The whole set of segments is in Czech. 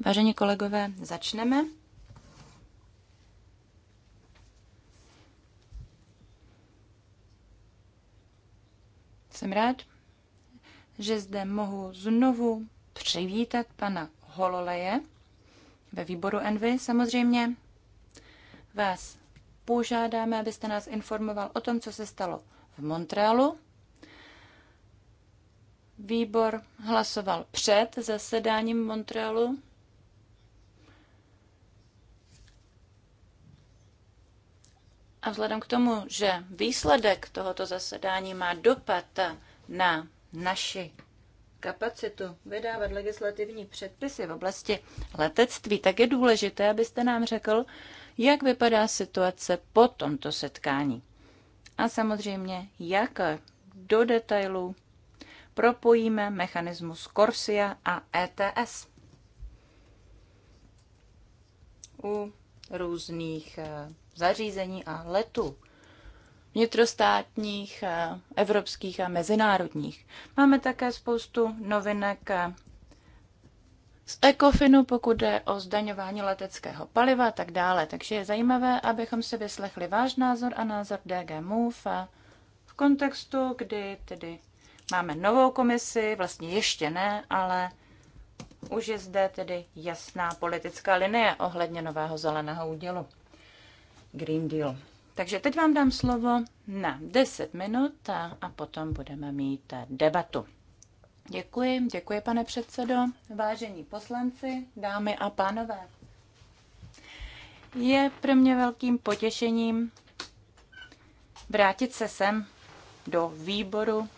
Vážení kolegové, začneme. Jsem rád, že zde mohu znovu přivítat pana Hololeje ve výboru Envy samozřejmě. Vás požádáme, abyste nás informoval o tom, co se stalo v Montrealu Výbor hlasoval před zasedáním v Montrealu. A vzhledem k tomu, že výsledek tohoto zasedání má dopad na naši kapacitu vydávat legislativní předpisy v oblasti letectví, tak je důležité, abyste nám řekl, jak vypadá situace po tomto setkání. A samozřejmě, jak do detailů propojíme mechanismus Corsia a ETS. U různých eh, zařízení a letů vnitrostátních, eh, evropských a mezinárodních. Máme také spoustu novinek eh, z ECOFINu, pokud jde o zdaňování leteckého paliva a tak dále. Takže je zajímavé, abychom si vyslechli váš názor a názor DG MOVE v kontextu, kdy tedy Máme novou komisi, vlastně ještě ne, ale už je zde tedy jasná politická linie ohledně nového zeleného údělu. Green Deal. Takže teď vám dám slovo na 10 minut a, a potom budeme mít debatu. Děkuji, děkuji pane předsedo, vážení poslanci, dámy a pánové. Je pro mě velkým potěšením vrátit se sem do výboru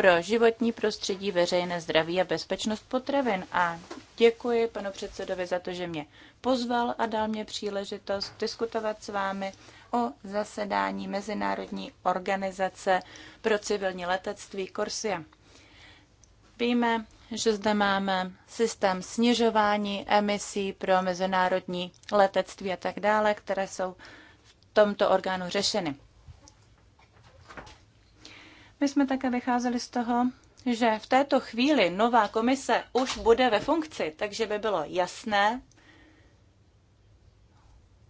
pro životní prostředí, veřejné zdraví a bezpečnost potravin. A děkuji panu předsedovi za to, že mě pozval a dal mě příležitost diskutovat s vámi o zasedání Mezinárodní organizace pro civilní letectví Korsia. Víme, že zde máme systém snižování emisí pro mezinárodní letectví a tak dále, které jsou v tomto orgánu řešeny. My jsme také vycházeli z toho, že v této chvíli nová komise už bude ve funkci, takže by bylo jasné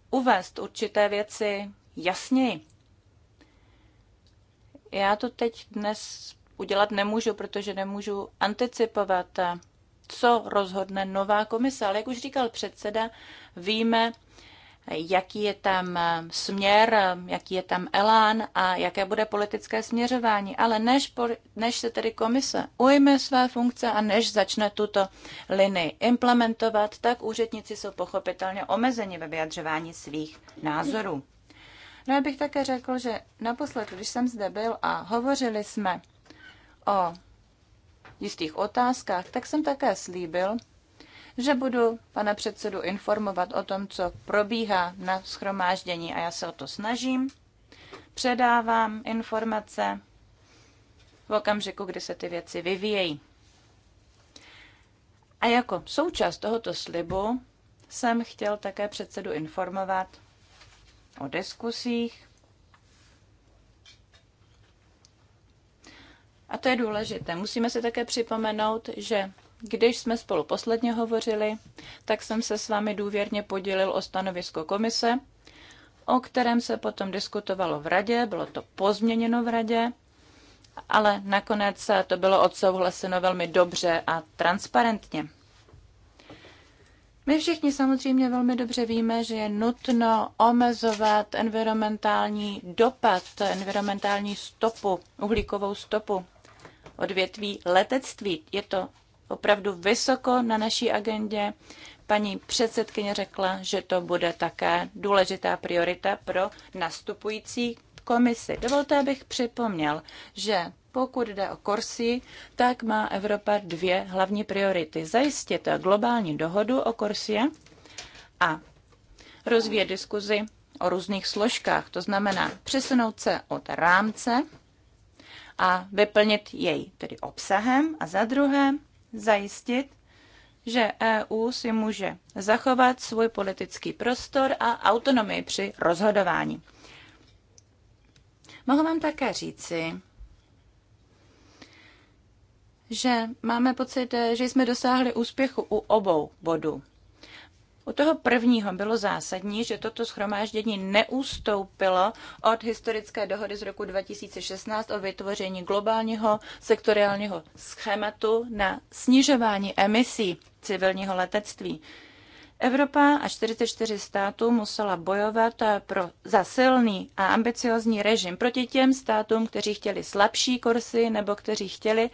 uvést určité věci jasněji. Já to teď dnes udělat nemůžu, protože nemůžu anticipovat, co rozhodne nová komise. Ale jak už říkal předseda, víme, jaký je tam eh, směr, eh, jaký je tam elán a jaké bude politické směřování. Ale než, než se tedy komise ujme své funkce a než začne tuto linii implementovat, tak úředníci jsou pochopitelně omezeni ve vyjadřování svých názorů. No já bych také řekl, že naposled, když jsem zde byl a hovořili jsme o jistých otázkách, tak jsem také slíbil, že budu pana předsedu informovat o tom, co probíhá na schromáždění a já se o to snažím. Předávám informace v okamžiku, kdy se ty věci vyvíjejí. A jako součást tohoto slibu jsem chtěl také předsedu informovat o diskusích. A to je důležité. Musíme si také připomenout, že když jsme spolu posledně hovořili, tak jsem se s vámi důvěrně podělil o stanovisko komise, o kterém se potom diskutovalo v radě, bylo to pozměněno v radě, ale nakonec to bylo odsouhlaseno velmi dobře a transparentně. My všichni samozřejmě velmi dobře víme, že je nutno omezovat environmentální dopad, environmentální stopu, uhlíkovou stopu odvětví letectví. Je to opravdu vysoko na naší agendě. Paní předsedkyně řekla, že to bude také důležitá priorita pro nastupující komisi. Dovolte, abych připomněl, že pokud jde o Korsi, tak má Evropa dvě hlavní priority. Zajistit globální dohodu o Korsie a rozvíjet diskuzi o různých složkách. To znamená přesunout se od rámce a vyplnit jej tedy obsahem a za druhé zajistit, že EU si může zachovat svůj politický prostor a autonomii při rozhodování. Mohu vám také říci, že máme pocit, že jsme dosáhli úspěchu u obou bodů. U toho prvního bylo zásadní, že toto schromáždění neustoupilo od historické dohody z roku 2016 o vytvoření globálního sektoriálního schématu na snižování emisí civilního letectví. Evropa a 44 států musela bojovat pro, za silný a ambiciozní režim proti těm státům, kteří chtěli slabší kursy nebo kteří chtěli,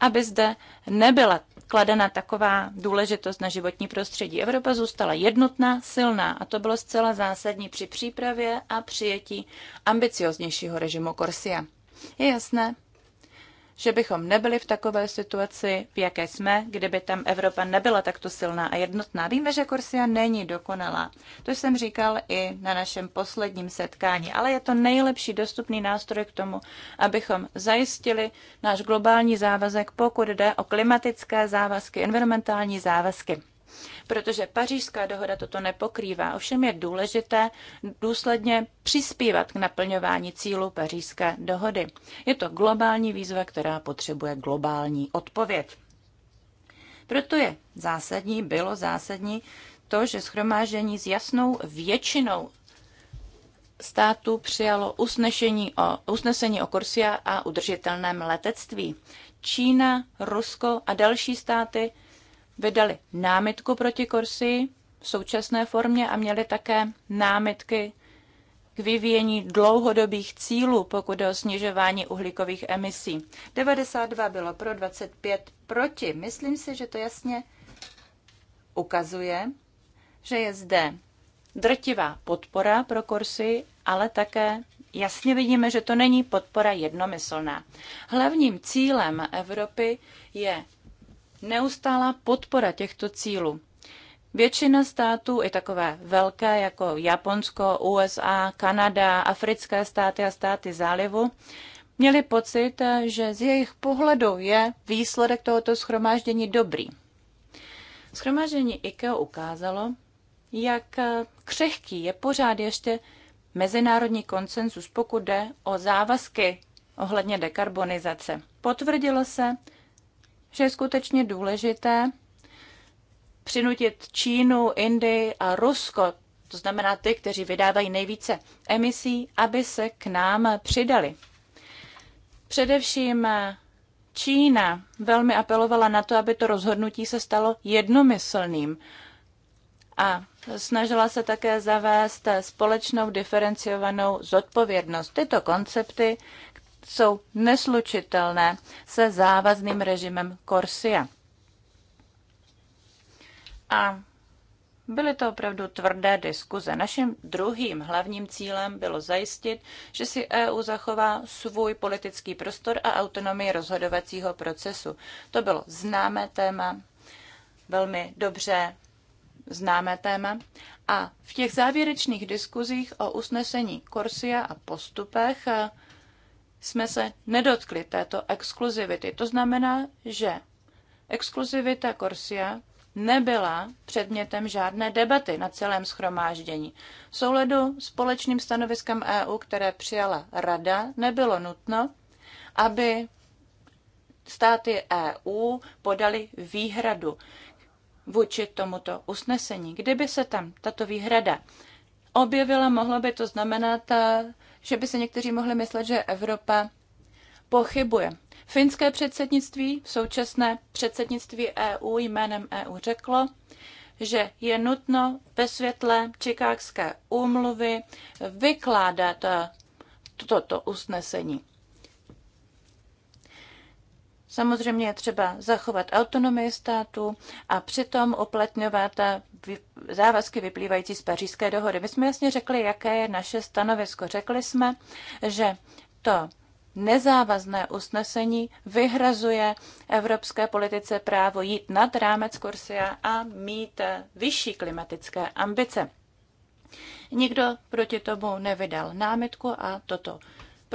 aby zde nebyla kladena taková důležitost na životní prostředí. Evropa zůstala jednotná, silná a to bylo zcela zásadní při přípravě a přijetí ambicioznějšího režimu Korsia. Je jasné, že bychom nebyli v takové situaci, v jaké jsme, kdyby tam Evropa nebyla takto silná a jednotná. Víme, že Korsia není dokonalá. To jsem říkal i na našem posledním setkání, ale je to nejlepší dostupný nástroj k tomu, abychom zajistili náš globální závazek, pokud jde o klimatické závazky, environmentální závazky protože pařížská dohoda toto nepokrývá. Ovšem je důležité důsledně přispívat k naplňování cílu pařížské dohody. Je to globální výzva, která potřebuje globální odpověď. Proto je zásadní, bylo zásadní to, že schromážení s jasnou většinou státu přijalo usnesení o, usnesení o Korsia a udržitelném letectví. Čína, Rusko a další státy vydali námitku proti Korsi v současné formě a měli také námitky k vyvíjení dlouhodobých cílů, pokud o snižování uhlíkových emisí. 92 bylo pro, 25 proti. Myslím si, že to jasně ukazuje, že je zde drtivá podpora pro kursy, ale také jasně vidíme, že to není podpora jednomyslná. Hlavním cílem Evropy je neustálá podpora těchto cílů. Většina států, i takové velké jako Japonsko, USA, Kanada, africké státy a státy zálivu, měli pocit, že z jejich pohledu je výsledek tohoto schromáždění dobrý. Schromáždění IKEA ukázalo, jak křehký je pořád ještě mezinárodní konsenzus, pokud jde o závazky ohledně dekarbonizace. Potvrdilo se, že je skutečně důležité přinutit Čínu, Indii a Rusko, to znamená ty, kteří vydávají nejvíce emisí, aby se k nám přidali. Především Čína velmi apelovala na to, aby to rozhodnutí se stalo jednomyslným a snažila se také zavést společnou diferenciovanou zodpovědnost. Tyto koncepty, jsou neslučitelné se závazným režimem Korsia. A byly to opravdu tvrdé diskuze. Naším druhým hlavním cílem bylo zajistit, že si EU zachová svůj politický prostor a autonomii rozhodovacího procesu. To bylo známé téma, velmi dobře známé téma. A v těch závěrečných diskuzích o usnesení Korsia a postupech jsme se nedotkli této exkluzivity. To znamená, že exkluzivita Korsia nebyla předmětem žádné debaty na celém schromáždění. V souledu společným stanoviskem EU, které přijala Rada, nebylo nutno, aby státy EU podali výhradu vůči tomuto usnesení. Kdyby se tam tato výhrada objevila, mohlo by to znamenat eh, že by se někteří mohli myslet, že Evropa pochybuje. Finské předsednictví, současné předsednictví EU jménem EU řeklo, že je nutno ve světle Čikákské úmluvy vykládat eh, toto usnesení. Samozřejmě je třeba zachovat autonomii státu a přitom uplatňovat závazky vyplývající z pařížské dohody. My jsme jasně řekli, jaké je naše stanovisko. Řekli jsme, že to nezávazné usnesení vyhrazuje evropské politice právo jít nad rámec Kursia a mít vyšší klimatické ambice. Nikdo proti tomu nevydal námitku a toto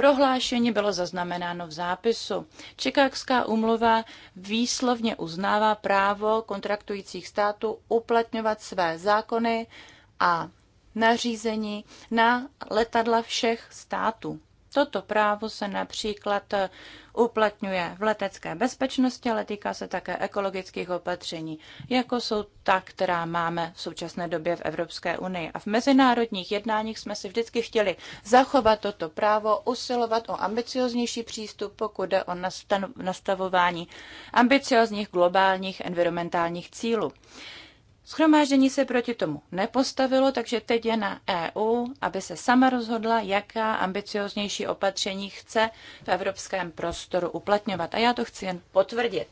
Prohlášení bylo zaznamenáno v zápisu. Čikákská umluva výslovně uznává právo kontraktujících států uplatňovat své zákony a nařízení na letadla všech států. Toto právo se například eh, uplatňuje v letecké bezpečnosti, ale týká se také ekologických opatření, jako jsou ta, která máme v současné době v Evropské unii. A v mezinárodních jednáních jsme si vždycky chtěli zachovat toto právo, usilovat o ambicioznější přístup, pokud jde o nastavování ambiciozních globálních environmentálních cílů. Schromáždění se proti tomu nepostavilo, takže teď je na EU, aby se sama rozhodla, jaká ambicioznější opatření chce v evropském prostoru uplatňovat. A já to chci jen potvrdit.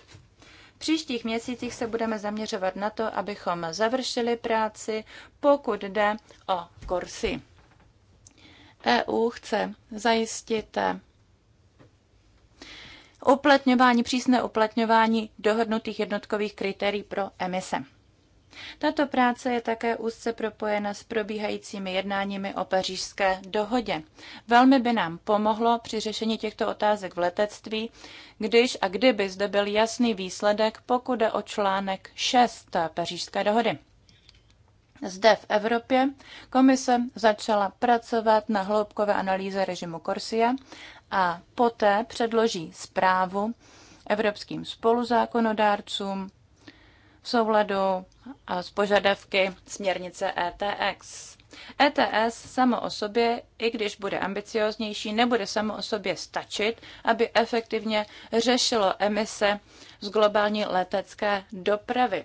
V příštích měsících se budeme zaměřovat na to, abychom završili práci, pokud jde o kursy. EU chce zajistit eh, uplatňování, přísné uplatňování dohodnutých jednotkových kritérií pro emise. Tato práce je také úzce propojena s probíhajícími jednáními o pařížské dohodě. Velmi by nám pomohlo při řešení těchto otázek v letectví, když a kdyby zde byl jasný výsledek, pokud jde o článek 6 pařížské dohody. Zde v Evropě komise začala pracovat na hloubkové analýze režimu Corsia a poté předloží zprávu evropským spoluzákonodárcům souladu s požadavky směrnice ETX. ETS samo o sobě, i když bude ambicioznější, nebude samo o sobě stačit, aby efektivně řešilo emise z globální letecké dopravy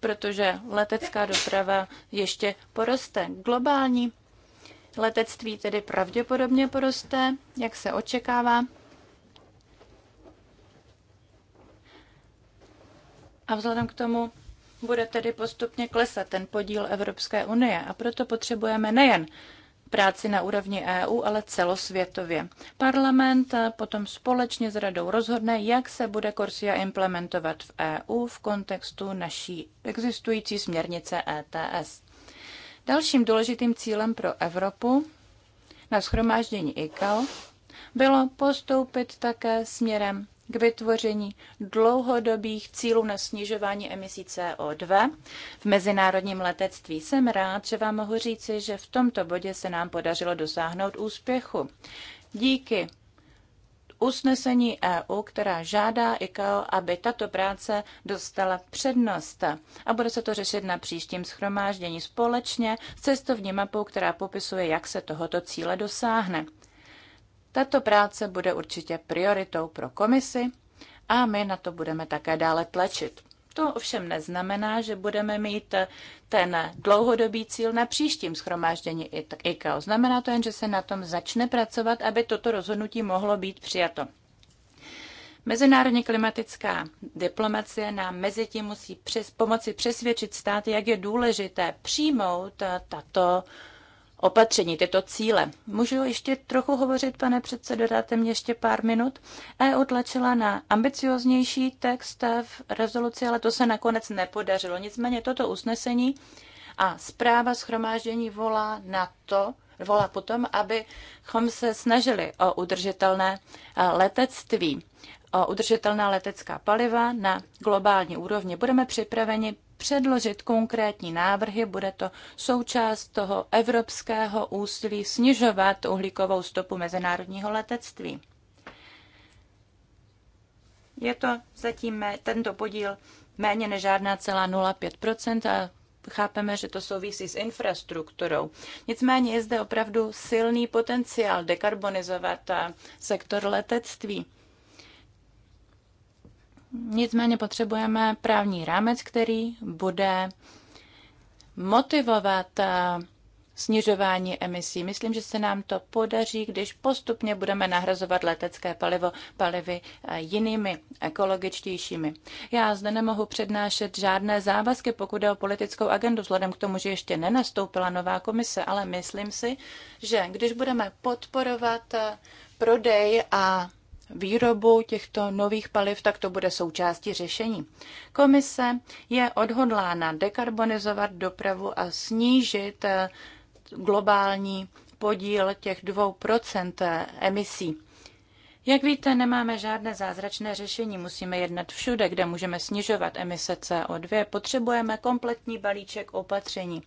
protože letecká doprava ještě poroste. Globální letectví tedy pravděpodobně poroste, jak se očekává, a vzhledem k tomu bude tedy postupně klesat ten podíl Evropské unie a proto potřebujeme nejen práci na úrovni EU, ale celosvětově. Parlament potom společně s radou rozhodne, jak se bude Corsia implementovat v EU v kontextu naší existující směrnice ETS. Dalším důležitým cílem pro Evropu na schromáždění ICAO bylo postoupit také směrem k vytvoření dlouhodobých cílů na snižování emisí CO2 v mezinárodním letectví. Jsem rád, že vám mohu říci, že v tomto bodě se nám podařilo dosáhnout úspěchu. Díky usnesení EU, která žádá ICAO, aby tato práce dostala přednost. A bude se to řešit na příštím schromáždění společně s cestovní mapou, která popisuje, jak se tohoto cíle dosáhne. Tato práce bude určitě prioritou pro komisi a my na to budeme také dále tlačit. To ovšem neznamená, že budeme mít ten dlouhodobý cíl na příštím schromáždění ICAO. Znamená to jen, že se na tom začne pracovat, aby toto rozhodnutí mohlo být přijato. Mezinárodní klimatická diplomacie nám mezi tím musí přes, pomoci přesvědčit státy, jak je důležité přijmout tato opatření, tyto cíle. Můžu ještě trochu hovořit, pane předsedo, dáte mi ještě pár minut. EU tlačila na ambicioznější text v rezoluci, ale to se nakonec nepodařilo. Nicméně toto usnesení a zpráva schromáždění volá na to, volá potom, abychom se snažili o udržitelné e, letectví, o udržitelná letecká paliva na globální úrovni. Budeme připraveni předložit konkrétní návrhy, bude to součást toho evropského úsilí snižovat uhlíkovou stopu mezinárodního letectví. Je to zatím tento podíl méně než žádná celá 0,5 a chápeme, že to souvisí s infrastrukturou. Nicméně je zde opravdu silný potenciál dekarbonizovat sektor letectví. Nicméně potřebujeme právní rámec, který bude motivovat eh, snižování emisí. Myslím, že se nám to podaří, když postupně budeme nahrazovat letecké palivo palivy eh, jinými ekologičtějšími. Já zde nemohu přednášet žádné závazky, pokud je o politickou agendu, vzhledem k tomu, že ještě nenastoupila nová komise, ale myslím si, že když budeme podporovat eh, prodej a výrobu těchto nových paliv, tak to bude součástí řešení. Komise je odhodlána dekarbonizovat dopravu a snížit eh, globální podíl těch 2% eh, emisí. Jak víte, nemáme žádné zázračné řešení. Musíme jednat všude, kde můžeme snižovat emise CO2. Potřebujeme kompletní balíček opatření.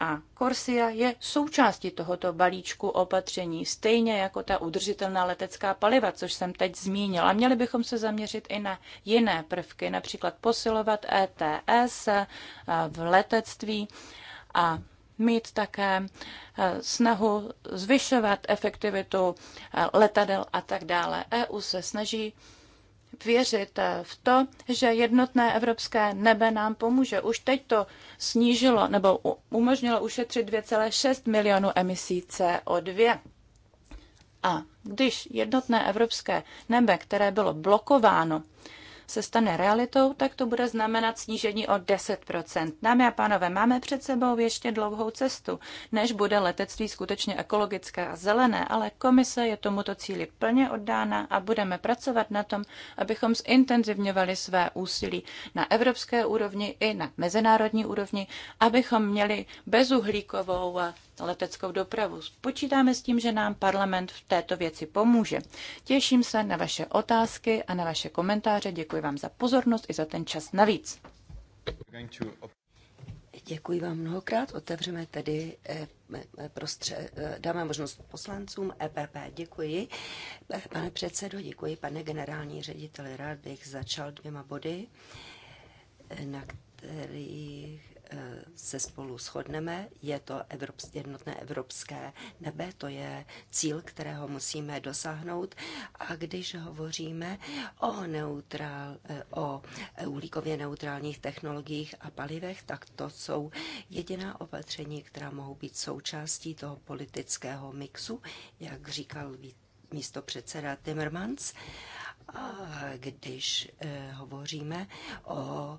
A Corsia je součástí tohoto balíčku opatření, stejně jako ta udržitelná letecká paliva, což jsem teď zmínila. Měli bychom se zaměřit i na jiné prvky, například posilovat ETS eh, v letectví a mít také eh, snahu zvyšovat efektivitu eh, letadel a tak dále. EU se snaží věřit eh, v to, že jednotné evropské nebe nám pomůže. Už teď to snížilo nebo umožnilo ušetřit 2,6 milionů emisí CO2. A když jednotné evropské nebe, které bylo blokováno se stane realitou, tak to bude znamenat snížení o 10%. Dámy a pánové, máme před sebou ještě dlouhou cestu, než bude letectví skutečně ekologické a zelené, ale komise je tomuto cíli plně oddána a budeme pracovat na tom, abychom zintenzivňovali své úsilí na evropské úrovni i na mezinárodní úrovni, abychom měli bezuhlíkovou leteckou dopravu. Počítáme s tím, že nám parlament v této věci pomůže. Těším se na vaše otázky a na vaše komentáře. Děkuji vám za pozornost i za ten čas navíc. Děkuji vám mnohokrát. Otevřeme tedy eh, eh, prostře, eh, dáme možnost poslancům EPP. Děkuji. Pane předsedo, děkuji, pane generální řediteli. Rád bych začal dvěma body, na kterých Eh, se spolu shodneme, je to evropské jednotné evropské nebe, to je cíl, kterého musíme dosáhnout. A když hovoříme o, neutrál, eh, o uhlíkově neutrálních technologiích a palivech, tak to jsou jediná opatření, která mohou být součástí toho politického mixu, jak říkal místo předseda Timmermans. A když eh, hovoříme o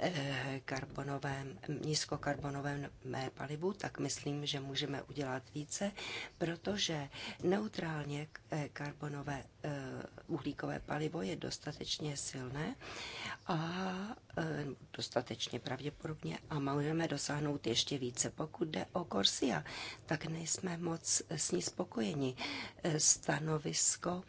Eh, karbonovém, nízkokarbonovém palivu, tak myslím, že můžeme udělat více, protože neutrálně eh, karbonové eh, uhlíkové palivo je dostatečně silné a dostatečně pravděpodobně a můžeme dosáhnout ještě více. Pokud jde o Corsia, tak nejsme moc s ní spokojeni. Stanovisko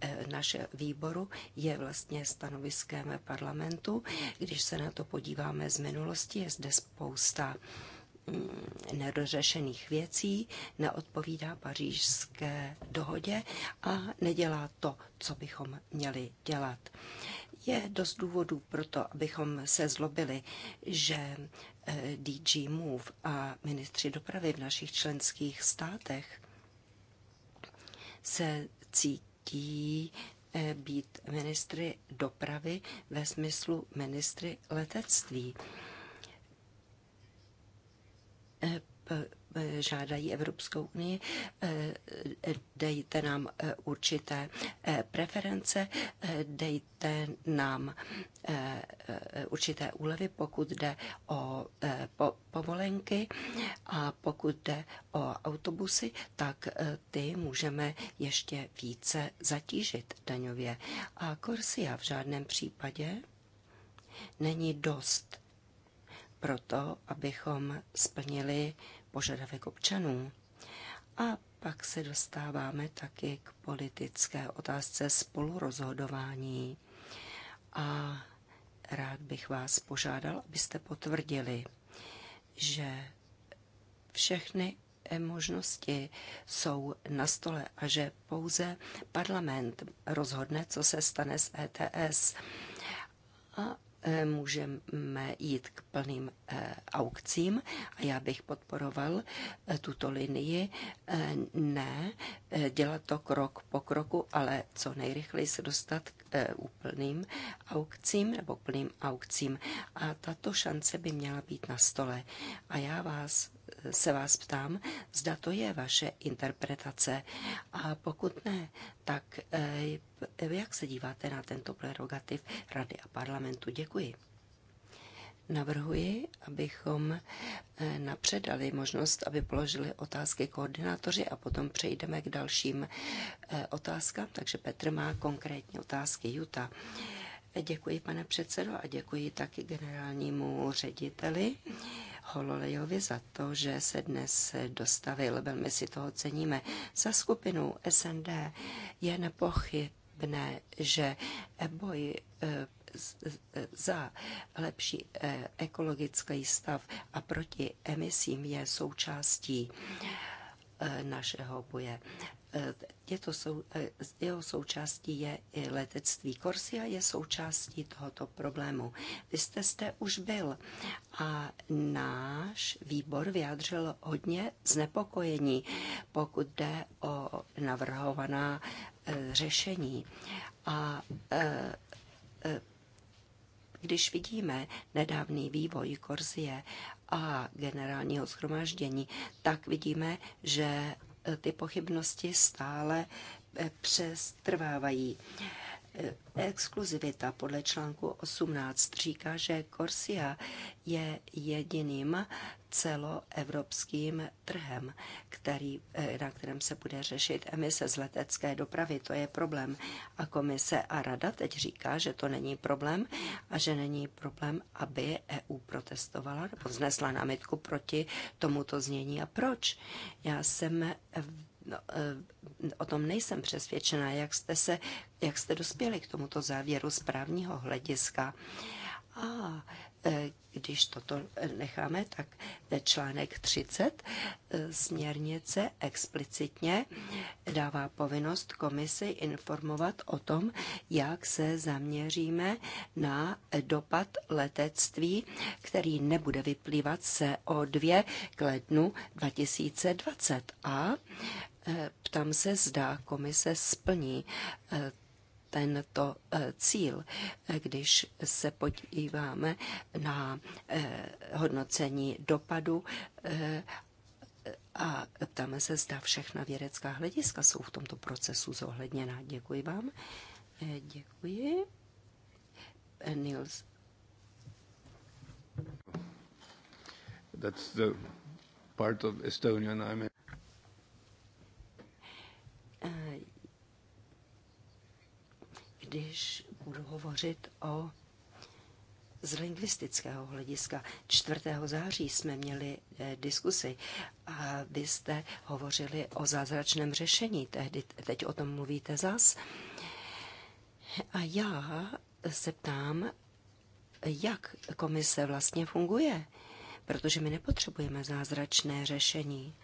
Eh, naše výboru je vlastně stanoviskem parlamentu. Když se na to podíváme z minulosti, je zde spousta mm, nedořešených věcí, neodpovídá pařížské dohodě a nedělá to, co bychom měli dělat. Je dost důvodů pro to, abychom se zlobili, že eh, DG Move a ministři dopravy v našich členských státech se cítí chtí eh, být ministry dopravy ve smyslu ministry letectví. Eh, Eh, žádají Evropskou unii, eh, dejte nám eh, určité preference, dejte nám určité úlevy, pokud jde o povolenky a pokud jde o autobusy, tak ty můžeme ještě více zatížit daňově. A Corsia v žádném případě není dost proto, abychom splnili požadavek občanů. A pak se dostáváme taky k politické otázce spolurozhodování. A rád bych vás požádal, abyste potvrdili, že všechny možnosti jsou na stole a že pouze parlament rozhodne, co se stane s ETS. A Eh, můžeme jít k plným eh, aukcím a já bych podporoval eh, tuto linii. Ne dělat to krok po kroku, ale co nejrychleji se dostat k úplným aukcím nebo plným aukcím. A tato šance by měla být na stole. A já vás se vás ptám, zda to je vaše interpretace. A pokud ne, tak eh, jak se díváte na tento prerogativ Rady a parlamentu? Děkuji. Navrhuji, abychom eh, napředali možnost, aby položili otázky koordinátoři a potom přejdeme k dalším eh, otázkám. Takže Petr má konkrétní otázky. Juta. Děkuji, pane předsedo, a děkuji taky generálnímu řediteli. Hololejovi za to, že se dnes dostavil. Velmi si toho ceníme. Za skupinu SND je nepochybné, že boj eh, za lepší eh, ekologický stav a proti emisím je součástí eh, našeho boje je to sou, eh, jeho součástí je i letectví. Korsia je součástí tohoto problému. Vy jste zde už byl a náš výbor vyjádřil hodně znepokojení, pokud jde o navrhovaná eh, řešení. A eh, když vidíme nedávný vývoj Korzie a generálního schromáždění, tak vidíme, že ty pochybnosti stále eh, přestrvávají. Exkluzivita podle článku 18 říká, že Corsia je jediným celoevropským trhem, který, eh, na kterém se bude řešit emise z letecké dopravy. To je problém. A komise a rada teď říká, že to není problém a že není problém, aby EU protestovala nebo vznesla námitku proti tomuto znění. A proč? Já jsem no, eh, o tom nejsem přesvědčena, jak jste, se, jak jste dospěli k tomuto závěru z právního hlediska. A eh, když toto necháme, tak eh, článek 30 směrnice explicitně dává povinnost komisi informovat o tom, jak se zaměříme na dopad letectví, který nebude vyplývat se o 2 k lednu 2020 a Eh, ptám se, zda komise splní eh, tento eh, cíl, když se podíváme na hodnocení dopadu a ptáme se, zda všechna vědecká hlediska jsou v tomto procesu zohledněna. Děkuji vám. Děkuji. Nils. That's the part of Estonian I mean. Eh, když budu hovořit o z lingvistického hlediska. 4. září jsme měli eh, diskusy a vy jste hovořili o zázračném řešení. Tehdy, teď o tom mluvíte zas. A já se ptám, jak komise vlastně funguje, protože my nepotřebujeme zázračné řešení.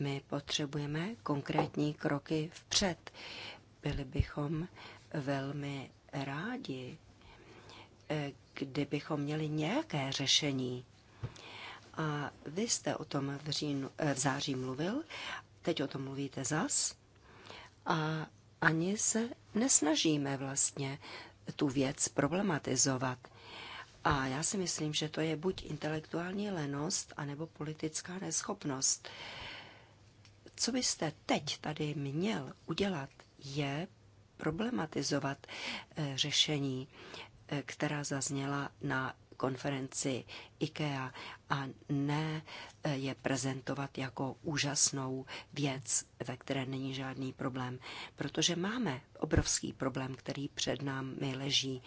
My potřebujeme konkrétní kroky vpřed. Byli bychom velmi rádi, eh, kdybychom měli nějaké řešení. A vy jste o tom v, říjnu, eh, v září mluvil, teď o tom mluvíte zas a ani se nesnažíme vlastně tu věc problematizovat. A já si myslím, že to je buď intelektuální lenost, anebo politická neschopnost. Uh, co byste teď tady měl udělat, je problematizovat eh, řešení, eh, která zazněla na konferenci IKEA a ne eh, je prezentovat jako úžasnou věc, ve které není žádný problém, protože máme obrovský problém, který před námi leží.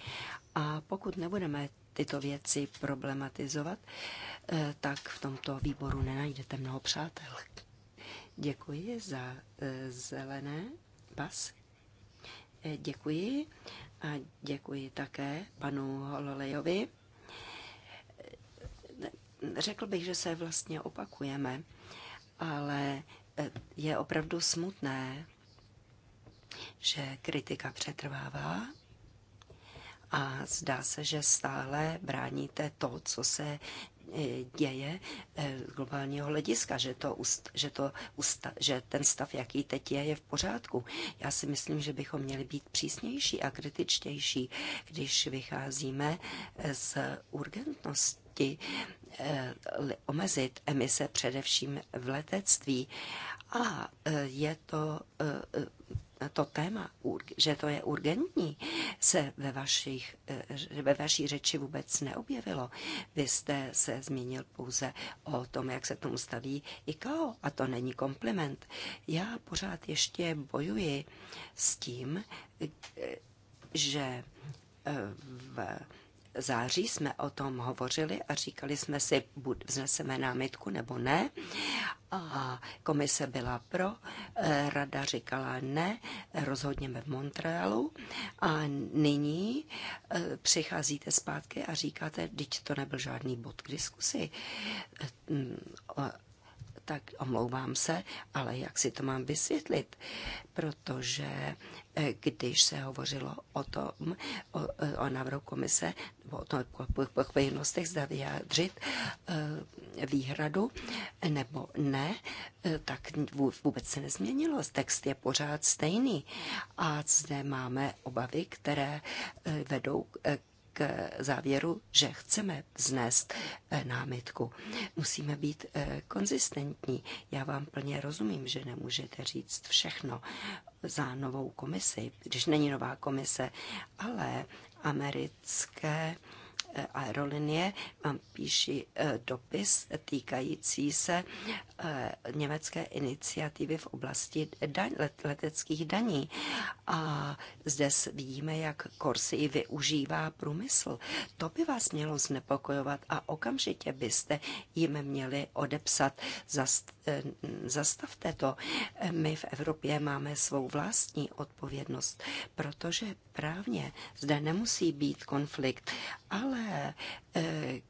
A pokud nebudeme tyto věci problematizovat, tak v tomto výboru nenajdete mnoho přátel. Děkuji za e, zelené pas. E, děkuji a děkuji také panu Hololejovi. E, řekl bych, že se vlastně opakujeme, ale je opravdu smutné, že kritika přetrvává a zdá se, že stále bráníte to, co se E, děje e, z globálního hlediska, že, to, že, to, že ten stav, jaký teď je, je v pořádku. Já si myslím, že bychom měli být přísnější a kritičtější, když vycházíme e, z urgentnosti omezit emise především v letectví a e, je to e, e, to téma, že to je urgentní, se ve, vašich, ve vaší řeči vůbec neobjevilo. Vy jste se zmínil pouze o tom, jak se tomu staví ICAO a to není kompliment. Já pořád ještě bojuji s tím, že v září jsme o tom hovořili a říkali jsme si, buď vzneseme námitku nebo ne. A komise byla pro, eh, rada říkala ne, rozhodněme v Montrealu. A nyní eh, přicházíte zpátky a říkáte, teď to nebyl žádný bod k diskusi eh, mm, tak omlouvám se, ale jak si to mám vysvětlit? Protože Eh, když se hovořilo o tom, o, eh, o návrhu komise, o tom pochybnostech, zda vyjádřit eh, výhradu nebo ne, tak vůbec se nezměnilo. Text je pořád stejný. A zde máme obavy, které vedou k závěru, že chceme vznést námitku. Musíme být konzistentní. Já vám plně rozumím, že nemůžete říct všechno za novou komisi, když není nová komise, ale americké Eh, aerolinie vám píší eh, dopis týkající se eh, německé iniciativy v oblasti daň, leteckých daní. A zde vidíme, jak Korsi využívá průmysl. To by vás mělo znepokojovat a okamžitě byste jim měli odepsat. zastavte to. My v Evropě máme svou vlastní odpovědnost, protože právně zde nemusí být konflikt, ale druhé, eh, eh,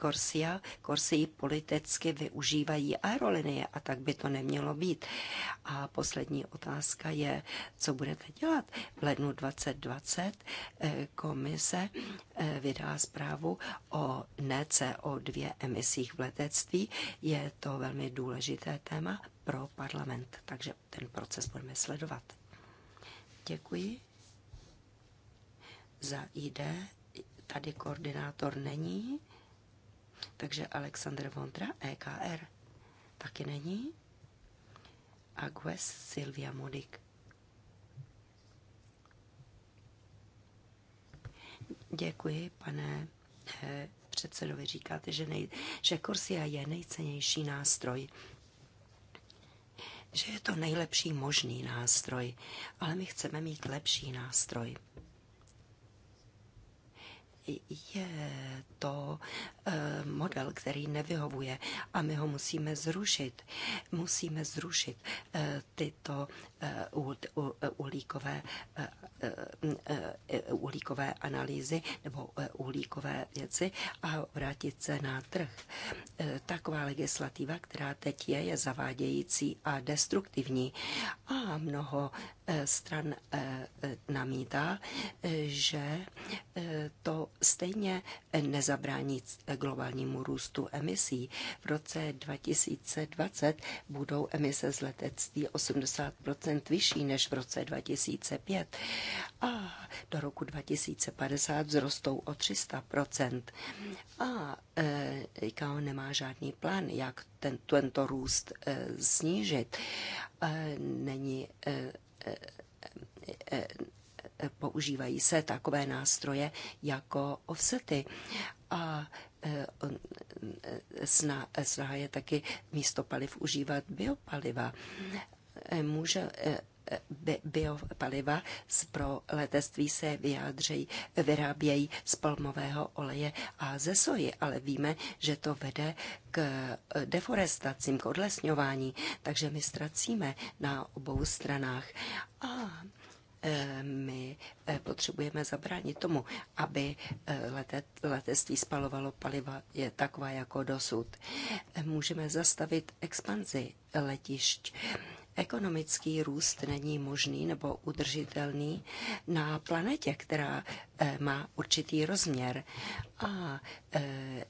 Korsia, Korsii politicky využívají aerolinie a tak by to nemělo být. A poslední otázka je, co budete dělat. V lednu 2020 eh, komise vydá zprávu o NCO2 emisích v letectví. Je to velmi důležité téma pro parlament, takže ten proces budeme sledovat. Děkuji za ID Tady koordinátor není, takže Alexander Vondra, EKR, taky není. Agues Silvia Modik. Děkuji, pane eh, předsedovi. Říkáte, že, nej, že Corsia je nejcennější nástroj že je to nejlepší možný nástroj, ale my chceme mít lepší nástroj je to eh, model, který nevyhovuje a my ho musíme zrušit. Musíme zrušit eh, tyto Eh, uhlíkové, eh, eh, uhlíkové analýzy nebo uhlíkové věci a vrátit se na trh. Taková legislativa, která teď je, je zavádějící a destruktivní a mnoho stran namítá, že to stejně nezabrání globálnímu růstu emisí. V roce 2020 budou emise z letectví 80 vyšší než v roce 2005 a do roku 2050 vzrostou o 300 A e, ICAO nemá žádný plán, jak ten, tento růst e, snížit. E, není používají se takové nástroje jako offsety. A snaha je taky místo paliv užívat biopaliva. Eh, může eh, biopaliva pro letectví se vyjádřejí, vyrábějí z palmového oleje a ze soji, ale víme, že to vede k eh, deforestacím, k odlesňování, takže my ztracíme na obou stranách. A my potřebujeme zabránit tomu, aby letectví spalovalo paliva je taková jako dosud. Můžeme zastavit expanzi letišť ekonomický růst není možný nebo udržitelný na planetě, která eh, má určitý rozměr. A eh,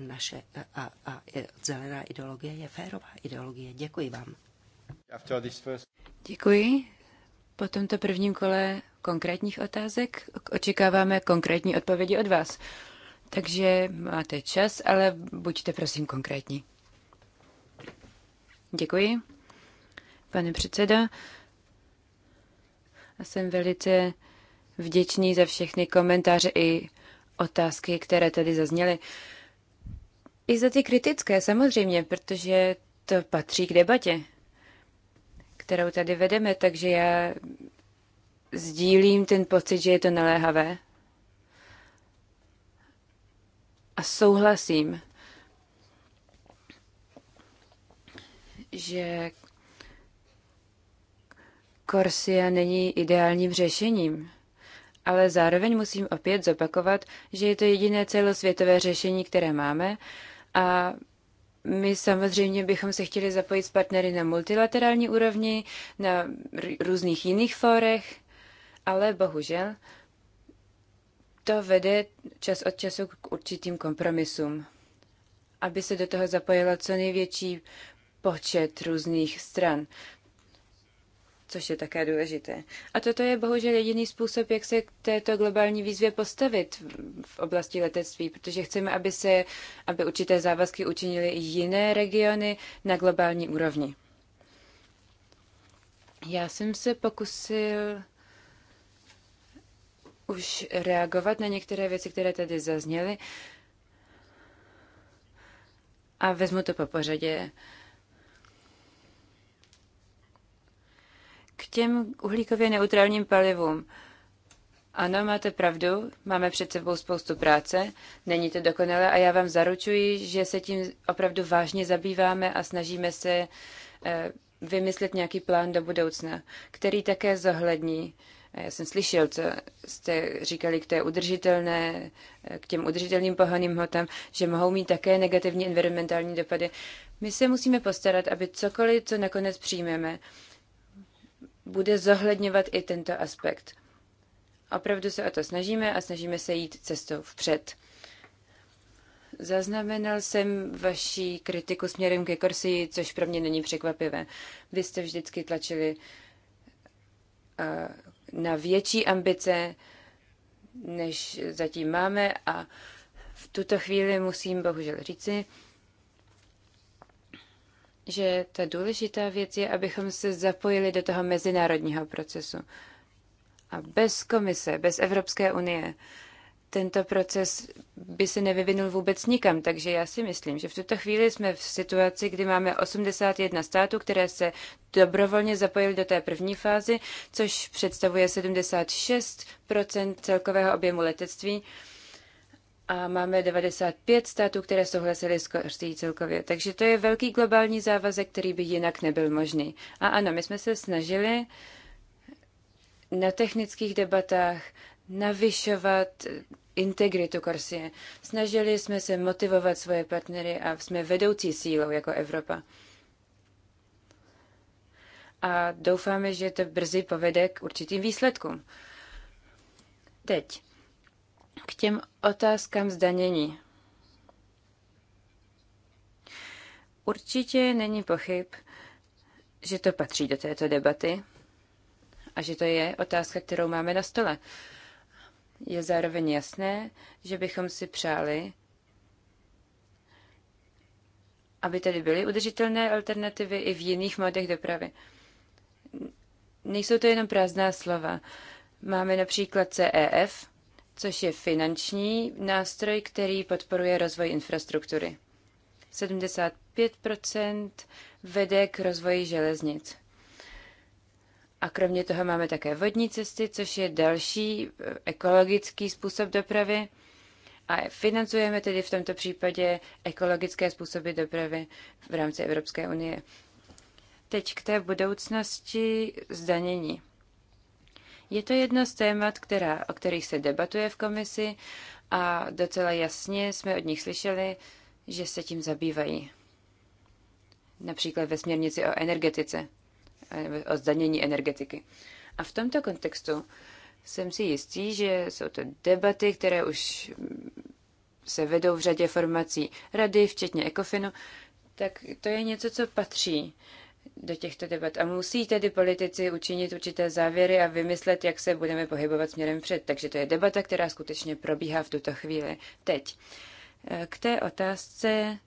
naše a, a zelená ideologie je férová ideologie. Děkuji vám. Děkuji. Po tomto prvním kole konkrétních otázek očekáváme konkrétní odpovědi od vás. Takže máte čas, ale buďte prosím konkrétní. Děkuji pane předseda. A jsem velice vděčný za všechny komentáře i otázky, které tady zazněly. I za ty kritické, samozřejmě, protože to patří k debatě, kterou tady vedeme, takže já sdílím ten pocit, že je to naléhavé. A souhlasím, že Korsia není ideálním řešením. Ale zároveň musím opět zopakovat, že je to jediné celosvětové řešení, které máme a my samozřejmě bychom se chtěli zapojit s partnery na multilaterální úrovni, na různých jiných fórech, ale bohužel to vede čas od času k určitým kompromisům. Aby se do toho zapojilo co největší počet různých stran což je také důležité. A toto je bohužel jediný způsob, jak se k této globální výzvě postavit v oblasti letectví, protože chceme, aby se, aby určité závazky učinily i jiné regiony na globální úrovni. Já jsem se pokusil už reagovat na některé věci, které tady zazněly. A vezmu to po pořadě. Uh, těm uhlíkově neutrálním palivům. Ano, máte pravdu, máme před sebou spoustu práce, není to dokonalé a já vám zaručuji, že se tím opravdu vážně zabýváme a snažíme se eh, vymyslet nějaký plán do budoucna, který také zohlední. Já jsem slyšel, co jste říkali k té udržitelné, eh, k těm udržitelným pohoným hmotám, že mohou mít také negativní environmentální dopady. My se musíme postarat, aby cokoliv, co nakonec přijmeme, bude zohledňovat i tento aspekt. Opravdu se o to snažíme a snažíme se jít cestou vpřed. Zaznamenal jsem vaši kritiku směrem ke Korsii, což pro mě není překvapivé. Vy jste vždycky tlačili eh, na větší ambice, než zatím máme a v tuto chvíli musím bohužel říci, že ta důležitá věc je, abychom se zapojili do toho mezinárodního procesu. A bez komise, bez Evropské unie, tento proces by se nevyvinul vůbec nikam. Takže já si myslím, že v tuto chvíli jsme v situaci, kdy máme 81 států, které se dobrovolně zapojili do té první fázy, což představuje 76 celkového objemu letectví a máme 95 států, které souhlasily s kořtí celkově. Takže to je velký globální závazek, který by jinak nebyl možný. A ano, my jsme se snažili na technických debatách navyšovat integritu Korsie. Snažili jsme se motivovat svoje partnery a jsme vedoucí sílou jako Evropa. A doufáme, že to brzy povede k určitým výsledkům. Teď k těm otázkám zdanění. Určitě není pochyb, že to patří do této debaty a že to je otázka, kterou máme na stole. Je zároveň jasné, že bychom si přáli, aby tady byly udržitelné alternativy i v jiných modech dopravy. Nejsou to jenom prázdná slova. Máme například CEF, což je finanční nástroj, který podporuje rozvoj infrastruktury. 75 vede k rozvoji železnic. A kromě toho máme také vodní cesty, což je další eh, ekologický způsob dopravy. A financujeme tedy v tomto případě ekologické způsoby dopravy v rámci Evropské unie. Teď k té budoucnosti zdanění. Je to jedno z témat, která, o kterých se debatuje v komisi a docela jasně jsme od nich slyšeli, že se tím zabývají. Například ve směrnici o energetice, o zdanění energetiky. A v tomto kontextu jsem si jistý, že jsou to debaty, které už se vedou v řadě formací rady, včetně ECOFINu, tak to je něco, co patří do těchto debat. A musí tedy politici učinit určité závěry a vymyslet, jak se budeme pohybovat směrem před. Takže to je debata, která skutečně probíhá v tuto chvíli teď. Eh, k té otázce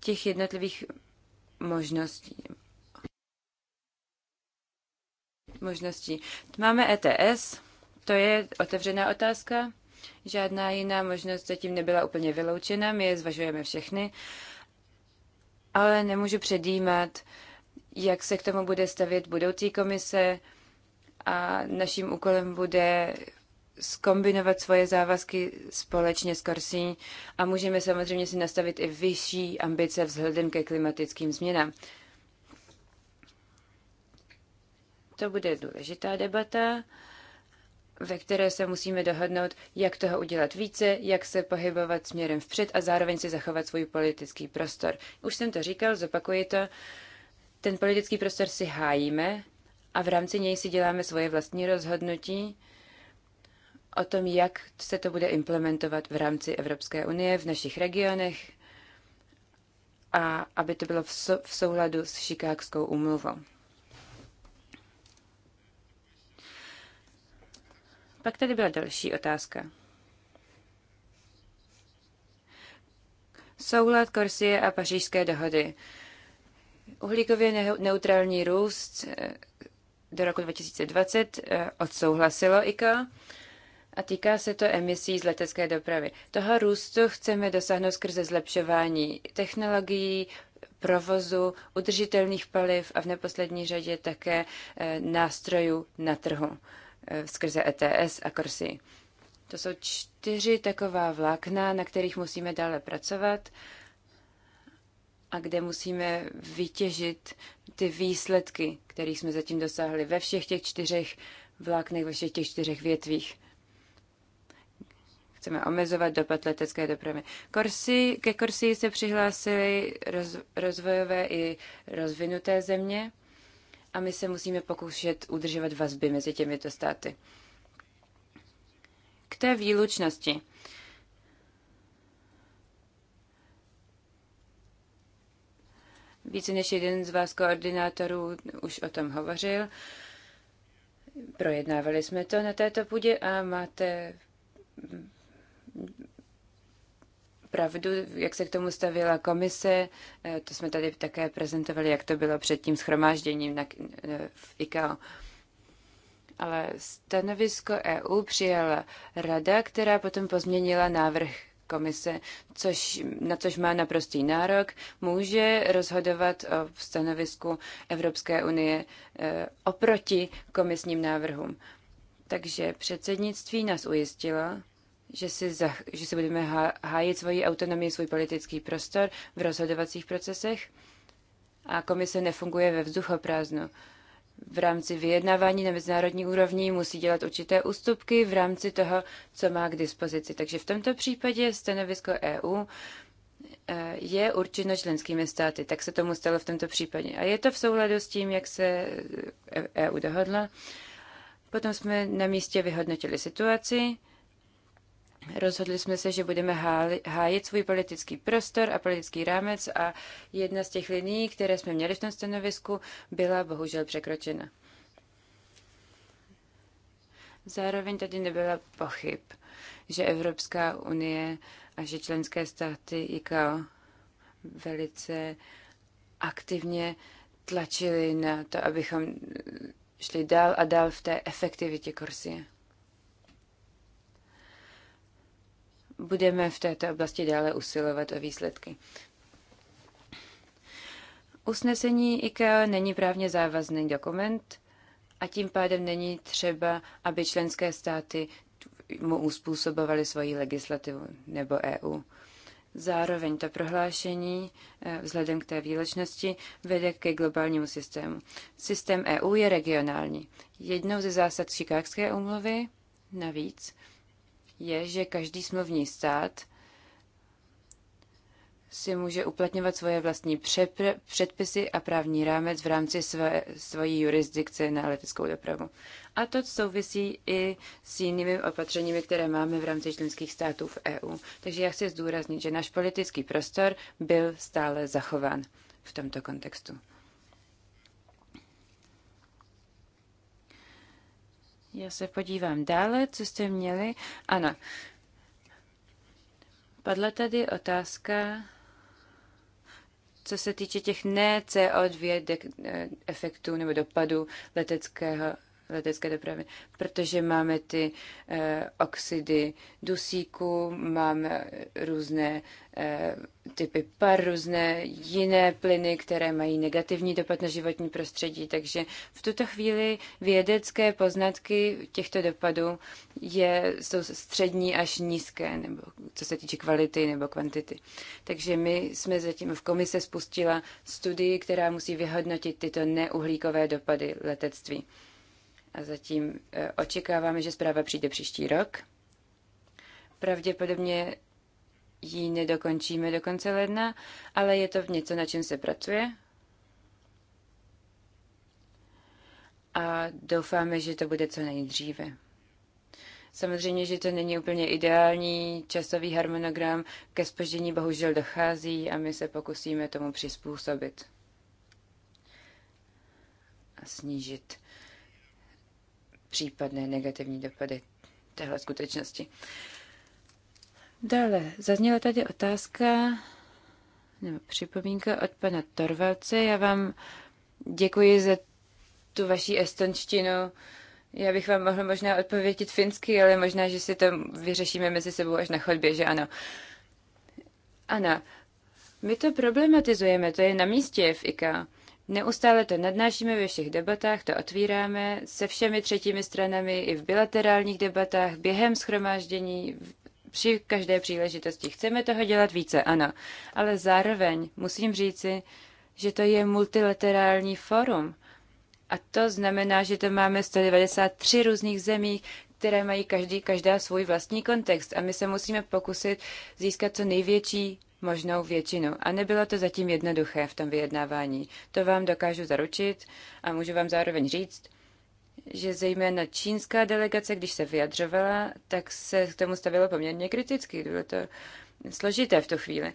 těch jednotlivých možností. Možností. Máme ETS, to je otevřená otázka. Žádná jiná možnost zatím nebyla úplně vyloučena, my je zvažujeme všechny. Uh, ale nemůžu předjímat, jak se k tomu bude stavět budoucí komise a naším úkolem bude skombinovat svoje závazky společně s Korsí a můžeme samozřejmě si nastavit i vyšší ambice vzhledem ke klimatickým změnám. To bude důležitá debata ve které se musíme dohodnout, jak toho udělat více, jak se pohybovat směrem vpřed a zároveň si zachovat svůj politický prostor. Už jsem to říkal, zopakuji to. Ten politický prostor si hájíme a v rámci něj si děláme svoje vlastní rozhodnutí o tom, jak se to bude implementovat v rámci Evropské unie, v našich regionech a aby to bylo v souladu s Šikákskou úmluvou. Pak tady byla další otázka. Soulad Korsie a pařížské dohody. Uhlíkově neutrální růst eh, do roku 2020 eh, odsouhlasilo IKA a týká se to emisí z letecké dopravy. Toho růstu chceme dosáhnout skrze zlepšování technologií, provozu, udržitelných paliv a v neposlední řadě také eh, nástrojů na trhu. Eh, skrze ETS a KRSI. To jsou čtyři taková vlákna, na kterých musíme dále pracovat a kde musíme vytěžit ty výsledky, kterých jsme zatím dosáhli ve všech těch čtyřech vláknech, ve všech těch čtyřech větvích. Chceme omezovat dopad letecké dopravy. Korsi, ke Korsi se přihlásily roz, rozvojové i rozvinuté země a my se musíme pokoušet udržovat vazby mezi těmito státy. K té výlučnosti. Více než jeden z vás koordinátorů už o tom hovořil. Projednávali jsme to na této půdě a máte pravdu, jak se k tomu stavila komise. Eh, to jsme tady také prezentovali, jak to bylo před tím schromážděním na, eh, v ICAO. Ale stanovisko EU přijala rada, která potom pozměnila návrh komise, což, na což má naprostý nárok, může rozhodovat o stanovisku Evropské unie eh, oproti komisním návrhům. Takže předsednictví nás ujistilo, že si, za, že si budeme hájit svoji autonomii, svůj politický prostor v rozhodovacích procesech a komise nefunguje ve vzduchoprázdnu. V rámci vyjednávání na mezinárodní úrovni musí dělat určité ústupky v rámci toho, co má k dispozici. Takže v tomto případě stanovisko EU eh, je určeno členskými státy. Tak se tomu stalo v tomto případě. A je to v souladu s tím, jak se EU eh, e dohodla. Potom jsme na místě vyhodnotili situaci Rozhodli jsme se, že budeme hájit svůj politický prostor a politický rámec a jedna z těch liní, které jsme měli v tom stanovisku, byla bohužel překročena. Zároveň tady nebyla pochyb, že Evropská unie a že členské státy ICAO velice aktivně tlačili na to, abychom šli dál a dál v té efektivitě Korsie. budeme v této oblasti dále usilovat o výsledky. Usnesení IKEA není právně závazný dokument a tím pádem není třeba, aby členské státy mu uspůsobovaly svoji legislativu nebo EU. Zároveň to prohlášení, eh, vzhledem k té výlečnosti, vede ke globálnímu systému. Systém EU je regionální. Jednou ze zásad Chicagské umluvy, navíc, je, že každý smluvní stát si může uplatňovat svoje vlastní předpisy a právní rámec v rámci své, svojí jurisdikce na leteckou dopravu. A to souvisí i s jinými opatřeními, které máme v rámci členských států v EU. Takže já chci zdůraznit, že náš politický prostor byl stále zachován v tomto kontextu. Já se podívám dále, co jste měli. Ano. Padla tady otázka, co se týče těch ne CO2 e- efektů nebo dopadu leteckého letecké dopravy, protože máme ty eh, oxidy dusíku, máme různé eh, typy par, různé jiné plyny, které mají negativní dopad na životní prostředí. Takže v tuto chvíli vědecké poznatky těchto dopadů je, jsou střední až nízké, nebo co se týče kvality nebo kvantity. Takže my jsme zatím v komise spustila studii, která musí vyhodnotit tyto neuhlíkové dopady letectví. A zatím e, očekáváme, že zpráva přijde příští rok. Pravděpodobně ji nedokončíme do konce ledna, ale je to v něco, na čem se pracuje. A doufáme, že to bude co nejdříve. Samozřejmě, že to není úplně ideální časový harmonogram, ke spoždění bohužel dochází a my se pokusíme tomu přizpůsobit a snížit případné negativní dopady téhle skutečnosti. Dále zazněla tady otázka nebo připomínka od pana Torvalce. Já vám děkuji za tu vaši estonštinu. Já bych vám mohl možná odpovědět finsky, ale možná, že si to vyřešíme mezi sebou až na chodbě, že ano. Ano, my to problematizujeme, to je na místě v IKA. Neustále to nadnášíme ve všech debatách, to otvíráme se všemi třetími stranami i v bilaterálních debatách, během schromáždění, při každé příležitosti. Chceme toho dělat více, ano, ale zároveň musím říci, že to je multilaterální forum. A to znamená, že to máme 193 různých zemí, které mají každý, každá svůj vlastní kontext. A my se musíme pokusit získat co největší možnou většinu. A nebylo to zatím jednoduché v tom vyjednávání. To vám dokážu zaručit a můžu vám zároveň říct, že zejména čínská delegace, když se vyjadřovala, tak se k tomu stavilo poměrně kriticky. Bylo to složité v tu chvíli.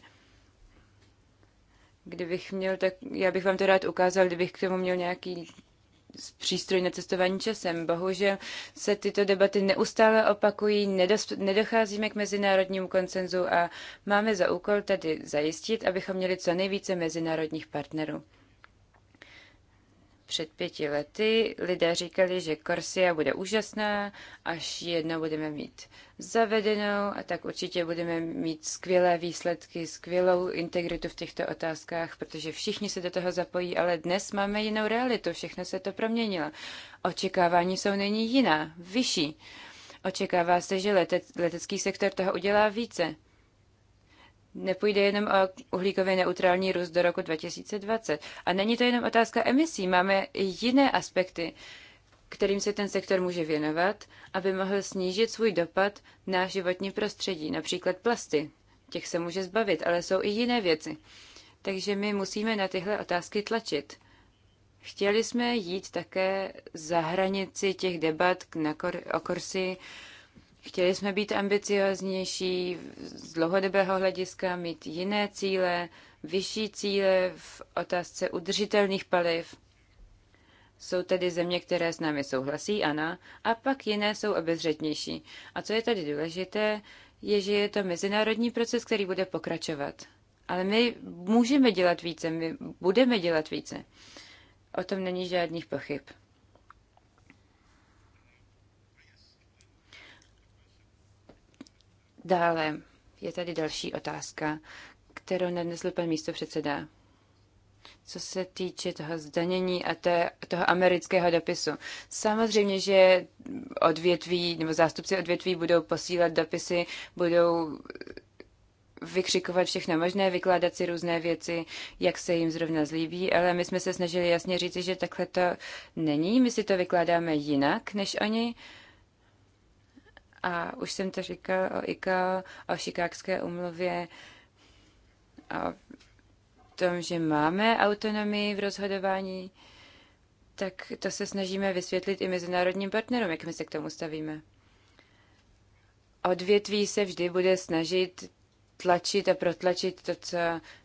Kdybych měl, tak já bych vám to rád ukázal, kdybych k tomu měl nějaký přístroj na cestování časem. Bohužel se tyto debaty neustále opakují, nedocházíme k mezinárodnímu koncenzu a máme za úkol tedy zajistit, abychom měli co nejvíce mezinárodních partnerů. Před pěti lety lidé říkali, že Corsia bude úžasná, až jedno budeme mít zavedenou a tak určitě budeme mít skvělé výsledky, skvělou integritu v těchto otázkách, protože všichni se do toho zapojí, ale dnes máme jinou realitu, všechno se to proměnilo. Očekávání jsou nyní jiná, vyšší. Očekává se, že lete, letecký sektor toho udělá více nepůjde jenom o uhlíkově neutrální růst do roku 2020. A není to jenom otázka emisí, máme i jiné aspekty, kterým se ten sektor může věnovat, aby mohl snížit svůj dopad na životní prostředí, například plasty. Těch se může zbavit, ale jsou i jiné věci. Takže my musíme na tyhle otázky tlačit. Chtěli jsme jít také za hranici těch debat na kor- o Korsi, Chtěli jsme být ambicioznější z dlouhodobého hlediska, mít jiné cíle, vyšší cíle v otázce udržitelných paliv. Jsou tedy země, které s námi souhlasí, ano, a pak jiné jsou obezřetnější. A co je tady důležité, je, že je to mezinárodní proces, který bude pokračovat. Ale my můžeme dělat více, my budeme dělat více. O tom není žádných pochyb. Dále je tady další otázka, kterou nadnesl pan místo předseda. Co se týče toho zdanění a té, toho amerického dopisu. Samozřejmě, že odvětví nebo zástupci odvětví budou posílat dopisy, budou vykřikovat všechno možné, vykládat si různé věci, jak se jim zrovna zlíbí, ale my jsme se snažili jasně říci, že takhle to není, my si to vykládáme jinak než oni a už jsem to říkal o IKA, o šikákské umluvě, o tom, že máme autonomii v rozhodování, tak to se snažíme vysvětlit i mezinárodním partnerům, jak my se k tomu stavíme. Odvětví se vždy bude snažit tlačit a protlačit to, co,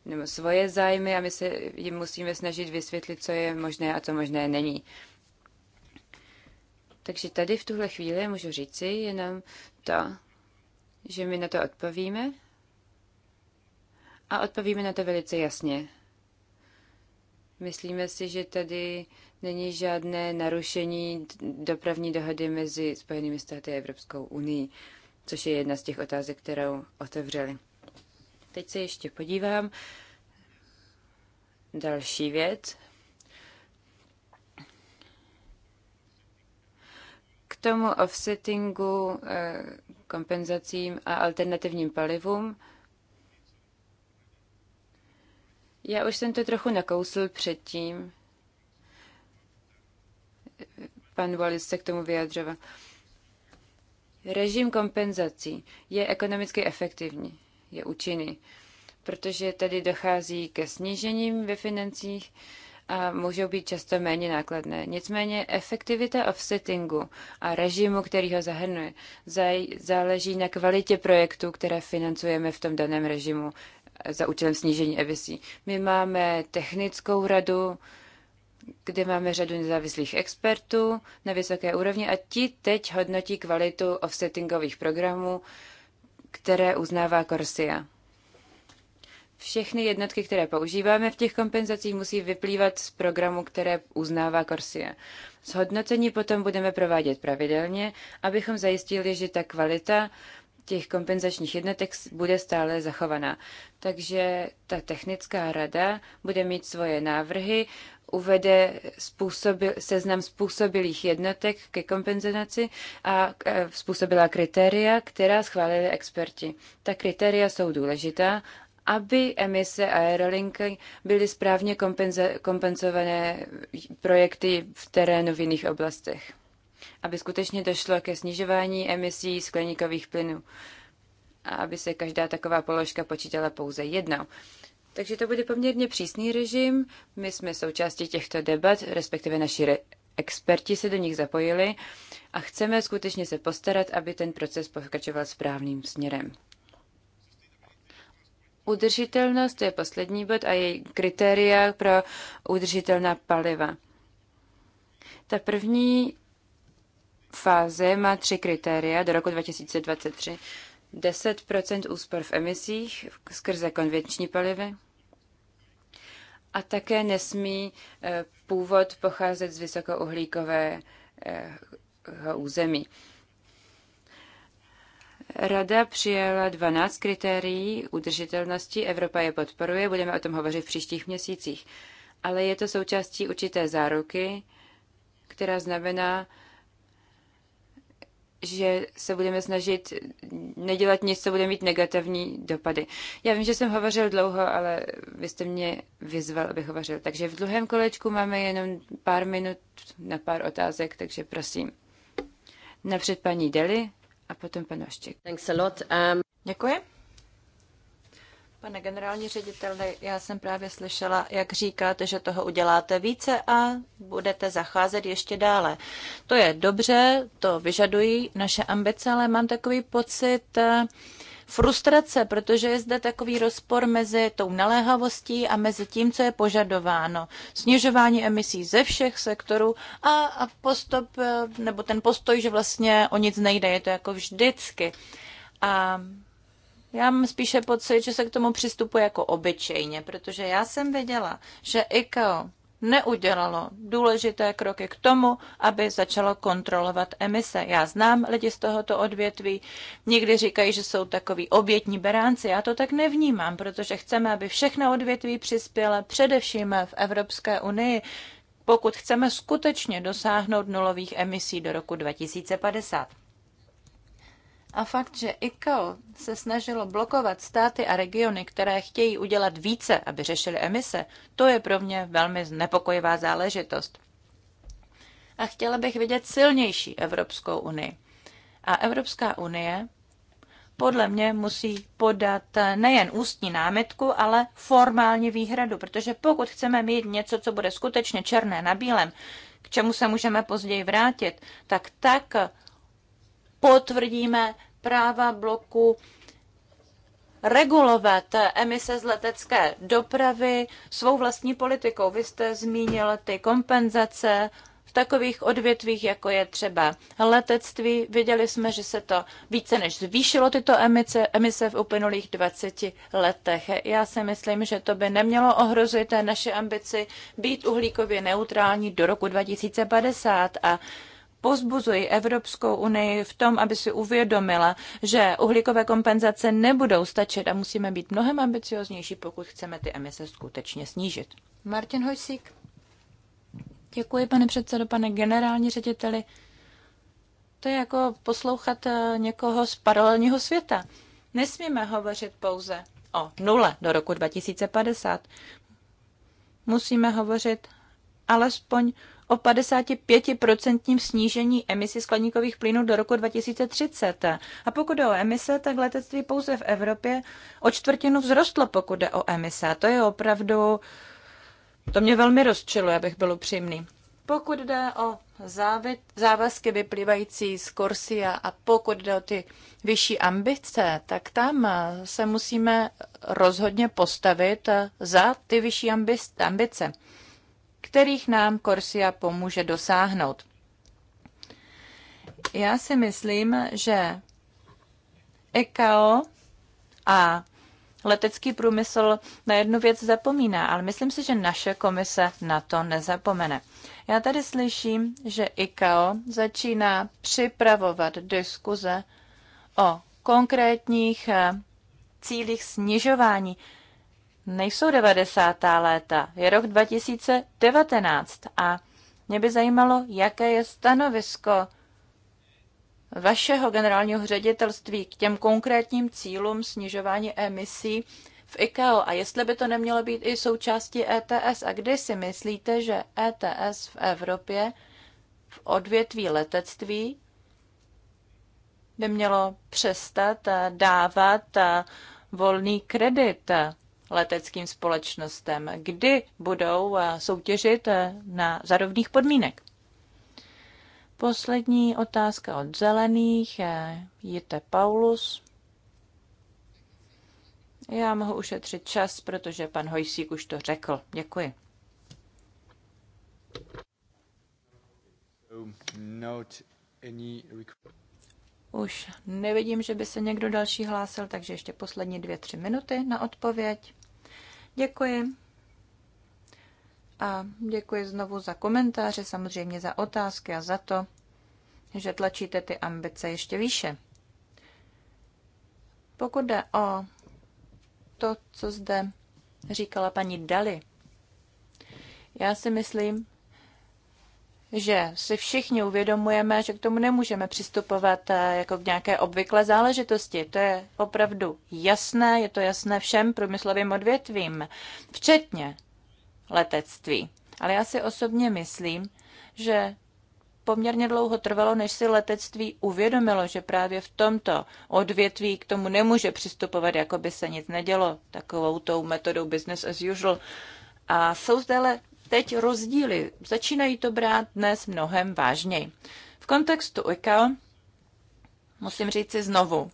nebo svoje zájmy a my se jim musíme snažit vysvětlit, co je možné a co možné není. Takže tady v tuhle chvíli můžu říci jenom to, že my na to odpovíme a odpovíme na to velice jasně. Myslíme si, že tady není žádné narušení dopravní dohody mezi Spojenými státy a Evropskou unii, což je jedna z těch otázek, kterou otevřeli. Teď se ještě podívám. Další věc, tomu offsettingu, eh, kompenzacím a alternativním palivům. Já už jsem to trochu nakousl předtím. Pan Wallis se k tomu vyjadřoval. Režim kompenzací je ekonomicky efektivní, je účinný, protože tady dochází ke snížením ve financích, a můžou být často méně nákladné. Nicméně efektivita offsettingu a režimu, který ho zahrnuje, záleží na kvalitě projektu, které financujeme v tom daném režimu za účelem snížení emisí. My máme technickou radu, kde máme řadu nezávislých expertů na vysoké úrovni a ti teď hodnotí kvalitu offsettingových programů, které uznává Corsia. Všechny jednotky, které používáme v těch kompenzacích, musí vyplývat z programu, které uznává Corsia. Zhodnocení potom budeme provádět pravidelně, abychom zajistili, že ta kvalita těch kompenzačních jednotek bude stále zachovaná. Takže ta technická rada bude mít svoje návrhy, uvede způsoby, seznam způsobilých jednotek ke kompenzaci a e, způsobila kritéria, která schválili experti. Ta kritéria jsou důležitá aby emise aerolinky byly správně kompenzované projekty v terénu v jiných oblastech. Aby skutečně došlo ke snižování emisí skleníkových plynů a aby se každá taková položka počítala pouze jednou. Takže to bude poměrně přísný režim. My jsme součástí těchto debat, respektive naši re- experti se do nich zapojili a chceme skutečně se postarat, aby ten proces pokračoval správným směrem udržitelnost, to je poslední bod, a její kritéria pro udržitelná paliva. Ta první fáze má tři kritéria do roku 2023. 10 úspor v emisích skrze konvenční palivy a také nesmí e, původ pocházet z vysokouhlíkového území. Rada přijala 12 kritérií udržitelnosti, Evropa je podporuje, budeme o tom hovořit v příštích měsících. Ale je to součástí určité záruky, která znamená, že se budeme snažit nedělat nic, co bude mít negativní dopady. Já vím, že jsem hovořil dlouho, ale vy jste mě vyzval, abych hovořil. Takže v druhém kolečku máme jenom pár minut na pár otázek, takže prosím. Napřed paní Deli a potom pan Oštěk. Thanks a lot. Um... Děkuji. Pane generální řediteli, já jsem právě slyšela, jak říkáte, že toho uděláte více a budete zacházet ještě dále. To je dobře, to vyžadují naše ambice, ale mám takový pocit, uh, frustrace, protože je zde takový rozpor mezi tou naléhavostí a mezi tím, co je požadováno. Snižování emisí ze všech sektorů a, a postup, eh, nebo ten postoj, že vlastně o nic nejde, je to jako vždycky. A já mám spíše pocit, že se k tomu přistupuje jako obyčejně, protože já jsem věděla, že ICAO neudělalo důležité kroky k tomu, aby začalo kontrolovat emise. Já znám lidi z tohoto odvětví, někdy říkají, že jsou takový obětní beránci. Já to tak nevnímám, protože chceme, aby všechna odvětví přispěla především v Evropské unii pokud chceme skutečně dosáhnout nulových emisí do roku 2050. A fakt, že ICAO se snažilo blokovat státy a regiony, které chtějí udělat více, aby řešili emise, to je pro mě velmi znepokojivá záležitost. A chtěla bych vidět silnější Evropskou unii. A Evropská unie podle mě musí podat nejen ústní námitku, ale formální výhradu, protože pokud chceme mít něco, co bude skutečně černé na bílém, k čemu se můžeme později vrátit, tak tak potvrdíme práva bloku regulovat emise z letecké dopravy svou vlastní politikou. Vy jste zmínil ty kompenzace v takových odvětvích, jako je třeba letectví. Viděli jsme, že se to více než zvýšilo tyto emise, emise v uplynulých 20 letech. Já si myslím, že to by nemělo ohrozit naše ambici být uhlíkově neutrální do roku 2050 a pozbuzuji Evropskou unii v tom, aby si uvědomila, že uhlíkové kompenzace nebudou stačit a musíme být mnohem ambicioznější, pokud chceme ty emise skutečně snížit. Martin Hojsík. Děkuji, pane předsedo, pane generální řediteli. To je jako poslouchat eh, někoho z paralelního světa. Nesmíme hovořit pouze o nule do roku 2050. Musíme hovořit alespoň o 55% snížení emisí skleníkových plynů do roku 2030. A pokud jde o emise, tak letectví pouze v Evropě o čtvrtinu vzrostlo, pokud jde o emise. A to je opravdu, to mě velmi rozčiluje, abych byl upřímný. Pokud jde o závit, závazky vyplývající z Korsia a pokud jde o ty vyšší ambice, tak tam eh, se musíme rozhodně postavit eh, za ty vyšší ambice kterých nám Korsia pomůže dosáhnout. Já si myslím, že EKO a letecký průmysl na jednu věc zapomíná, ale myslím si, že naše komise na to nezapomene. Já tady slyším, že IKO začíná připravovat diskuze o konkrétních eh, cílích snižování nejsou 90. léta, je rok 2019 a mě by zajímalo, jaké je stanovisko vašeho generálního ředitelství k těm konkrétním cílům snižování emisí v ICAO a jestli by to nemělo být i součástí ETS a kdy si myslíte, že ETS v Evropě v odvětví letectví by mělo přestat dávat volný kredit leteckým společnostem, kdy budou eh, soutěžit eh, na zarovných podmínek. Poslední otázka od zelených. Eh, Jete Paulus. Já mohu ušetřit čas, protože pan Hojsík už to řekl. Děkuji. Note any už nevidím, že by se někdo další hlásil, takže ještě poslední dvě, tři minuty na odpověď. Děkuji. A děkuji znovu za komentáře, samozřejmě za otázky a za to, že tlačíte ty ambice ještě výše. Pokud jde o to, co zde říkala paní Dali, já si myslím, že si všichni uvědomujeme, že k tomu nemůžeme přistupovat eh, jako k nějaké obvyklé záležitosti. To je opravdu jasné, je to jasné všem průmyslovým odvětvím, včetně letectví. Ale já si osobně myslím, že poměrně dlouho trvalo, než si letectví uvědomilo, že právě v tomto odvětví k tomu nemůže přistupovat, jako by se nic nedělo, takovou tou metodou business as usual. A jsou zde ale teď rozdíly. Začínají to brát dnes mnohem vážněji. V kontextu ICAO musím říct si znovu,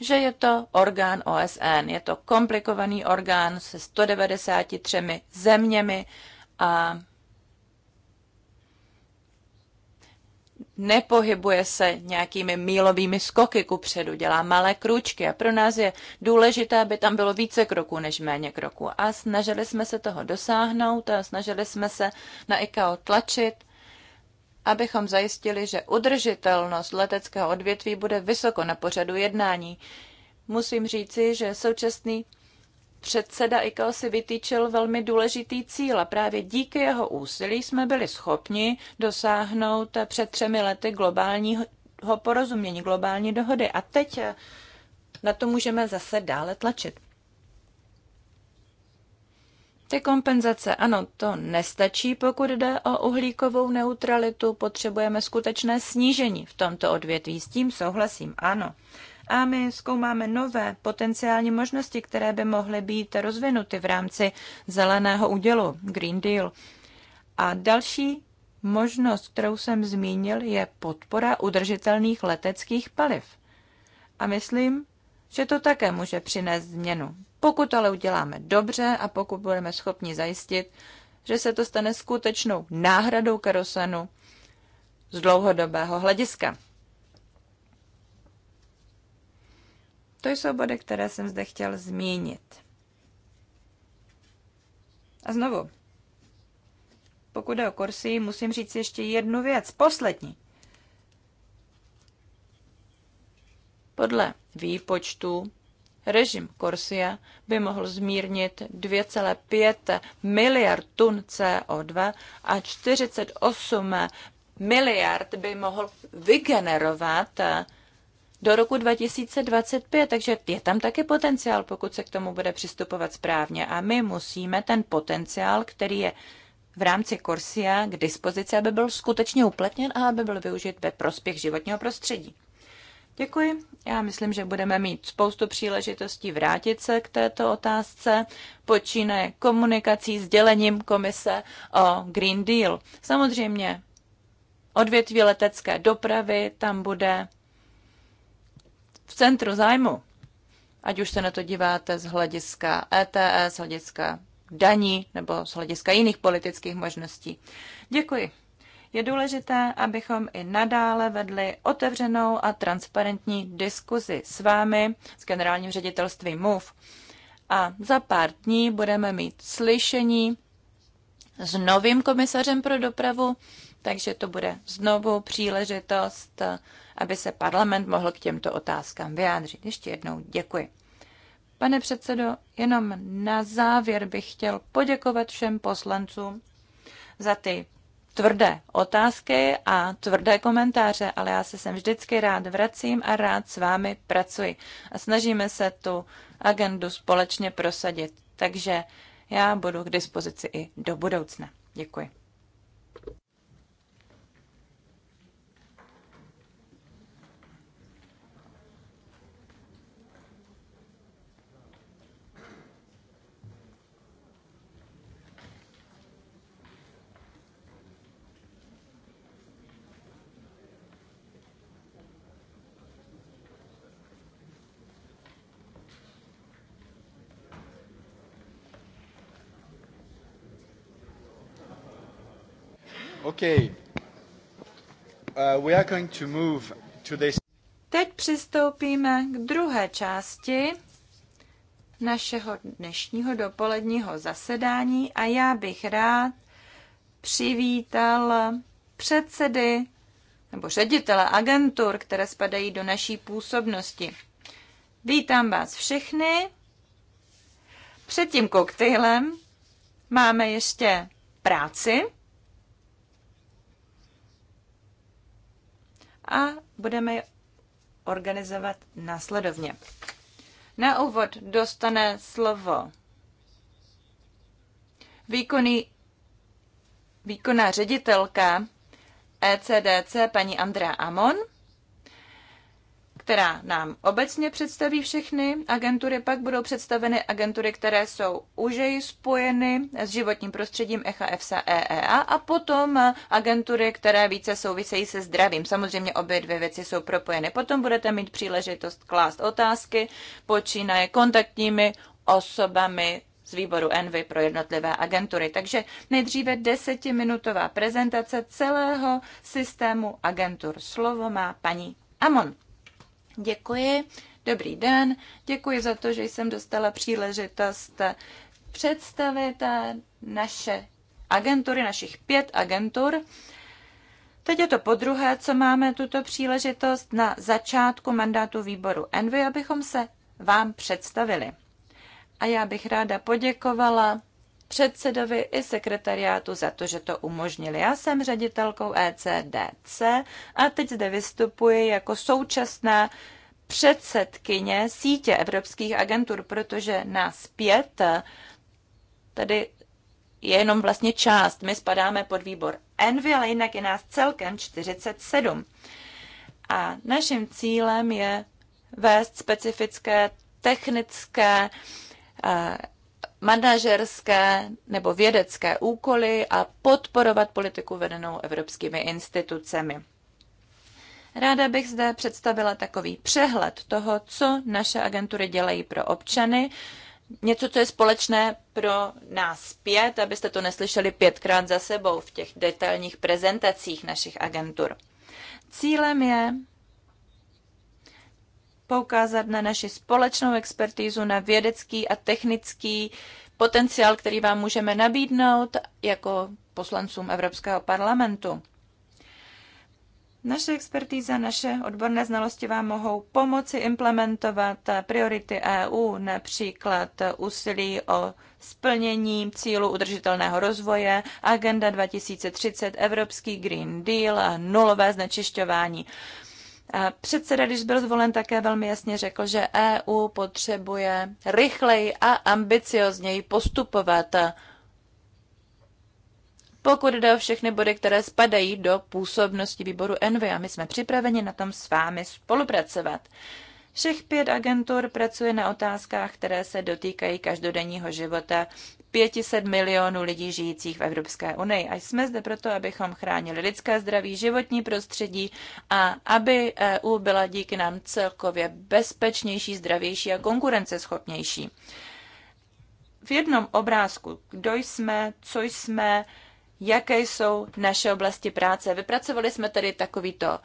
že je to orgán OSN. Je to komplikovaný orgán se 193 zeměmi a nepohybuje se nějakými mílovými skoky ku předu, dělá malé krůčky a pro nás je důležité, aby tam bylo více kroků než méně kroků. A snažili jsme se toho dosáhnout a snažili jsme se na ICAO tlačit, abychom zajistili, že udržitelnost leteckého odvětví bude vysoko na pořadu jednání. Musím říci, že současný Předseda ICAO si vytýčil velmi důležitý cíl a právě díky jeho úsilí jsme byli schopni dosáhnout před třemi lety globálního porozumění, globální dohody. A teď na to můžeme zase dále tlačit. Ty kompenzace, ano, to nestačí, pokud jde o uhlíkovou neutralitu, potřebujeme skutečné snížení v tomto odvětví, s tím souhlasím, ano a my zkoumáme nové potenciální možnosti, které by mohly být rozvinuty v rámci zeleného údělu Green Deal. A další možnost, kterou jsem zmínil, je podpora udržitelných leteckých paliv. A myslím, že to také může přinést změnu. Pokud ale uděláme dobře a pokud budeme schopni zajistit, že se to stane skutečnou náhradou kerosenu z dlouhodobého hlediska. To jsou body, které jsem zde chtěl zmínit. A znovu, pokud jde o kursy, musím říct ještě jednu věc, poslední. Podle výpočtu režim Corsia by mohl zmírnit 2,5 miliard tun CO2 a 48 miliard by mohl vygenerovat do roku 2025, takže je tam také potenciál, pokud se k tomu bude přistupovat správně. A my musíme ten potenciál, který je v rámci Corsia k dispozici, aby byl skutečně uplatněn a aby byl využit ve prospěch životního prostředí. Děkuji. Já myslím, že budeme mít spoustu příležitostí vrátit se k této otázce. Počínaje komunikací, s dělením komise o Green Deal. Samozřejmě odvětví letecké dopravy tam bude v centru zájmu. Ať už se na to díváte z hlediska ETS, z hlediska daní nebo z hlediska jiných politických možností. Děkuji. Je důležité, abychom i nadále vedli otevřenou a transparentní diskuzi s vámi, s generálním ředitelstvím MUV. A za pár dní budeme mít slyšení s novým komisařem pro dopravu, takže to bude znovu příležitost aby se parlament mohl k těmto otázkám vyjádřit. Ještě jednou děkuji. Pane předsedo, jenom na závěr bych chtěl poděkovat všem poslancům za ty tvrdé otázky a tvrdé komentáře, ale já se sem vždycky rád vracím a rád s vámi pracuji. A snažíme se tu agendu společně prosadit. Takže já budu k dispozici i do budoucna. Děkuji. Uh, Teď přistoupíme k druhé části našeho dnešního dopoledního zasedání a já bych rád přivítal předsedy nebo ředitele agentur, které spadají do naší působnosti. Vítám vás všechny. Před tím koktejlem máme ještě práci. a budeme je organizovat následovně. Na úvod dostane slovo výkonný, výkonná ředitelka ECDC paní Andrea Amon – která nám obecně představí všechny agentury, pak budou představeny agentury, které jsou užeji spojeny s životním prostředím ECHA, EFSA, EEA a potom agentury, které více souvisejí se zdravím. Samozřejmě obě dvě věci jsou propojeny. Potom budete mít příležitost klást otázky, počínaje kontaktními osobami z výboru Envy pro jednotlivé agentury. Takže nejdříve desetiminutová prezentace celého systému agentur. Slovo má paní Amon. Děkuji, dobrý den, děkuji za to, že jsem dostala příležitost představit naše agentury, našich pět agentur. Teď je to po druhé, co máme tuto příležitost na začátku mandátu výboru Envy, abychom se vám představili. A já bych ráda poděkovala předsedovi i sekretariátu za to, že to umožnili. Já jsem ředitelkou ECDC a teď zde vystupuji jako současná předsedkyně sítě evropských agentur, protože nás pět tady je jenom vlastně část. My spadáme pod výbor Envy, ale jinak je nás celkem 47. A naším cílem je vést specifické technické eh, manažerské nebo vědecké úkoly a podporovat politiku vedenou evropskými institucemi. Ráda bych zde představila takový přehled toho, co naše agentury dělají pro občany, něco, co je společné pro nás pět, abyste to neslyšeli pětkrát za sebou v těch detailních prezentacích našich agentur. Cílem je poukázat na naši společnou expertízu, na vědecký a technický potenciál, který vám můžeme nabídnout jako poslancům Evropského parlamentu. Naše expertíza, naše odborné znalosti vám mohou pomoci implementovat priority EU, například úsilí o splnění cílu udržitelného rozvoje, Agenda 2030, Evropský Green Deal a nulové znečišťování. Předseda, když byl zvolen, také velmi jasně řekl, že EU potřebuje rychleji a ambiciozněji postupovat, pokud jde o všechny body, které spadají do působnosti výboru Envy a my jsme připraveni na tom s vámi spolupracovat. Všech pět agentur pracuje na otázkách, které se dotýkají každodenního života 500 milionů lidí žijících v Evropské unii. A jsme zde proto, abychom chránili lidské zdraví, životní prostředí a aby EU byla díky nám celkově bezpečnější, zdravější a konkurenceschopnější. V jednom obrázku, kdo jsme, co jsme, jaké jsou naše oblasti práce. Vypracovali jsme tady takovýto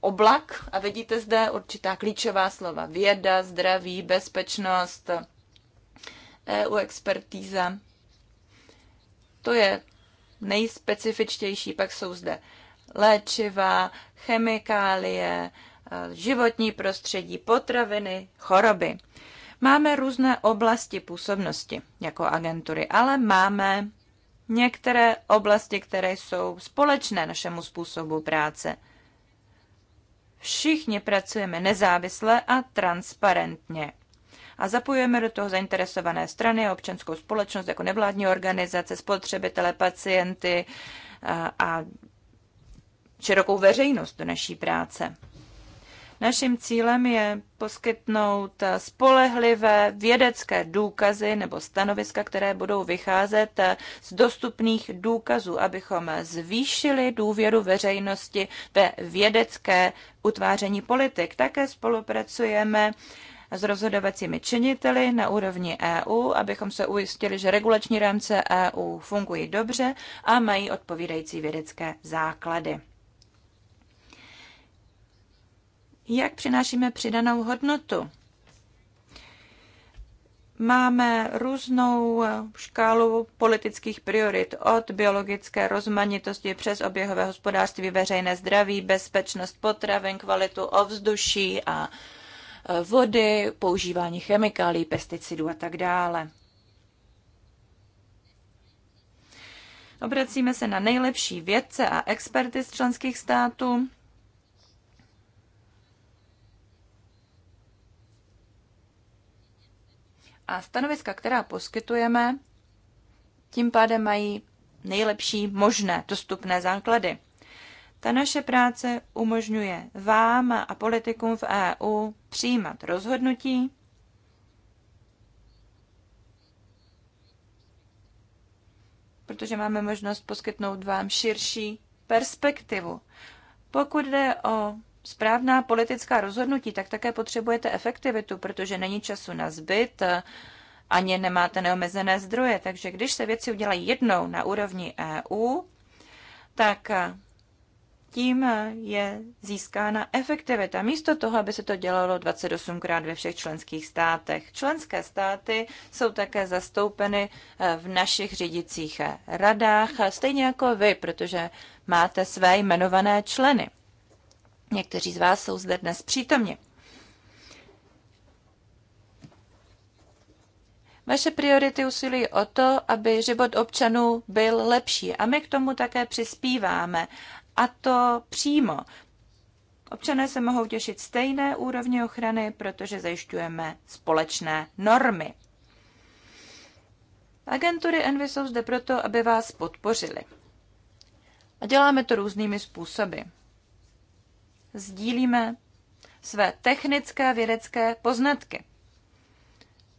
oblak a vidíte zde určitá klíčová slova. Věda, zdraví, bezpečnost, EU expertíze. To je nejspecifičtější. Pak jsou zde léčiva, chemikálie, e, životní prostředí, potraviny, choroby. Máme různé oblasti působnosti jako agentury, ale máme některé oblasti, které jsou společné našemu způsobu práce. Všichni pracujeme nezávisle a transparentně a zapojujeme do toho zainteresované strany, občanskou společnost jako nevládní organizace, spotřebitele, pacienty a širokou veřejnost do naší práce. Naším cílem je poskytnout spolehlivé vědecké důkazy nebo stanoviska, které budou vycházet z dostupných důkazů, abychom zvýšili důvěru veřejnosti ve vědecké utváření politik. Také spolupracujeme s rozhodovacími činiteli na úrovni EU, abychom se ujistili, že regulační rámce EU fungují dobře a mají odpovídající vědecké základy. Jak přinášíme přidanou hodnotu? máme různou škálu politických priorit od biologické rozmanitosti přes oběhové hospodářství, veřejné zdraví, bezpečnost potravin, kvalitu ovzduší a vody, používání chemikálí, pesticidů a tak dále. Obracíme se na nejlepší vědce a experty z členských států. A stanoviska, která poskytujeme, tím pádem mají nejlepší možné dostupné základy. Ta naše práce umožňuje vám a politikům v EU přijímat rozhodnutí, protože máme možnost poskytnout vám širší perspektivu. Pokud jde o správná politická rozhodnutí, tak také potřebujete efektivitu, protože není času na zbyt, ani nemáte neomezené zdroje. Takže když se věci udělají jednou na úrovni EU, tak tím je získána efektivita. Místo toho, aby se to dělalo 28krát ve všech členských státech. Členské státy jsou také zastoupeny eh, v našich řídicích radách, stejně jako vy, protože máte své jmenované členy. Někteří z vás jsou zde dnes přítomni. Vaše priority usilují o to, aby život občanů byl lepší a my k tomu také přispíváme a to přímo. Občané se mohou těšit stejné úrovně ochrany, protože zajišťujeme společné normy. Agentury Envy jsou zde proto, aby vás podpořili. A děláme to různými způsoby. Sdílíme své technické vědecké poznatky.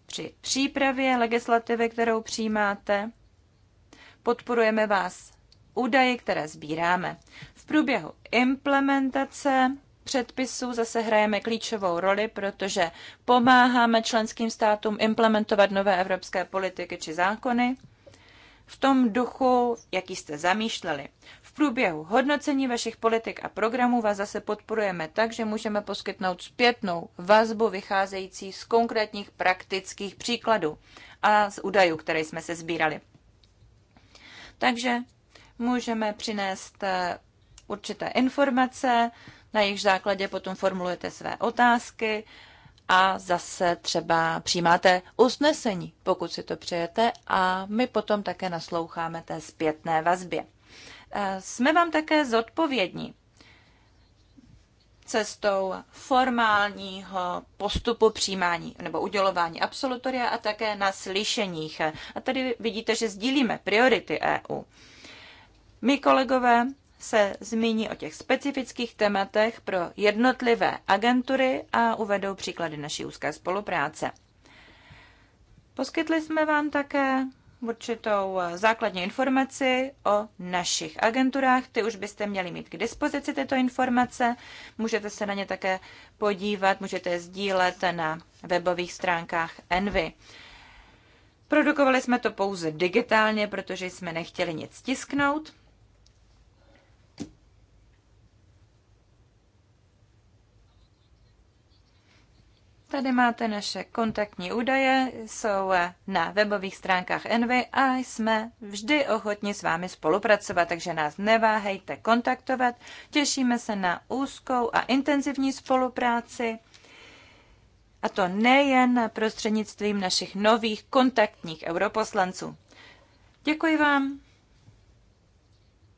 Při přípravě legislativy, kterou přijímáte, podporujeme vás údaji, které sbíráme. V průběhu implementace předpisů zase hrajeme klíčovou roli, protože pomáháme členským státům implementovat nové evropské politiky či zákony v tom duchu, jaký jste zamýšleli. V průběhu hodnocení vašich politik a programů vás zase podporujeme tak, že můžeme poskytnout zpětnou vazbu vycházející z konkrétních praktických příkladů a z údajů, které jsme se sbírali. Takže můžeme přinést eh, určité informace, na jejich základě potom formulujete své otázky a zase třeba přijímáte usnesení, pokud si to přejete a my potom také nasloucháme té zpětné vazbě. Eh, jsme vám také zodpovědní cestou formálního postupu přijímání nebo udělování absolutoria a také na slyšeních. A tady vidíte, že sdílíme priority EU. My kolegové se zmíní o těch specifických tématech pro jednotlivé agentury a uvedou příklady naší úzké spolupráce. Poskytli jsme vám také určitou eh, základní informaci o našich agenturách. Ty už byste měli mít k dispozici tyto informace. Můžete se na ně také podívat, můžete je sdílet na webových stránkách Envy. Produkovali jsme to pouze digitálně, protože jsme nechtěli nic tisknout. Tady máte naše kontaktní údaje, jsou na webových stránkách Envy a jsme vždy ochotni s vámi spolupracovat, takže nás neváhejte kontaktovat. Těšíme se na úzkou a intenzivní spolupráci. A to nejen prostřednictvím našich nových kontaktních europoslanců. Děkuji vám.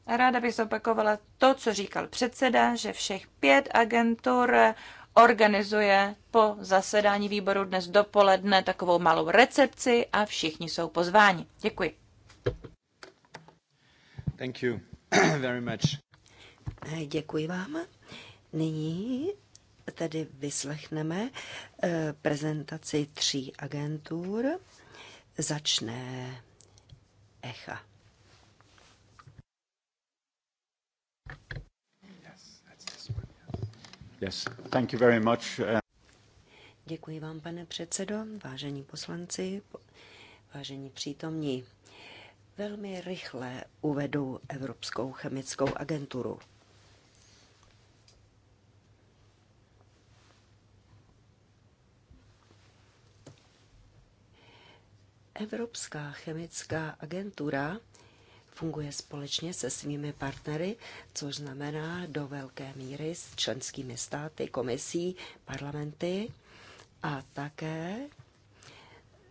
A ráda bych zopakovala to, co říkal předseda, že všech pět agentur organizuje po zasedání výboru dnes dopoledne takovou malou recepci a všichni jsou pozváni. Děkuji. Thank you very much. Děkuji vám. Nyní tedy vyslechneme eh, prezentaci tří agentur. Začne Echa. Yes, thank you very much. Uh, Děkuji vám, pane předsedo, vážení poslanci, vážení přítomní. Velmi rychle uvedu Evropskou chemickou agenturu. Evropská chemická agentura funguje společně se svými partnery, což znamená do velké míry s členskými státy, komisí, parlamenty a také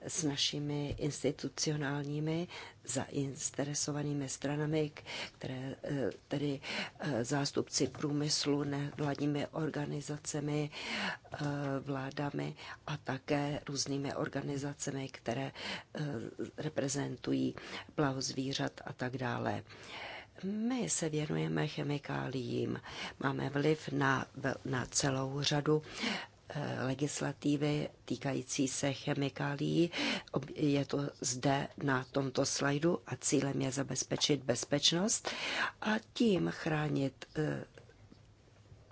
s našimi institucionálními zainteresovanými stranami, které eh, tedy eh, zástupci průmyslu, nevládními organizacemi, eh, vládami a také různými organizacemi, které reprezentují blaho zvířat a tak dále. My se věnujeme chemikáliím, máme vliv na, na celou řadu legislativy týkající se chemikálí. Je to zde na tomto slajdu a cílem je zabezpečit bezpečnost a tím chránit eh,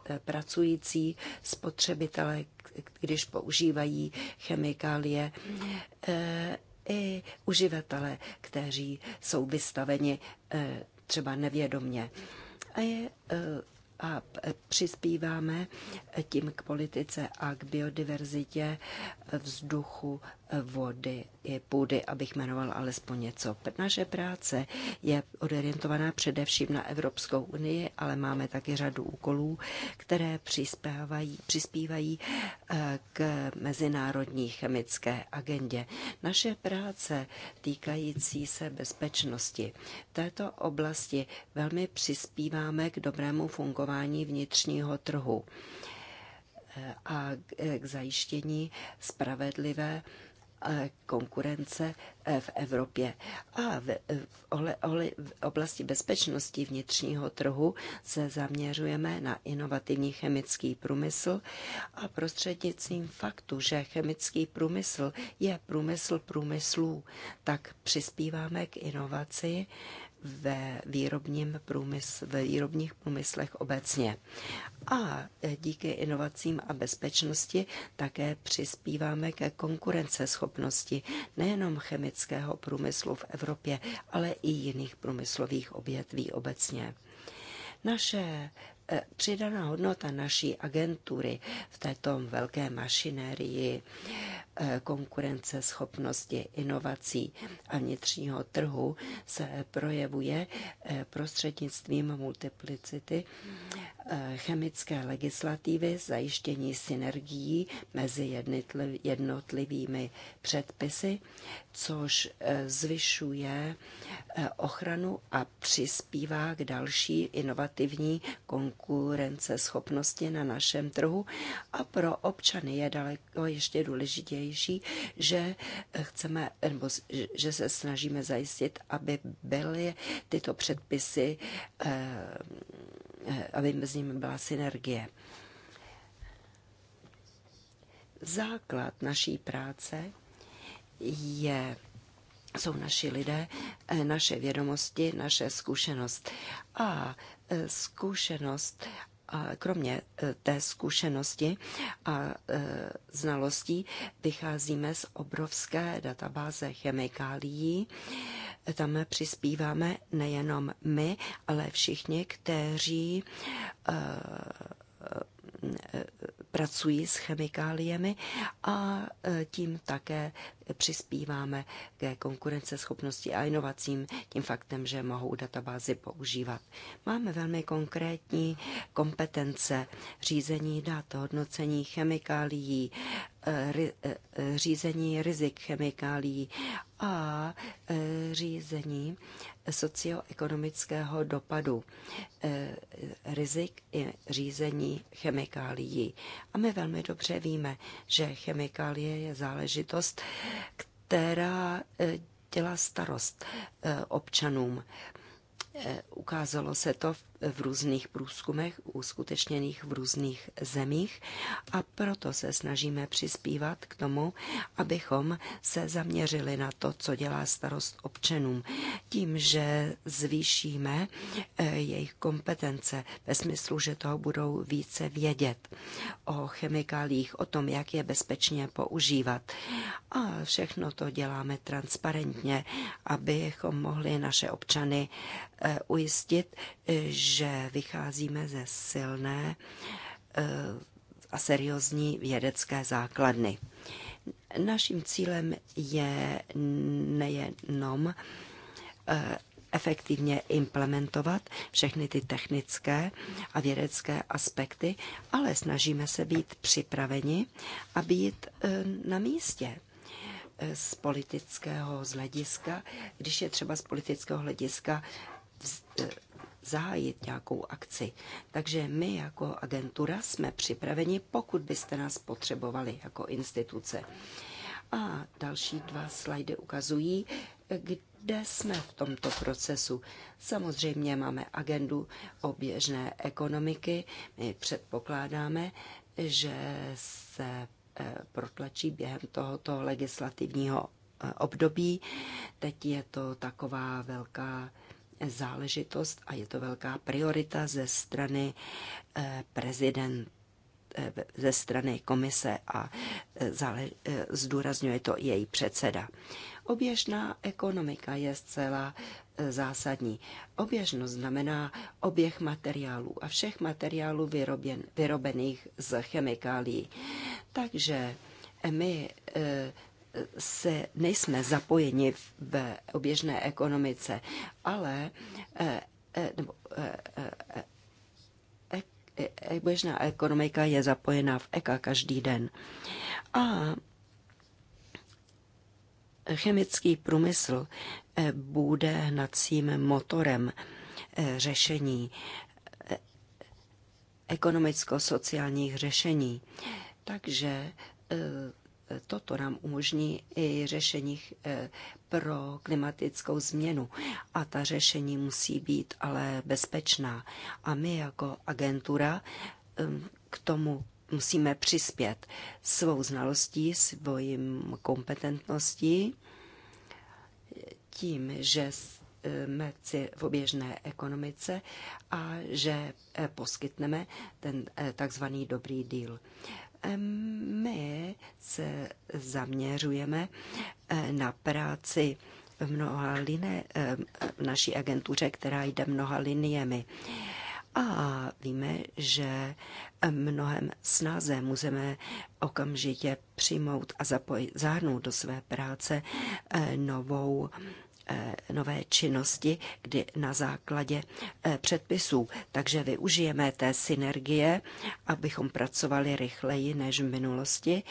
eh, pracující spotřebitele, když používají chemikálie eh, i uživatele, kteří jsou vystaveni třeba nevědomně. A je a přispíváme tím k politice a k biodiverzitě vzduchu vody i půdy, abych jmenoval alespoň něco. Naše práce je orientovaná především na Evropskou unii, ale máme taky řadu úkolů, které přispívají, přispívají eh, k mezinárodní chemické agendě. Naše práce týkající se bezpečnosti. V této oblasti velmi přispíváme k dobrému fungování vnitřního trhu eh, a eh, k zajištění spravedlivé Eh, konkurence eh, v Evropě. A eh, v, oblasti bezpečnosti vnitřního trhu se zaměřujeme na inovativní chemický průmysl a prostřednictvím faktu, že chemický průmysl je průmysl průmyslů, tak přispíváme k inovaci ve výrobním průmysl, ve výrobních průmyslech obecně. A díky inovacím a bezpečnosti také přispíváme ke konkurenceschopnosti nejenom chemického průmyslu v Evropě, ale i jiných průmyslových obětví obecně. Naše eh, přidaná hodnota naší agentury v této velké mašinérii Eh, konkurenceschopnosti, inovací a vnitřního trhu se projevuje eh, prostřednictvím multiplicity eh, chemické legislativy, zajištění synergií mezi jednotlivými předpisy, což zvyšuje ochranu a přispívá k další inovativní konkurenceschopnosti na našem trhu a pro občany je daleko ještě důležitější nejnovější, že eh, chceme, nebo že se snažíme zajistit, aby byly tyto předpisy, eh, eh, aby mezi nimi byla synergie. Základ naší práce je jsou naši lidé, naše vědomosti, naše zkušenost. A zkušenost a kromě eh, té zkušenosti a eh, znalostí vycházíme z obrovské databáze chemikálií. Tam přispíváme nejenom my, ale všichni, kteří eh, pracují s chemikáliemi a e, tím také přispíváme ke konkurenceschopnosti a inovacím tím faktem, že mohou databázy používat. Máme velmi konkrétní kompetence řízení dat, hodnocení chemikálií, e, e, řízení rizik chemikálií a řízení socioekonomického dopadu eh, rizik i řízení chemikálií. A my velmi dobře víme, že chemikálie je záležitost, která eh, dělá starost eh, občanům. Ukázalo se to v v různých průzkumech uskutečněných v různých zemích a proto se snažíme přispívat k tomu, abychom se zaměřili na to, co dělá starost občanům. Tím, že zvýšíme eh, jejich kompetence ve smyslu, že toho budou více vědět o chemikálích, o tom, jak je bezpečně používat. A všechno to děláme transparentně, abychom mohli naše občany eh, ujistit, že eh, že vycházíme ze silné eh, a seriózní vědecké základny. Naším cílem je nejenom eh, efektivně implementovat všechny ty technické a vědecké aspekty, ale snažíme se být připraveni a být eh, na místě z politického hlediska, když je třeba z politického hlediska zahájit nějakou akci. Takže my jako agentura jsme připraveni, pokud byste nás potřebovali jako instituce. A další dva slajdy ukazují, kde jsme v tomto procesu. Samozřejmě máme agendu oběžné ekonomiky. My předpokládáme, že se eh, protlačí během tohoto legislativního eh, období. Teď je to taková velká záležitost a je to velká priorita ze strany eh, prezident eh, ze strany komise a eh, zdůrazňuje to její předseda. Oběžná ekonomika je zcela zásadní. Oběžnost znamená oběh materiálů a všech materiálů vyroběn, vyrobených z chemikálií. Takže my se nejsme zapojeni v oběžné ekonomice, ale eh, eh, nebo, eh, běžná ekonomika je zapojená v EKA každý den. A chemický průmysl bude hnacím motorem řešení ekonomicko-sociálních řešení. Takže toto nám umožní i řešení eh, pro klimatickou změnu. A ta řešení musí být ale bezpečná. A my jako agentura eh, k tomu musíme přispět svou znalostí, svojím kompetentností, tím, že eh, jsme v oběžné ekonomice a že poskytneme ten takzvaný dobrý díl. My se zaměřujeme eh, na práci v mnoha linie, eh, v naší agentuře, která jde mnoha liniemi. A víme, že eh, mnohem snáze můžeme okamžitě přijmout a zapojit, zahrnout do své práce novou Eh, nové činnosti kdy na základě eh, předpisů. Takže využijeme té synergie, abychom pracovali rychleji než v minulosti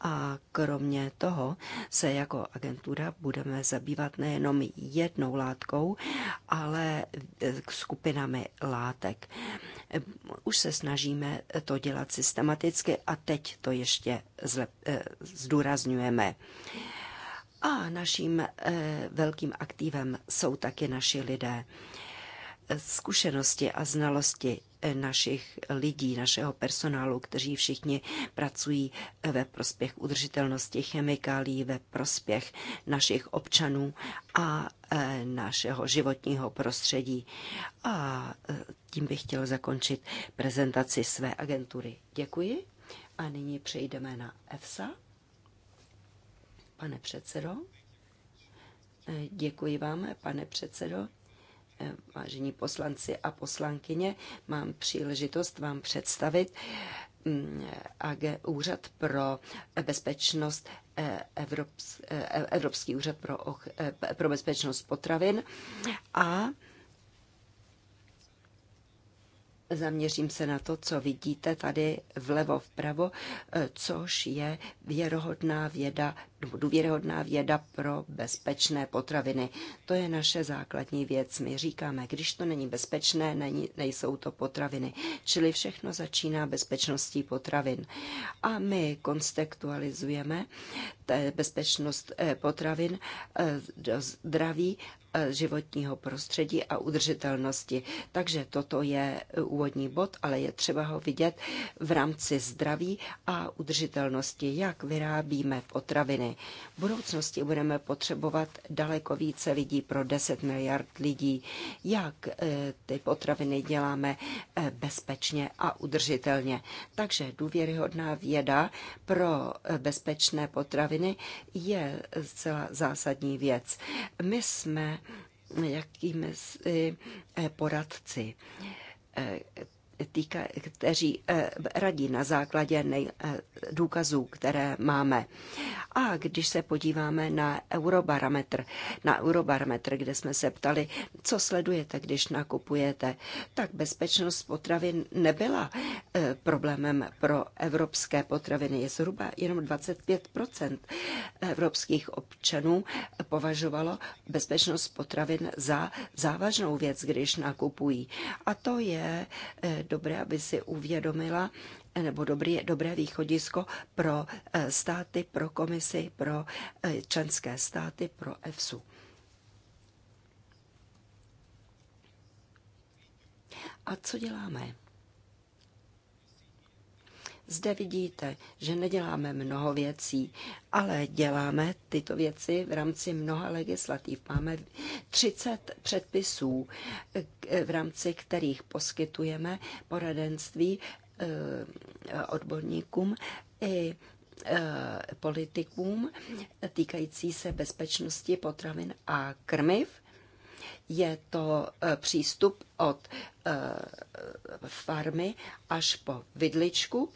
a kromě toho se jako agentura budeme zabývat nejenom jednou látkou, ale eh, skupinami látek. Už se snažíme to dělat systematicky a teď to ještě zdůrazňujeme. A naším eh, velkým aktivem jsou taky naši lidé. Zkušenosti a znalosti eh, našich lidí, našeho personálu, kteří všichni pracují eh, ve prospěch udržitelnosti chemikálí, ve prospěch našich občanů a našeho životního prostředí. A tím bych chtěl zakončit prezentaci své agentury. Děkuji. A nyní přejdeme na EFSA pane předsedo. Eh, děkuji vám, pane předsedo. Eh, vážení poslanci a poslankyně, mám příležitost vám představit mm, Úřad pro bezpečnost eh, Evropský úřad pro, pro bezpečnost potravin a Zaměřím se na to, co vidíte tady vlevo vpravo, eh, což je věrohodná věda, důvěrohodná věda pro bezpečné potraviny. To je naše základní věc. My říkáme, když to není bezpečné, není, nejsou to potraviny. Čili všechno začíná bezpečností potravin. A my konstektualizujeme bezpečnost eh, potravin, eh, do zdraví, eh, životního prostředí a udržitelnosti. Takže toto je úvodní bod, ale je třeba ho vidět v rámci zdraví a udržitelnosti, jak vyrábíme potraviny. V budoucnosti budeme potřebovat daleko více lidí pro 10 miliard lidí, jak ty potraviny děláme bezpečně a udržitelně. Takže důvěryhodná věda pro bezpečné potraviny rodiny je zcela zásadní věc. My jsme jakými poradci týka, kteří eh, radí na základě eh, důkazů, které máme. A když se podíváme na eurobarometr, na eurobarometr, kde jsme se ptali, co sledujete, když nakupujete, tak bezpečnost potravin nebyla eh, problémem pro evropské potraviny. Je zhruba jenom 25 evropských občanů považovalo bezpečnost potravin za závažnou věc, když nakupují. A to je dobré, aby si uvědomila, eh, nebo dobré dobré východisko pro eh, státy, pro komisi, pro eh, členské státy, pro EFSU. A co děláme? Zde vidíte, že neděláme mnoho věcí, ale děláme tyto věci v rámci mnoha legislativ. Máme 30 předpisů, v rámci kterých poskytujeme poradenství eh, odborníkům i eh, politikům týkající se bezpečnosti potravin a krmiv je to e, přístup od e, farmy až po vidličku.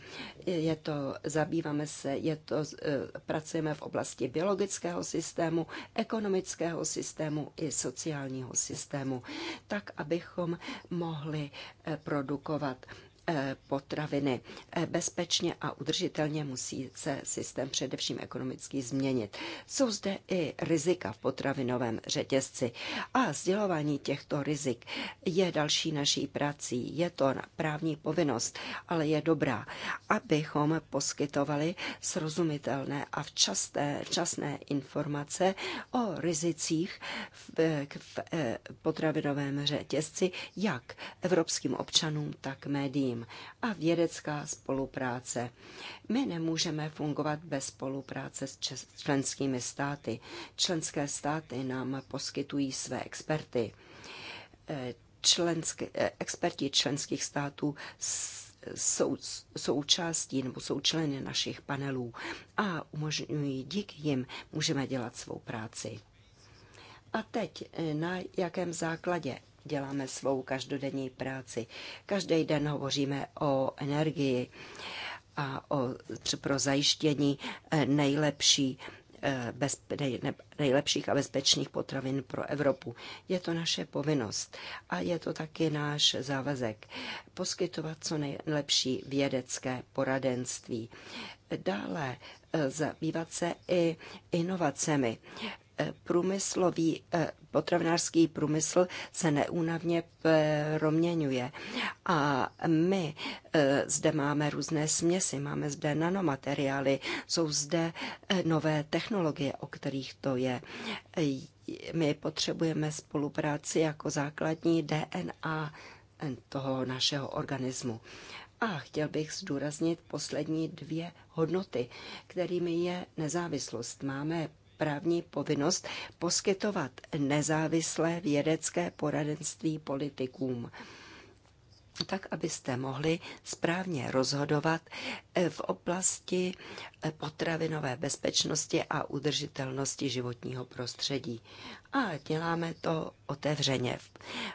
Je to, zabýváme se, je to, e, pracujeme v oblasti biologického systému, ekonomického systému i sociálního systému, tak, abychom mohli produkovat Eh, potraviny. Eh, bezpečně a udržitelně musí se systém především ekonomický změnit. Jsou zde i rizika v potravinovém řetězci a sdělování těchto rizik je další naší prací. Je to právní povinnost, ale je dobrá, abychom poskytovali srozumitelné a včasné, včasné informace o rizicích v, v eh, potravinovém řetězci jak evropským občanům, tak médiím výzkum a vědecká spolupráce. My nemůžeme fungovat bez spolupráce s členskými státy. Členské státy nám poskytují své experty. Eh, členské, eh, experti členských států jsou součástí nebo jsou členy našich panelů a umožňují, díky jim můžeme dělat svou práci. A teď eh, na jakém základě děláme svou každodenní práci. Každý den hovoříme o energii a o, pro zajištění eh, nejlepší eh, nejlepších a bezpečných potravin pro Evropu. Je to naše povinnost a je to taky náš závazek poskytovat co nejlepší vědecké poradenství. Dále eh, zabývat se i inovacemi průmyslový eh, potravinářský průmysl se neúnavně proměňuje. A my eh, zde máme různé směsi, máme zde nanomateriály, jsou zde eh, nové technologie, o kterých to je. My potřebujeme spolupráci jako základní DNA toho našeho organismu. A chtěl bych zdůraznit poslední dvě hodnoty, kterými je nezávislost. Máme právní povinnost poskytovat nezávislé vědecké poradenství politikům tak abyste mohli správně rozhodovat eh, v oblasti eh, potravinové bezpečnosti a udržitelnosti životního prostředí. A děláme to otevřeně.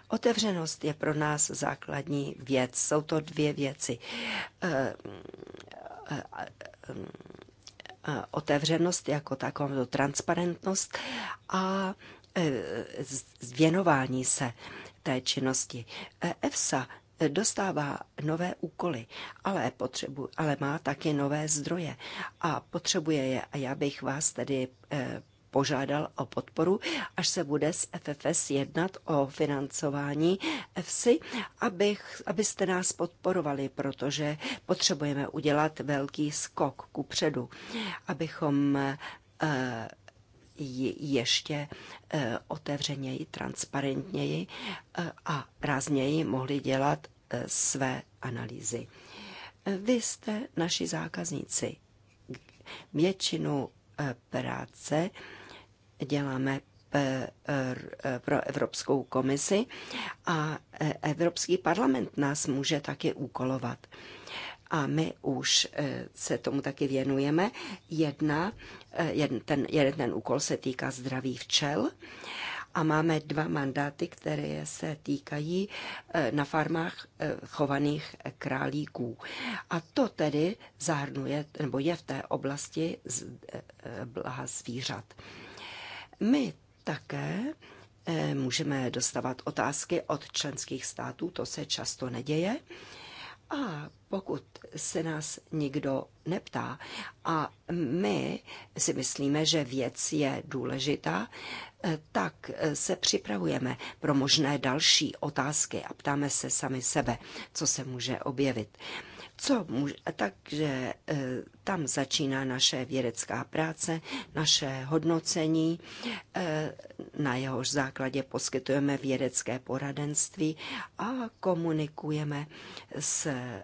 Otevřenost je pro nás základní věc. Jsou to dvě věci eh, Eh, otevřenost jako takovou transparentnost a eh, věnování se té činnosti. Eh, EFSA dostává nové úkoly, ale, potřebu, ale má také nové zdroje a potřebuje je. A já bych vás tedy požádal o podporu, až se bude s FFS jednat o financování EFSI, abych, abyste nás podporovali, protože potřebujeme udělat velký skok ku předu, abychom eh, ještě eh, otevřeněji, transparentněji eh, a rázněji mohli dělat své analýzy. Vy jste naši zákazníci. Většinu práce děláme e, e, pro Evropskou komisi a e, Evropský parlament nás může taky úkolovat. A my už se tomu taky věnujeme. Jedna, jeden, ten, jeden ten úkol se týká zdraví včel a máme dva mandáty, které se týkají na farmách chovaných králíků. A to tedy zahrnuje, nebo je v té oblasti blaha zvířat. My také eh, můžeme dostávat otázky od členských států, to se často neděje. A pokud se nás nikdo neptá a my si myslíme, že věc je důležitá, eh, tak eh, se připravujeme pro možné další otázky a ptáme se sami sebe, co se může objevit co může, takže e, tam začíná naše vědecká práce, naše hodnocení, e, na jehož základě poskytujeme vědecké poradenství a komunikujeme s e,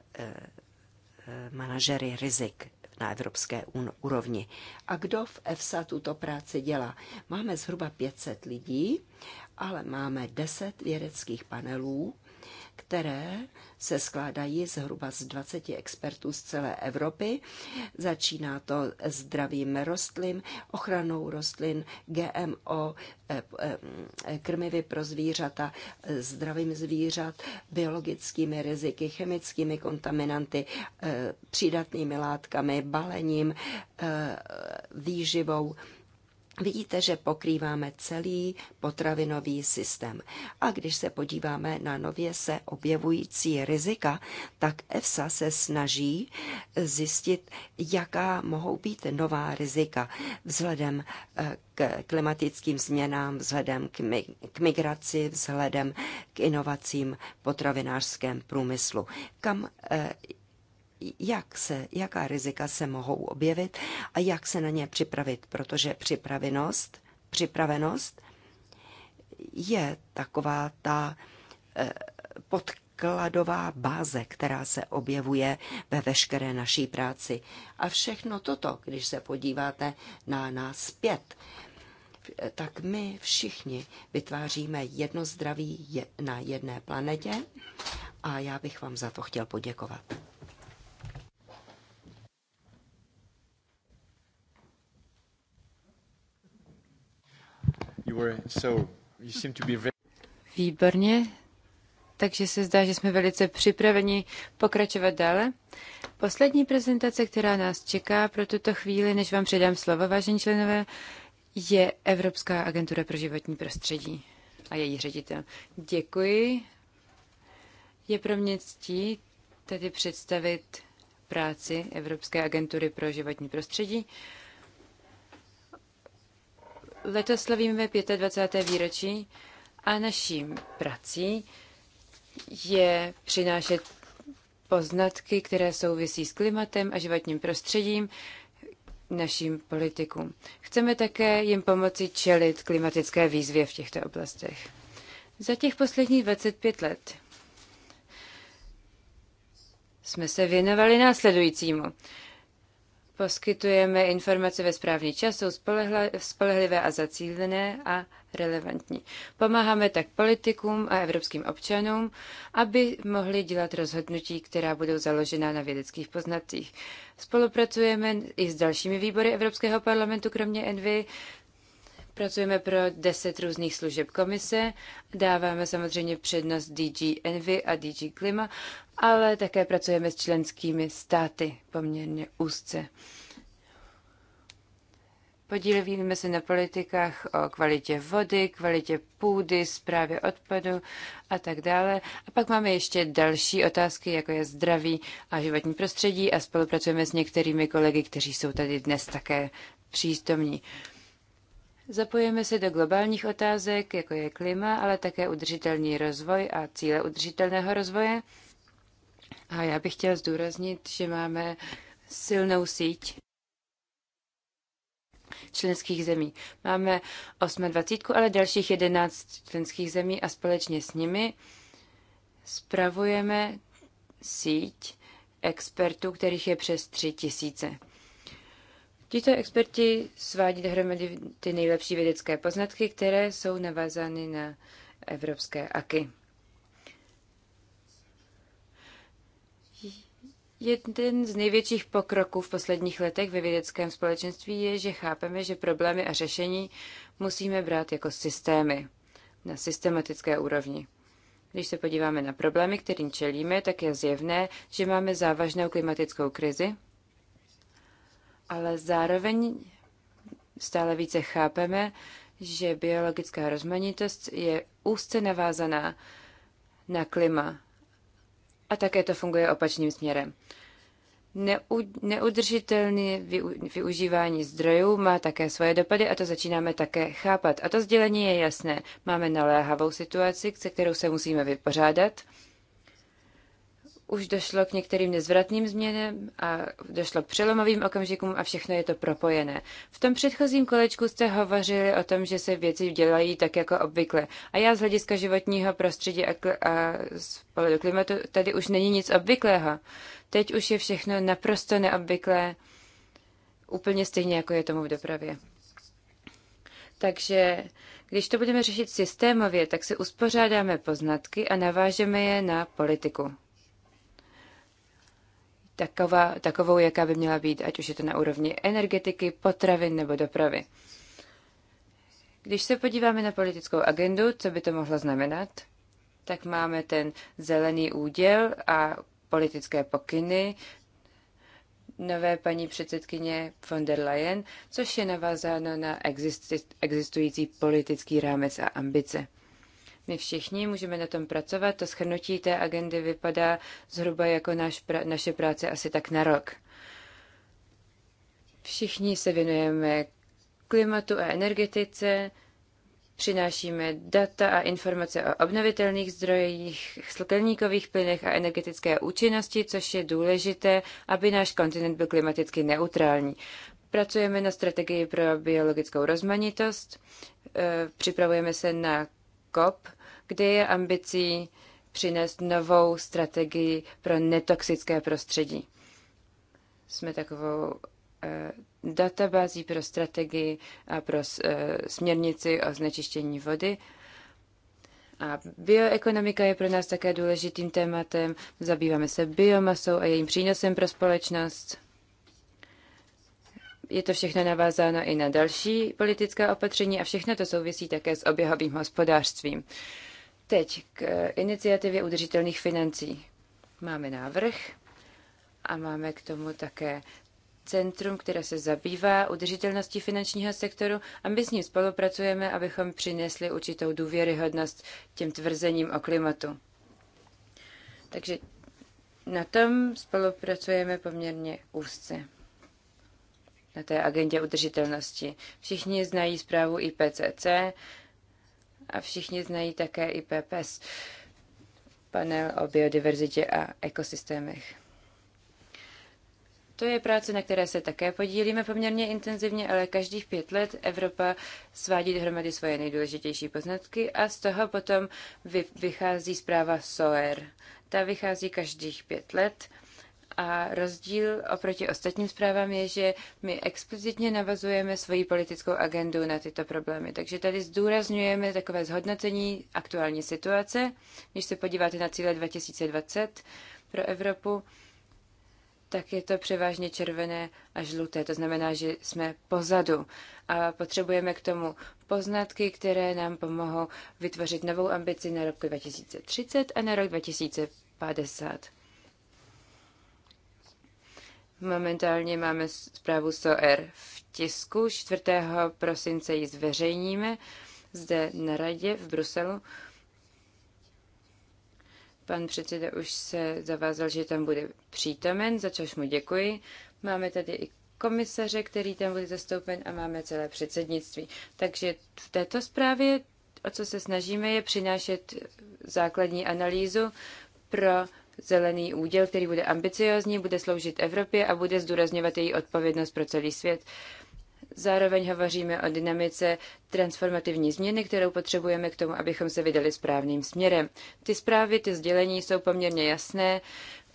manažery rizik na evropské úrovni. A kdo v EFSA tuto práci dělá? Máme zhruba 500 lidí, ale máme 10 vědeckých panelů, které se skládají zhruba z 20 expertů z celé Evropy. Začíná to zdravým rostlin, ochranou rostlin, GMO, eh, eh, eh, krmivy pro zvířata, zdravým zvířat, biologickými riziky, chemickými kontaminanty, přídatnými látkami, balením, výživou Vidíte, že pokrýváme celý potravinový systém. A když se podíváme na nově se objevující rizika, tak EFSA se snaží zjistit, jaká mohou být nová rizika vzhledem eh, k klimatickým změnám, vzhledem k migraci, vzhledem k inovacím potravinářském průmyslu. Kam eh, jak se, jaká rizika se mohou objevit a jak se na ně připravit, protože připravenost, připravenost je taková ta eh, podkladová báze, která se objevuje ve veškeré naší práci. A všechno toto, když se podíváte na nás zpět, eh, tak my všichni vytváříme jedno zdraví na jedné planetě a já bych vám za to chtěl poděkovat. Výborně. Takže se zdá, že jsme velice připraveni pokračovat dále. Poslední prezentace, která nás čeká pro tuto chvíli, než vám předám slovo, vážení členové, je Evropská agentura pro životní prostředí a její ředitel. Děkuji. Je pro mě ctí tedy představit práci Evropské agentury pro životní prostředí. Letos slavíme 25. výročí a naším prací je přinášet poznatky, které souvisí s klimatem a životním prostředím našim politikům. Chceme také jim pomoci čelit klimatické výzvě v těchto oblastech. Za těch posledních 25 let jsme se věnovali následujícímu. Poskytujeme informace ve správný čas, jsou spolehlivé a zacílené a relevantní. Pomáháme tak politikům a evropským občanům, aby mohli dělat rozhodnutí, která budou založena na vědeckých poznatcích. Spolupracujeme i s dalšími výbory Evropského parlamentu, kromě Envy, Pracujeme pro deset různých služeb komise, dáváme samozřejmě přednost DG Envy a DG Klima, ale také pracujeme s členskými státy poměrně úzce. Podílíme se na politikách o kvalitě vody, kvalitě půdy, zprávě odpadu a tak dále. A pak máme ještě další otázky, jako je zdraví a životní prostředí a spolupracujeme s některými kolegy, kteří jsou tady dnes také přístomní. Uh, Zapojíme se do globálních otázek, jako je klima, ale také udržitelný rozvoj a cíle udržitelného rozvoje. A já bych chtěla zdůraznit, že máme silnou síť členských zemí. Máme 28, ale dalších 11 členských zemí a společně s nimi spravujeme síť expertů, kterých je přes 3 tisíce. Tito experti svádí dohromady ty nejlepší vědecké poznatky, které jsou navázány na evropské aky. Jeden z největších pokroků v posledních letech ve vědeckém společenství je, že chápeme, že problémy a řešení musíme brát jako systémy na systematické úrovni. Když se podíváme na problémy, kterým čelíme, tak je zjevné, že máme závažnou klimatickou krizi, ale zároveň stále více chápeme, že biologická rozmanitost je úzce navázaná na klima. A také to funguje opačným směrem. Neudržitelné využívání zdrojů má také svoje dopady a to začínáme také chápat. A to sdělení je jasné. Máme naléhavou situaci, se kterou se musíme vypořádat – už došlo k některým nezvratným změnám a došlo k přelomovým okamžikům a všechno je to propojené. V tom předchozím kolečku jste hovořili o tom, že se věci dělají tak jako obvykle. A já z hlediska životního prostředí a, kl- a z pohledu klimatu tady už není nic obvyklého. Teď už je všechno naprosto neobvyklé, úplně stejně jako je tomu v dopravě. Takže když to budeme řešit systémově, tak si uspořádáme poznatky a navážeme je na politiku taková, takovou, jaká by měla být, ať už je to na úrovni energetiky, potravin nebo dopravy. Když se podíváme na politickou agendu, co by to mohlo znamenat, tak máme ten zelený úděl a politické pokyny nové paní předsedkyně von der Leyen, což je navázáno na existující politický rámec a ambice my všichni můžeme na tom pracovat. To schrnutí té agendy vypadá zhruba jako naš, naše práce asi tak na rok. Všichni se věnujeme klimatu a energetice, přinášíme data a informace o obnovitelných zdrojích, skleníkových plynech a energetické účinnosti, což je důležité, aby náš kontinent byl klimaticky neutrální. Pracujeme na strategii pro biologickou rozmanitost, eh, připravujeme se na COP, kdy je ambicí přinést novou strategii pro netoxické prostředí. Jsme takovou eh, databází pro strategii a pro eh, směrnici o znečištění vody. A bioekonomika je pro nás také důležitým tématem. Zabýváme se biomasou a jejím přínosem pro společnost. Je to všechno navázáno i na další politická opatření a všechno to souvisí také s oběhovým hospodářstvím. Teď k eh, iniciativě udržitelných financí. Máme návrh a máme k tomu také centrum, které se zabývá udržitelností finančního sektoru a my s ním spolupracujeme, abychom přinesli určitou důvěryhodnost těm tvrzením o klimatu. Takže na tom spolupracujeme poměrně úzce. Na té agendě udržitelnosti. Všichni znají zprávu IPCC, a všichni znají také IPPS, panel o biodiverzitě a ekosystémech. To je práce, na které se také podílíme poměrně intenzivně, ale každých pět let Evropa svádí dohromady svoje nejdůležitější poznatky a z toho potom vychází zpráva SOER. Ta vychází každých pět let a rozdíl oproti ostatním zprávám je, že my explicitně navazujeme svoji politickou agendu na tyto problémy. Takže tady zdůrazňujeme takové zhodnocení aktuální situace. Když se podíváte na cíle 2020 pro Evropu, tak je to převážně červené a žluté. To znamená, že jsme pozadu a potřebujeme k tomu poznatky, které nám pomohou vytvořit novou ambici na rok 2030 a na rok 2050. Momentálně máme zprávu 100R v tisku. 4. prosince ji zveřejníme zde na radě v Bruselu. Pan předseda už se zavázal, že tam bude přítomen, za což mu děkuji. Máme tady i komisaře, který tam bude zastoupen a máme celé předsednictví. Takže v této zprávě, o co se snažíme, je přinášet základní analýzu pro zelený úděl, který bude ambiciozní, bude sloužit Evropě a bude zdůrazňovat její odpovědnost pro celý svět. Zároveň hovoříme o dynamice transformativní změny, kterou potřebujeme k tomu, abychom se vydali správným směrem. Ty zprávy, ty sdělení jsou poměrně jasné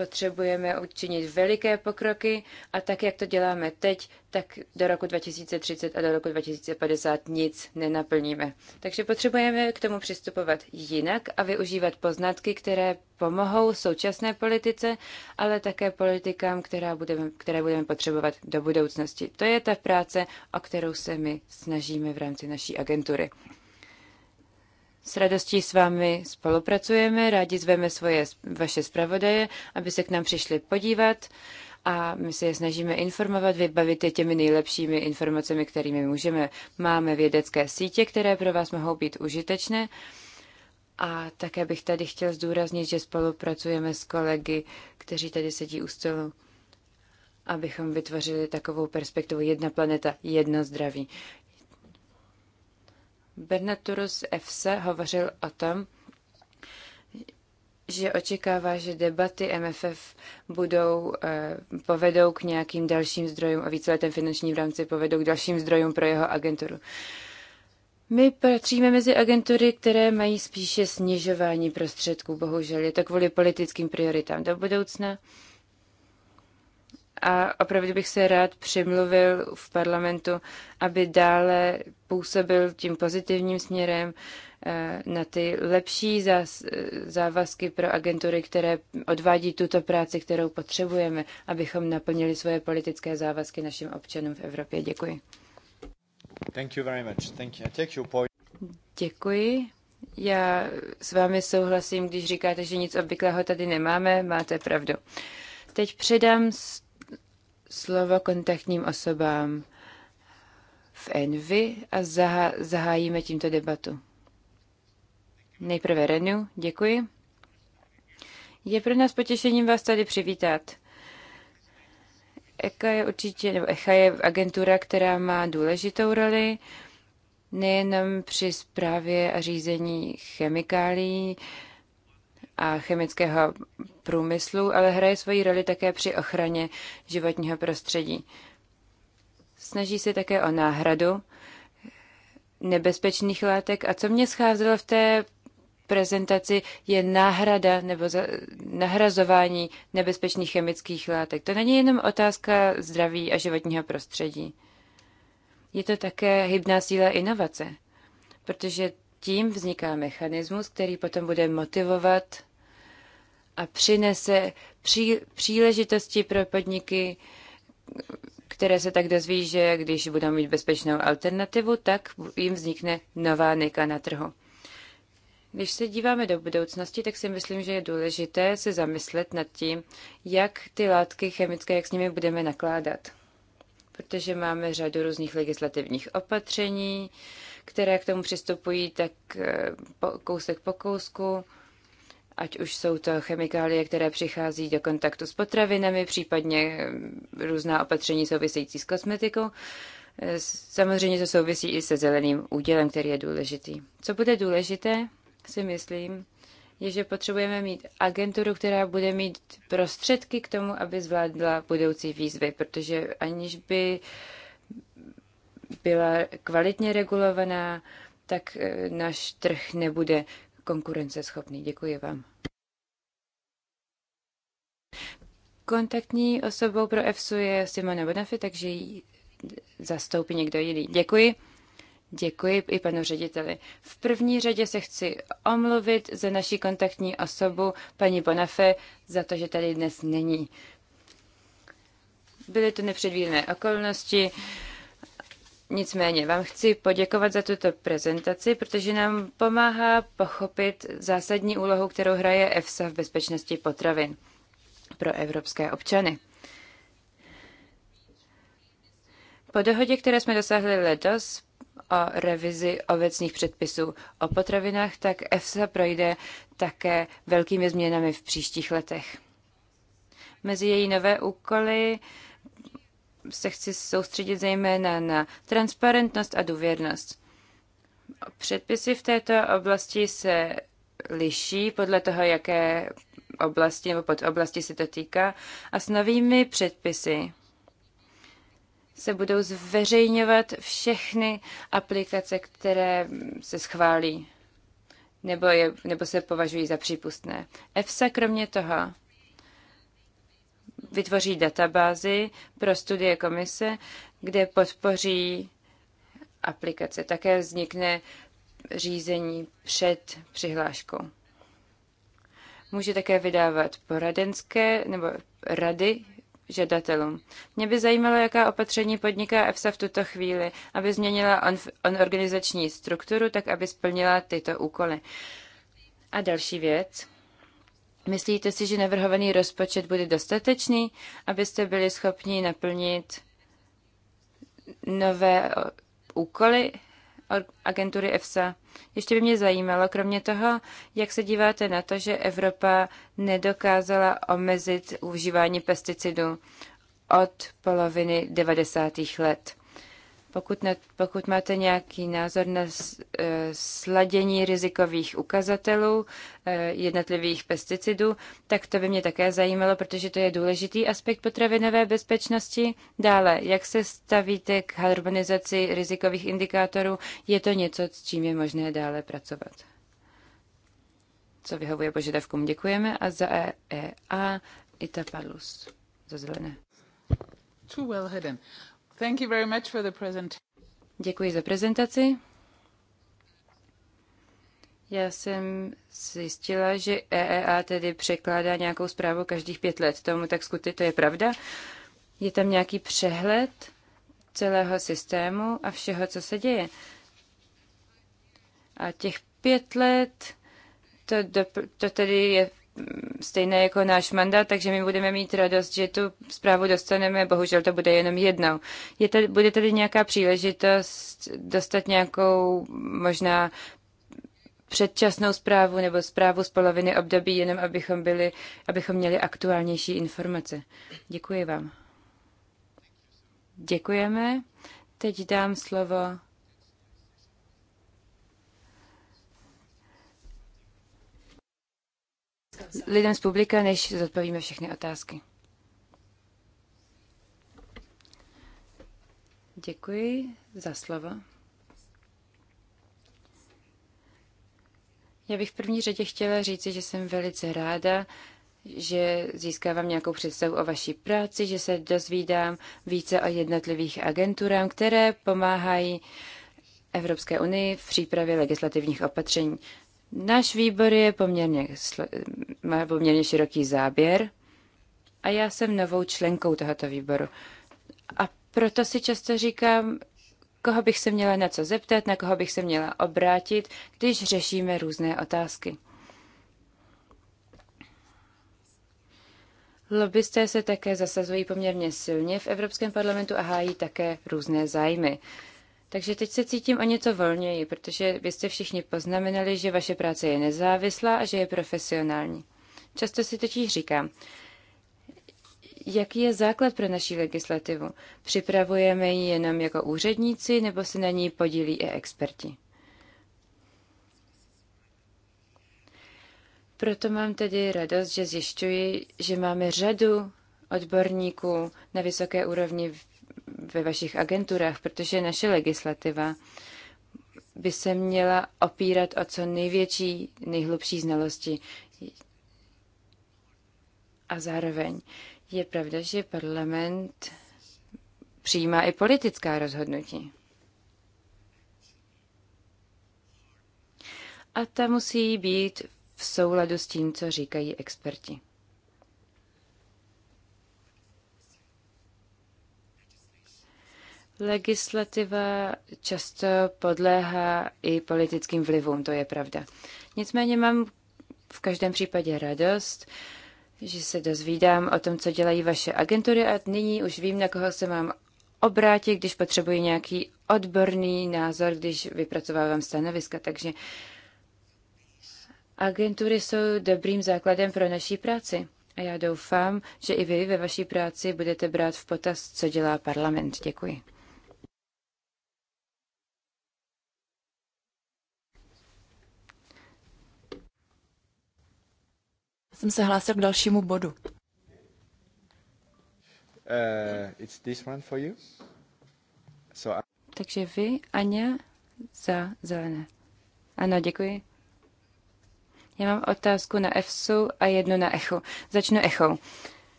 potřebujeme učinit veliké pokroky a tak, jak to děláme teď, tak do roku 2030 a do roku 2050 nic nenaplníme. Takže potřebujeme k tomu přistupovat jinak a využívat poznatky, které pomohou současné politice, ale také politikám, která budeme, které budeme potřebovat do budoucnosti. To je ta práce, o kterou se my snažíme v rámci naší agentury. S radostí s vámi spolupracujeme, rádi zveme svoje, vaše zpravodaje, aby se k nám přišli podívat a my se je snažíme informovat, vybavit je těmi nejlepšími informacemi, kterými můžeme. Máme vědecké sítě, které pro vás mohou být užitečné. A také bych tady chtěl zdůraznit, že spolupracujeme s kolegy, kteří tady sedí u stolu, abychom vytvořili takovou perspektivu jedna planeta, jedno zdraví. Bernaturus EFSA hovořil o tom, že očekává, že debaty MFF budou, eh, povedou k nějakým dalším zdrojům a víceletém finančním rámci povedou k dalším zdrojům pro jeho agenturu. My patříme mezi agentury, které mají spíše snižování prostředků, bohužel. Je to kvůli politickým prioritám do budoucna a opravdu bych se rád přemluvil v parlamentu, aby dále působil tím pozitivním směrem eh, na ty lepší závazky pro agentury, které odvádí tuto práci, kterou potřebujeme, abychom naplnili svoje politické závazky našim občanům v Evropě. Děkuji. Thank you very much. Thank you. I take your point. Děkuji. Já s vámi souhlasím, když říkáte, že nic obvyklého tady nemáme. Máte pravdu. Teď předám slovo kontaktním osobám v Envy a zahájíme tímto debatu. Nejprve Renu, děkuji. Je pro nás potěšením vás tady přivítat. Eka je určitě, nebo ECHA je agentura, která má důležitou roli nejenom při zprávě a řízení chemikálií, a chemického průmyslu, ale hraje svoji roli také při ochraně životního prostředí. Snaží se také o náhradu nebezpečných látek a co mě scházelo v té prezentaci je náhrada nebo za, nahrazování nebezpečných chemických látek. To není jenom otázka zdraví a životního prostředí. Je to také hybná síla inovace, protože tím vzniká mechanismus, který potom bude motivovat a přinese pří, příležitosti pro podniky, které se tak dozví, že když budou mít bezpečnou alternativu, tak jim vznikne nová nika na trhu. Když se díváme do budoucnosti, tak si myslím, že je důležité se zamyslet nad tím, jak ty látky chemické, jak s nimi budeme nakládat. Protože máme řadu různých legislativních opatření, které k tomu přistupují tak eh, kousek po kousku ať už jsou to chemikálie, které přichází do kontaktu s potravinami, případně eh, různá opatření související s kosmetikou. Eh, samozřejmě to souvisí i se zeleným údělem, který je důležitý. Co bude důležité, si myslím, je, že potřebujeme mít agenturu, která bude mít prostředky k tomu, aby zvládla budoucí výzvy, protože aniž by byla kvalitně regulovaná, tak eh, náš trh nebude konkurenceschopný. Děkuji vám. Kontaktní osobou pro EFSU je Simona Bonafy, takže ji zastoupí někdo jiný. Děkuji. Děkuji i panu řediteli. V první řadě se chci omluvit za naší kontaktní osobu, paní Bonafe za to, že tady dnes není. Byly to nepředvídané okolnosti, nicméně vám chci poděkovat za tuto prezentaci, protože nám pomáhá pochopit zásadní úlohu, kterou hraje EFSA v bezpečnosti potravin pro evropské občany. Po dohodě, které jsme dosáhli letos o revizi obecných předpisů o potravinách, tak EFSA projde také velkými změnami v příštích letech. Mezi její nové úkoly se chci soustředit zejména na transparentnost a důvěrnost. Předpisy v této oblasti se liší podle toho, jaké oblasti nebo pod oblasti se to týká. A s novými předpisy se budou zveřejňovat všechny aplikace, které se schválí nebo, je, nebo se považují za přípustné. EFSA kromě toho vytvoří databázy pro studie komise, kde podpoří aplikace. Také vznikne řízení před přihláškou. Může také vydávat poradenské nebo rady žadatelům. Mě by zajímalo, jaká opatření podniká EFSA v tuto chvíli, aby změnila on, on organizační strukturu, tak aby splnila tyto úkoly. A další věc. Myslíte si, že navrhovaný rozpočet bude dostatečný, abyste byli schopni naplnit nové úkoly agentury EFSA. Ještě by mě zajímalo, kromě toho, jak se díváte na to, že Evropa nedokázala omezit užívání pesticidů od poloviny 90. let. Pokud, ne, pokud máte nějaký názor na e, sladění rizikových ukazatelů e, jednotlivých pesticidů, tak to by mě také zajímalo, protože to je důležitý aspekt potravinové bezpečnosti. Dále, jak se stavíte k harmonizaci rizikových indikátorů? Je to něco, s čím je možné dále pracovat? Co vyhovuje požadavkům? Děkujeme a za EEA Itapalus. Za zelené. Too well hidden. Thank you very much for the Děkuji za prezentaci. Já jsem zjistila, že EEA tedy překládá nějakou zprávu každých pět let. Tomu tak skutečně to je pravda. Je tam nějaký přehled celého systému a všeho, co se děje. A těch pět let, to, do, to tedy je stejné jako náš mandát, takže my budeme mít radost, že tu zprávu dostaneme, bohužel to bude jenom jednou. Je tady, bude tady nějaká příležitost dostat nějakou možná předčasnou zprávu nebo zprávu z poloviny období, jenom abychom, byli, abychom měli aktuálnější informace. Děkuji vám. Děkujeme. Teď dám slovo lidem z publika, než zodpovíme všechny otázky. Děkuji za slovo. Já bych v první řadě chtěla říci, že jsem velice ráda, že získávám nějakou představu o vaší práci, že se dozvídám více o jednotlivých agenturám, které pomáhají Evropské unii v přípravě legislativních opatření. Náš výbor je poměrně, má poměrně široký záběr a já jsem novou členkou tohoto výboru. A proto si často říkám, koho bych se měla na co zeptat, na koho bych se měla obrátit, když řešíme různé otázky. Lobbysté se také zasazují poměrně silně v Evropském parlamentu a hájí také různé zájmy. Takže teď se cítím o něco volněji, protože vy jste všichni poznamenali, že vaše práce je nezávislá a že je profesionální. Často si totiž říkám, jaký je základ pro naší legislativu? Připravujeme ji jenom jako úředníci nebo se na ní podílí i experti? Proto mám tedy radost, že zjišťuji, že máme řadu odborníků na vysoké úrovni ve vašich agenturách, protože naše legislativa by se měla opírat o co největší, nejhlubší znalosti. A zároveň je pravda, že parlament přijímá i politická rozhodnutí. A ta musí být v souladu s tím, co říkají experti. Legislativa často podléhá i politickým vlivům, to je pravda. Nicméně mám v každém případě radost, že se dozvídám o tom, co dělají vaše agentury a nyní už vím, na koho se mám obrátit, když potřebuji nějaký odborný názor, když vypracovávám stanoviska. Takže agentury jsou dobrým základem pro naší práci. A já doufám, že i vy ve vaší práci budete brát v potaz, co dělá parlament. Děkuji. jsem se hlásil k dalšímu bodu. Uh, it's this one for you. So I... Uh, Takže vy, Aně, za zelené. Ano, děkuji. Já mám otázku na EFSU a jednu na ECHO. Začnu ECHO.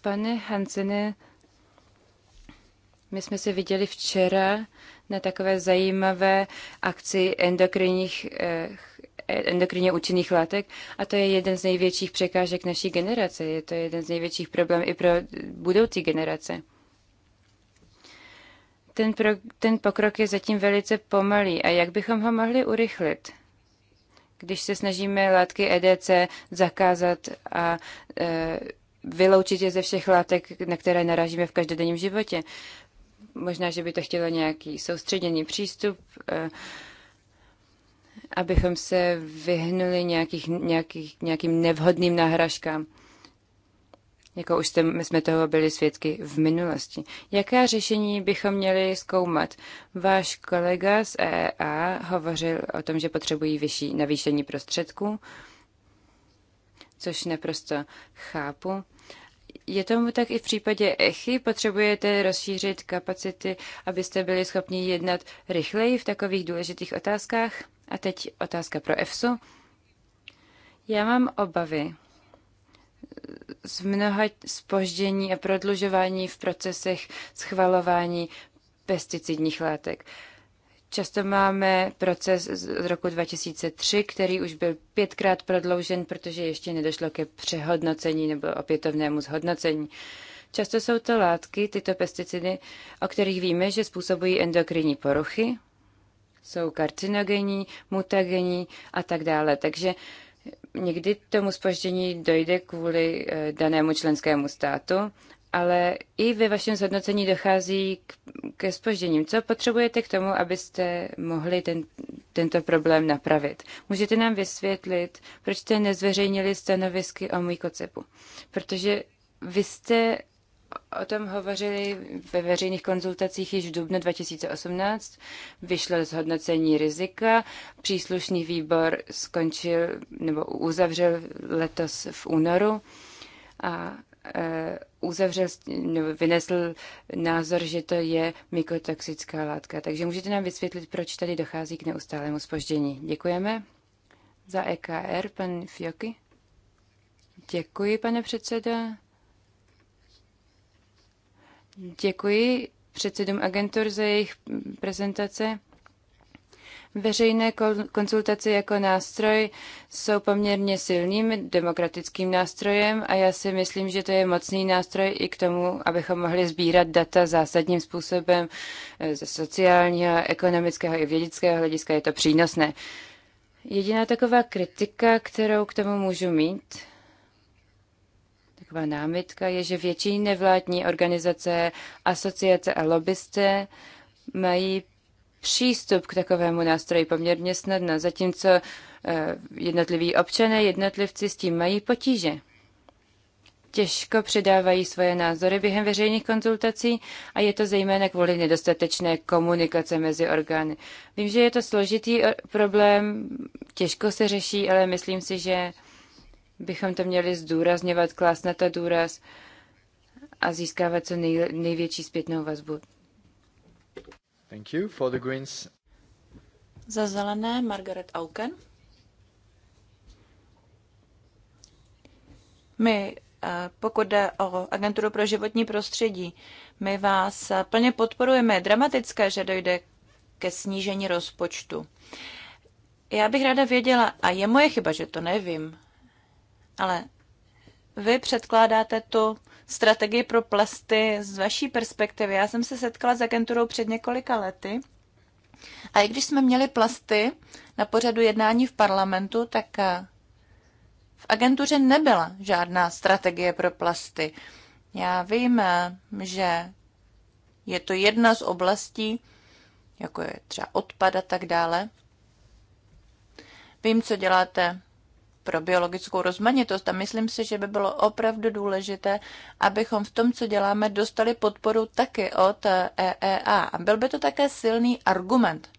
Pane Hansene, my jsme se viděli včera na takové zajímavé akci endokrinních eh, endokrinně účinných látek a to je jeden z největších překážek naší generace. Je to jeden z největších problémů i pro budoucí generace. Ten, pro, ten pokrok je zatím velice pomalý a jak bychom ho mohli urychlit? Když se snažíme látky EDC zakázat a e, vyloučit je ze všech látek, na které narážíme v každodenním životě. Možná, že by to chtělo nějaký soustředěný přístup. E, abychom se vyhnuli nějakých, nějakých, nějakým nevhodným nahražkám. jako už jsme, jsme toho byli svědky v minulosti. Jaká řešení bychom měli zkoumat? Váš kolega z EEA hovořil o tom, že potřebují vyšší navýšení prostředků, což naprosto chápu. Je tomu tak i v případě ECHY? Potřebujete rozšířit kapacity, abyste byli schopni jednat rychleji v takových důležitých otázkách? A teď otázka pro EFSU. Já mám obavy z mnoha spoždění a prodlužování v procesech schvalování pesticidních látek. Často máme proces z roku 2003, který už byl pětkrát prodloužen, protože ještě nedošlo ke přehodnocení nebo opětovnému zhodnocení. Často jsou to látky, tyto pesticidy, o kterých víme, že způsobují endokrinní poruchy, jsou karcinogenní, mutagenní a tak dále. Takže někdy tomu spoždění dojde kvůli eh, danému členskému státu, ale i ve vašem zhodnocení dochází k, ke spožděním. Co potřebujete k tomu, abyste mohli ten, tento problém napravit? Můžete nám vysvětlit, proč jste nezveřejnili stanovisky o kocepu? Protože vy jste o tom hovořili ve veřejných konzultacích již v dubnu 2018. Vyšlo zhodnocení rizika. Příslušný výbor skončil nebo uzavřel letos v únoru a uh, uzavřel nebo vynesl názor, že to je mykotoxická látka. Takže můžete nám vysvětlit, proč tady dochází k neustálému spoždění. Děkujeme. Za EKR, pan Fioky. Děkuji, pane předsedo. Děkuji předsedům agentur za jejich prezentace. Veřejné konzultace jako nástroj jsou poměrně silným demokratickým nástrojem a já si myslím, že to je mocný nástroj i k tomu, abychom mohli sbírat data zásadním způsobem ze sociálního, ekonomického i vědického hlediska. Je to přínosné. Jediná taková kritika, kterou k tomu můžu mít, taková námitka je, že větší nevládní organizace, asociace a lobbysté mají přístup k takovému nástroji poměrně snadno, zatímco eh, jednotliví občané, jednotlivci s tím mají potíže. Těžko předávají svoje názory během veřejných konzultací a je to zejména kvůli nedostatečné komunikace mezi orgány. Vím, že je to složitý eh, problém, těžko se řeší, ale myslím si, že bychom to měli zdůrazněvat, klást na to důraz a získávat co nej, největší zpětnou vazbu. Thank you for the greens. Za zelené Margaret Auken. My, eh, pokud jde o agenturu pro životní prostředí, my vás eh, plně podporujeme. Je dramatické, že dojde ke snížení rozpočtu. Já bych ráda věděla, a je moje chyba, že to nevím, ale vy předkládáte tu strategii pro plasty z vaší perspektivy. Já jsem se setkala s agenturou před několika lety a i když jsme měli plasty na pořadu jednání v parlamentu, tak eh, v agentuře nebyla žádná strategie pro plasty. Já vím, eh, že je to jedna z oblastí, jako je třeba odpad a tak dále. Vím, co děláte pro biologickou rozmanitost. A myslím si, že by bylo opravdu důležité, abychom v tom, co děláme, dostali podporu taky od EEA. Eh, e a byl by to také silný argument,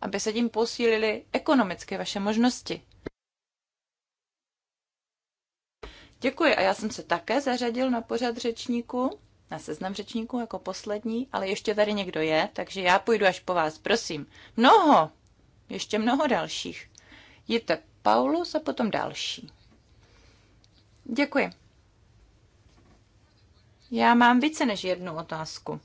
aby se tím posílili ekonomicky vaše možnosti. Děkuji a já jsem se také zařadil na pořad řečníku, na seznam řečníků jako poslední, ale ještě tady někdo je, takže já půjdu až po vás, prosím. Mnoho, ještě mnoho dalších. Jite Paulus a potom další. Děkuji. Já mám více než jednu otázku.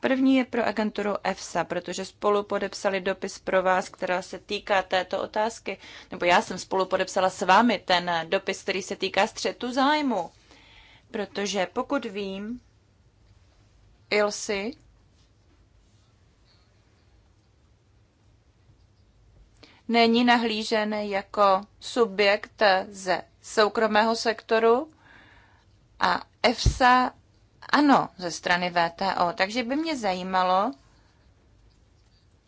První je pro agenturu EFSA, protože spolu podepsali dopis pro vás, která se týká této otázky. Nebo já jsem spolu podepsala s vámi ten dopis, který se týká střetu zájmu. Protože pokud vím, ILSI není nahlížen jako subjekt ze soukromého sektoru a EFSA ano ze strany VTO. Takže by mě zajímalo,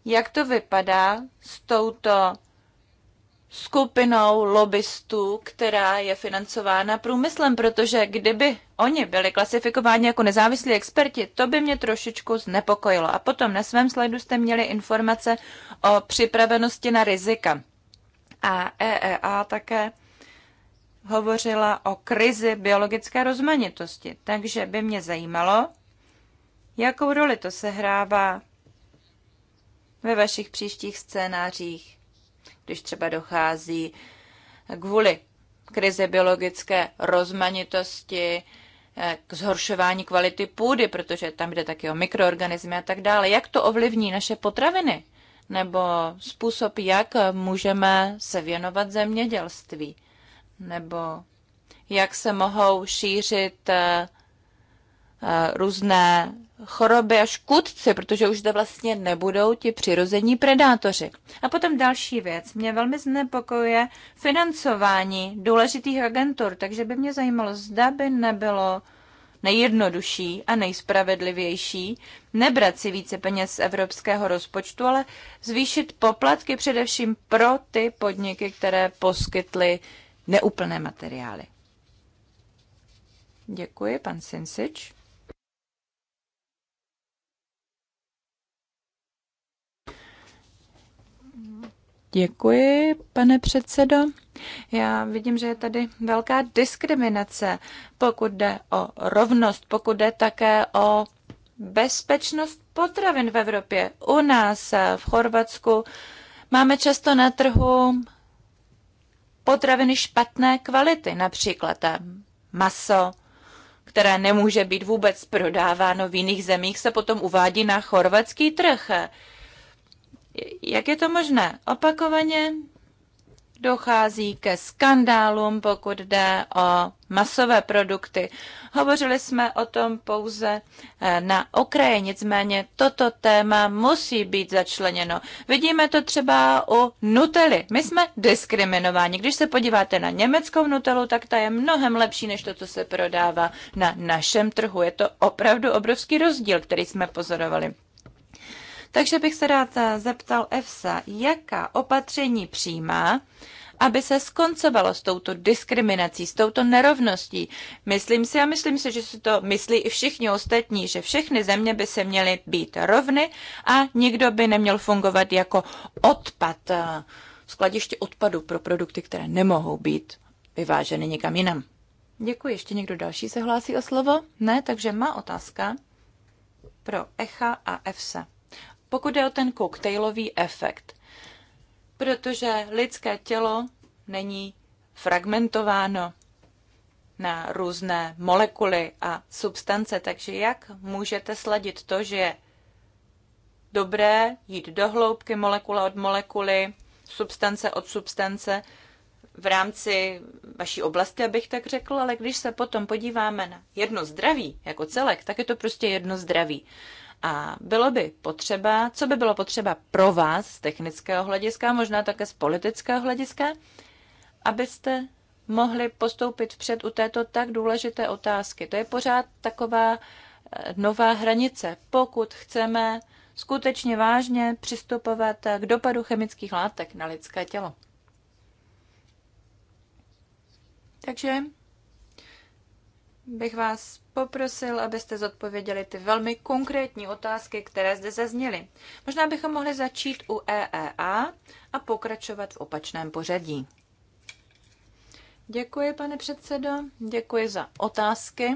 jak to vypadá s touto skupinou lobbystů, která je financována průmyslem, protože kdyby oni byli klasifikováni jako nezávislí experti, to by mě trošičku znepokojilo. A potom na svém slajdu jste měli informace o připravenosti na rizika. A EEA také hovořila o krizi biologické rozmanitosti, takže by mě zajímalo, jakou roli to sehrává ve vašich příštích scénářích když třeba dochází kvůli krizi biologické rozmanitosti, eh, k zhoršování kvality půdy, protože tam jde taky o mikroorganismy a tak dále. Jak to ovlivní naše potraviny? Nebo způsob, jak můžeme se věnovat zemědělství? Nebo jak se mohou šířit eh, Eh, různé choroby a škůdci, protože už zde vlastně nebudou ti přirození predátoři. A potom další věc. Mě velmi znepokojuje financování důležitých agentur, takže by mě zajímalo, zda by nebylo nejjednodušší a nejspravedlivější nebrat si více peněz z evropského rozpočtu, ale zvýšit poplatky především pro ty podniky, které poskytly neúplné materiály. Děkuji, pan Sinsič. Děkuji, pane předsedo. Já vidím, že je tady velká diskriminace, pokud jde o rovnost, pokud jde také o bezpečnost potravin v Evropě. U nás eh, v Chorvatsku máme často na trhu potraviny špatné kvality, například eh, maso, které nemůže být vůbec prodáváno v jiných zemích, se potom uvádí na chorvatský trh. Jak je to možné? Opakovaně dochází ke skandálům, pokud jde o masové produkty. Hovořili jsme o tom pouze eh, na okraji, nicméně toto téma musí být začleněno. Vidíme to třeba u Nutely. My jsme diskriminováni. Když se podíváte na německou Nutelu, tak ta je mnohem lepší než to, co se prodává na našem trhu. Je to opravdu obrovský rozdíl, který jsme pozorovali. Takže bych se rád eh, zeptal EFSA, jaká opatření přijímá, aby se skoncovalo s touto diskriminací, s touto nerovností. Myslím si a myslím si, že si to myslí i všichni ostatní, že všechny země by se měly být rovny a nikdo by neměl fungovat jako odpad, eh, skladiště odpadu pro produkty, které nemohou být vyváženy někam jinam. Děkuji. Ještě někdo další se hlásí o slovo? Ne, takže má otázka pro ECHA a EFSA pokud je o ten koktejlový efekt, protože lidské tělo není fragmentováno na různé molekuly a substance, takže jak můžete sladit to, že je dobré jít do hloubky molekula od molekuly, substance od substance v rámci vaší oblasti, abych tak řekl, ale když se potom podíváme na jedno zdraví jako celek, tak je to prostě jedno zdraví. A bylo by potřeba, co by bylo potřeba pro vás z technického hlediska, možná také z politického hlediska, abyste mohli postoupit vpřed u této tak důležité otázky. To je pořád taková eh, nová hranice, pokud chceme skutečně vážně přistupovat k dopadu chemických látek na lidské tělo. Takže bych vás poprosil, abyste zodpověděli ty velmi konkrétní otázky, které zde zazněly. Možná bychom mohli začít u EEA a pokračovat v opačném pořadí. Děkuji, pane předsedo, děkuji za otázky.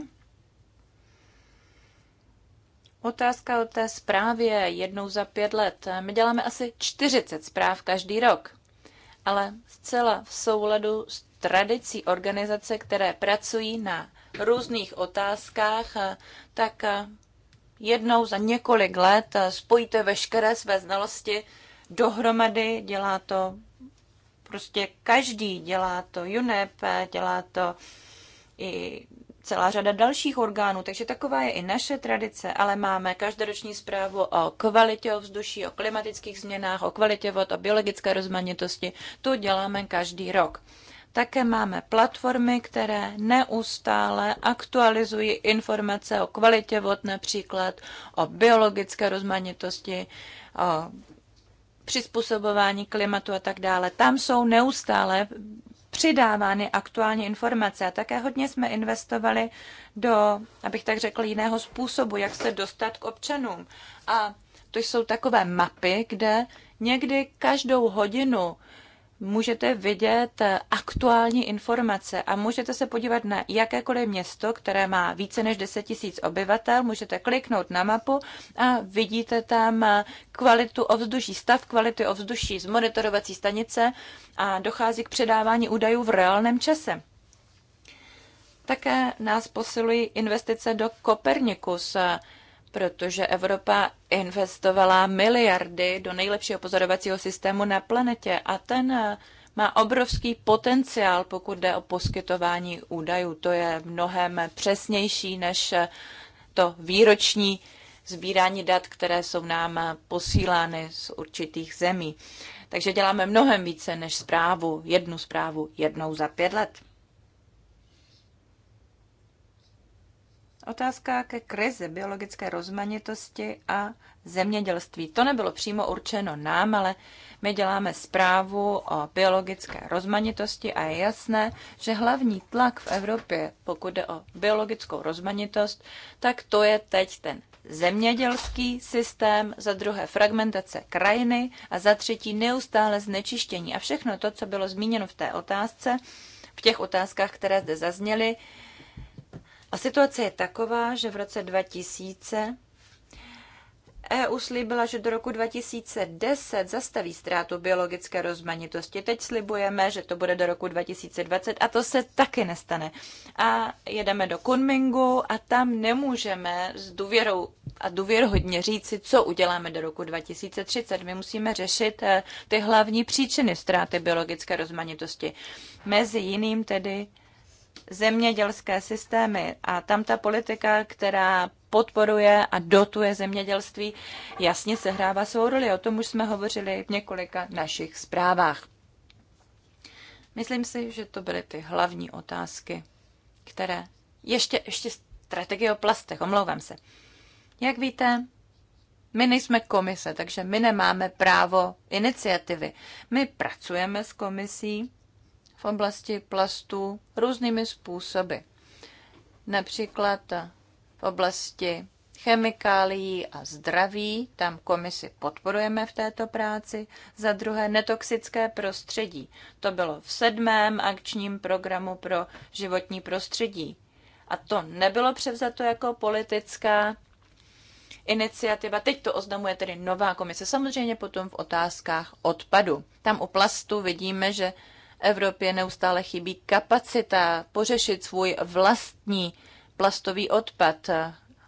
Otázka o té zprávě jednou za pět let. My děláme asi 40 zpráv každý rok, ale zcela v souladu s tradicí organizace, které pracují na různých otázkách, eh, tak eh, jednou za několik let eh, spojíte veškeré své znalosti dohromady, dělá to prostě každý, dělá to UNEP, dělá to i celá řada dalších orgánů, takže taková je i naše tradice, ale máme každoroční zprávu o kvalitě ovzduší, o klimatických změnách, o kvalitě vod, o biologické rozmanitosti. To děláme každý rok. Také máme platformy, které neustále aktualizují informace o kvalitě vod, například o biologické rozmanitosti, o přizpůsobování klimatu a tak dále. Tam jsou neustále přidávány aktuální informace a také hodně jsme investovali do, abych tak řekl, jiného způsobu, jak se dostat k občanům. A to jsou takové mapy, kde někdy každou hodinu můžete vidět aktuální informace a můžete se podívat na jakékoliv město, které má více než 10 000 obyvatel. Můžete kliknout na mapu a vidíte tam kvalitu ovzduší, stav kvality ovzduší z monitorovací stanice a dochází k předávání údajů v reálném čase. Také nás posilují investice do Kopernikus, protože Evropa investovala miliardy do nejlepšího pozorovacího systému na planetě a ten eh, má obrovský potenciál, pokud jde o poskytování údajů. To je mnohem přesnější než eh, to výroční sbírání dat, které jsou nám eh, posílány z určitých zemí. Takže děláme mnohem více než zprávu, jednu zprávu jednou za pět let. Otázka ke krizi biologické rozmanitosti a zemědělství. To nebylo přímo určeno nám, ale my děláme zprávu o biologické rozmanitosti a je jasné, že hlavní tlak v Evropě, pokud jde o biologickou rozmanitost, tak to je teď ten zemědělský systém, za druhé fragmentace krajiny a za třetí neustále znečištění. A všechno to, co bylo zmíněno v té otázce, v těch otázkách, které zde zazněly, a situace je taková, že v roce 2000 EU slíbila, že do roku 2010 zastaví ztrátu biologické rozmanitosti. Teď slibujeme, že to bude do roku 2020 a to se taky nestane. A jedeme do Kunmingu a tam nemůžeme s důvěrou a důvěrhodně říci, co uděláme do roku 2030. My musíme řešit eh, ty hlavní příčiny ztráty biologické rozmanitosti. Mezi jiným tedy zemědělské systémy a tam ta politika, která podporuje a dotuje zemědělství, jasně sehrává svou roli. O tom už jsme hovořili v několika našich zprávách. Myslím si, že to byly ty hlavní otázky, které... Ještě, ještě strategie o plastech, omlouvám se. Jak víte, my nejsme komise, takže my nemáme právo iniciativy. My pracujeme s komisí v oblasti plastů různými způsoby. Například v oblasti chemikálií a zdraví, tam komisi podporujeme v této práci. Za druhé netoxické prostředí. To bylo v sedmém akčním programu pro životní prostředí. A to nebylo převzato jako politická iniciativa. Teď to oznamuje tedy nová komise, samozřejmě potom v otázkách odpadu. Tam u plastu vidíme, že Evropě neustále chybí kapacita pořešit svůj vlastní plastový odpad.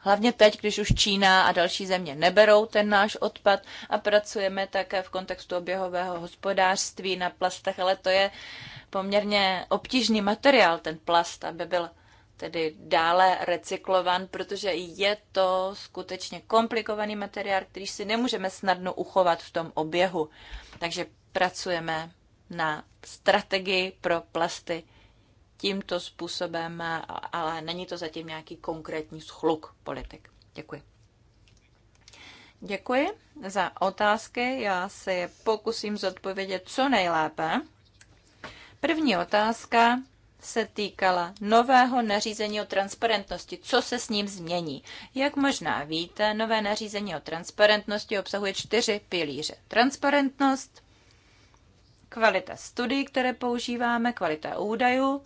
Hlavně teď, když už Čína a další země neberou ten náš odpad a pracujeme také v kontextu oběhového hospodářství na plastech, ale to je poměrně obtížný materiál, ten plast, aby byl tedy dále recyklovan, protože je to skutečně komplikovaný materiál, který si nemůžeme snadno uchovat v tom oběhu. Takže pracujeme na strategii pro plasty tímto způsobem, ale není to zatím nějaký konkrétní schluk politik. Děkuji. Děkuji za otázky. Já se je pokusím zodpovědět co nejlépe. První otázka se týkala nového nařízení o transparentnosti. Co se s ním změní? Jak možná víte, nové nařízení o transparentnosti obsahuje čtyři pilíře. Transparentnost, kvalita studií, které používáme, kvalita údajů,